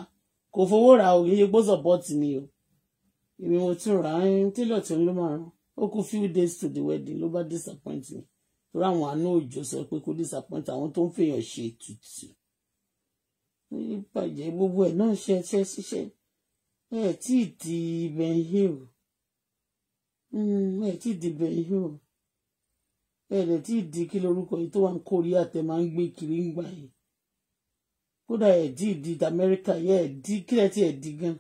A: kò fowó ra o kì í ṣe gbósọ̀ bọ́ọ̀tì mi o èmi mo tún rà á eh, tẹ́lọ̀ tí ló máa rán ó kú few days to the wedding ló bá disappoint me torí àwọn àánú òjò sọ pé kó disappoint àwọn tó ń fèèyàn ṣe ètùtù ìbàjẹ́ gbogbo ẹ̀ náà ṣe ṣe ṣiṣẹ́ ẹ̀ tí ì ti ibẹ̀ ń hèrò ẹ mm, tí ì dìbẹ̀ yìí o ẹ dẹ̀ tí ì di kí lorúkọ yìí tó wà ń kórí àtẹ máa ń gbé kiri ń gbà yìí kódà ẹ dì í di amẹ́ríkà yẹ ẹ dì kí lẹ́tì ẹ dì gan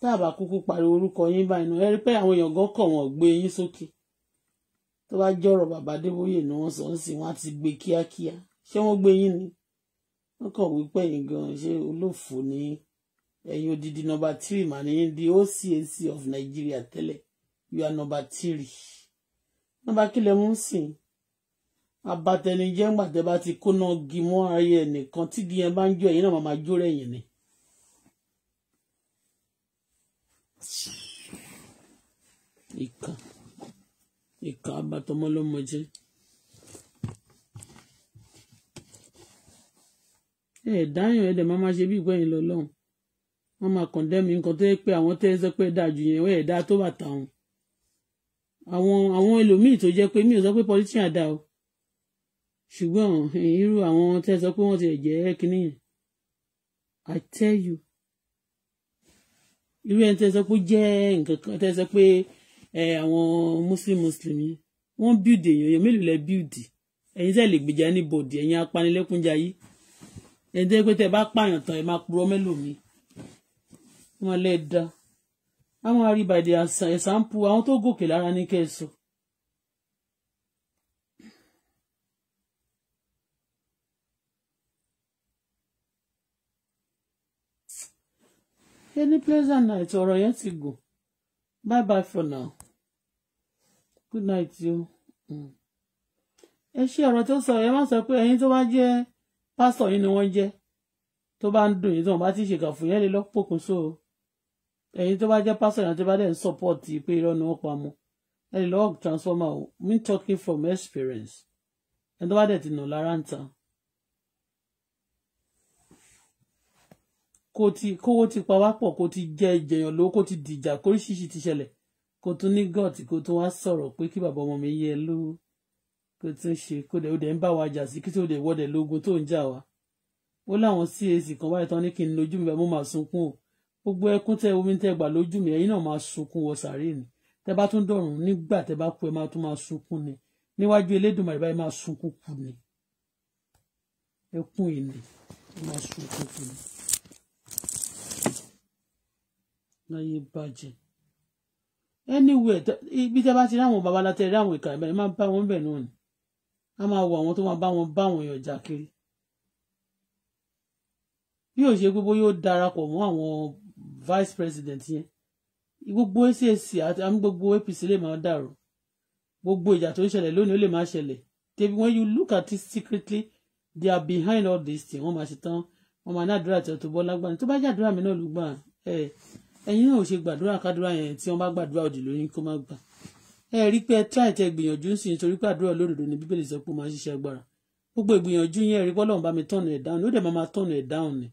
A: tá a bá kúkú pariwo orúkọ yín báyìí náà ẹ rí pé àwọn èèyàn gan kọ̀ wọ́n gbé yín sókè tó bá jọ̀rọ̀ bàbá adébóyè ni wọ́n sọ ń sìn wọ́n á ti gbé kíákíá ṣé wọ́n gbé yín ni wọ́n kàn wípé yín gan ṣé olófò ni ẹ̀yin odidi nọmba tírì mà ní yín di OCAC of Nigeria tẹ́lẹ̀ you are number three number kílẹ̀ mú sìn abatẹnijẹ́ ńgbà tẹ́ bá ti kóná gi mọ́ ayé ẹnìkan gi yẹn bá ń jó ẹ̀yìn náà máa jó rẹ̀ yẹn ni. ìkà ìkà abatọmọlọmọ jẹ́. ẹ dáyàn ẹ dẹ máa ma ṣe bí ìgbẹ́yìn lọ lọ́hùn wọ́n máa kàn dẹ́mi nǹkan tó yẹ pé àwọn tẹ́ ẹ sọ pé dáa jù yẹn ẹ dáa tó bàtà wọn àwọn àwọn ẹlòmíì tó jẹ́ pé mi ò sọ pé politician dá o ṣùgbọ́n eh, irú àwọn tẹ́ sọ pé wọ́n ti jẹ́ kínní yẹn I tell you irú ẹni tẹ́ sọ pé jẹ́ nǹkan kan tẹ́ sọ pé eh, àwọn muslim muslim yìí wọ́n build èèyàn èèyàn mélòó lẹ build ẹ̀yin tẹ́ lè gbèjà ní bòdì ẹ̀yin apanilẹ́kúnjayé ẹ̀yin tẹ́ pé tẹ́ bá pààyàn tán ẹ máa purọ́ mẹ́lòmíì wọ́n lẹ́ẹ̀ dáa a máa rí by the example àwọn tó gòkè lára ní kẹsàn. any pleasant night ọ̀rọ̀ yẹn ti gùn bye bye for now good night you. Mm. ẹ ṣe ọ̀rọ̀ tó sọ ẹ má sọ pé ẹ̀yin tó bá jẹ́ pásítọ̀ yín ni wọ́n jẹ́ tó bá ń dùn yín tó wọ́n bá ti ṣèkà fún yẹn lè lọ́pọ̀ kún sóo ẹ̀yin tó bá jẹ́ pásítọ̀ ìrántí bá dẹ̀ ń support pé irọ́ ni wọ́n pa mọ́ ẹ lè lọ́wọ́ transformer o me talking from experience ẹni tó bá dẹ̀ ti nà lára ń ta kó ti kówó ti pa wá pọ̀ kó ti jẹ́ ìjẹyàn lówó kó ti dìjà kóríṣiríṣi ti ṣẹlẹ̀ kó tún ní god kó tún wá sọ̀rọ̀ pé kí bàbá ọmọ mi yẹ lówó kó tún ṣe kó dẹ̀ ó dẹ̀ ń bá wa jà sí kí tó dẹ̀ wọ́dẹ̀ lógun tó ń jà wá ó láwọn cac kan báyìí tán ní kí n lójú mi bá mo máa sunkún o gbogbo ẹkún tẹ omi tẹ gbà lójú mi ẹ̀yin náà máa sunkún wọ sàárè ni tẹ bá tún dọ̀run nígbà tẹ bá kú ẹ máa tún máa sunkún ni níwájú Elédùmarè báyìí máa sunkún kú ni ẹkún yìí ni ẹ máa sunkún kú ni láyé bàjẹ́ anywhere ibi tẹ bá ti ráwọn babaláta ẹ ráwọn ìkà ìbẹ̀rẹ̀ máa bá wọn bẹ̀ náà ni a máa wọ àwọn tó máa bá wọn bá wọn èèyàn jà kiri bí òṣèlú gbogbo yóò darapọ̀ mọ́ àwọn vice president yẹn gbogbo CAC àti gbogbo APC lè máa dàrú gbogbo ìjà tó ń ṣẹlẹ̀ lónìí ó lè máa ṣẹlẹ̀ tẹbi when you look at it secretly they are behind all this thing wọ́n máa ṣe tán wọ́n máa ní àdúrà tí Auto Bola gbà ní tó bá jẹ́ àdúrà mi náà ló gbà ẹ ẹ̀yin náà ò ṣe gbàdúrà kádúrà yẹn tí wọ́n bá gbàdúrà òdì lóyún kó má gbà ẹ rí pé ẹ try tẹ gbìyànjú sí nítorí pé àdúrà olódodo ni bíbélì sọ pé ó máa ń agbára gbogbo ìgbìyànjú yẹn rí pé Ọlọ́run bá mi tọ̀nù ẹ̀ dáhùn ó dẹ̀ máa tọ̀nù ẹ̀ dáhùn ni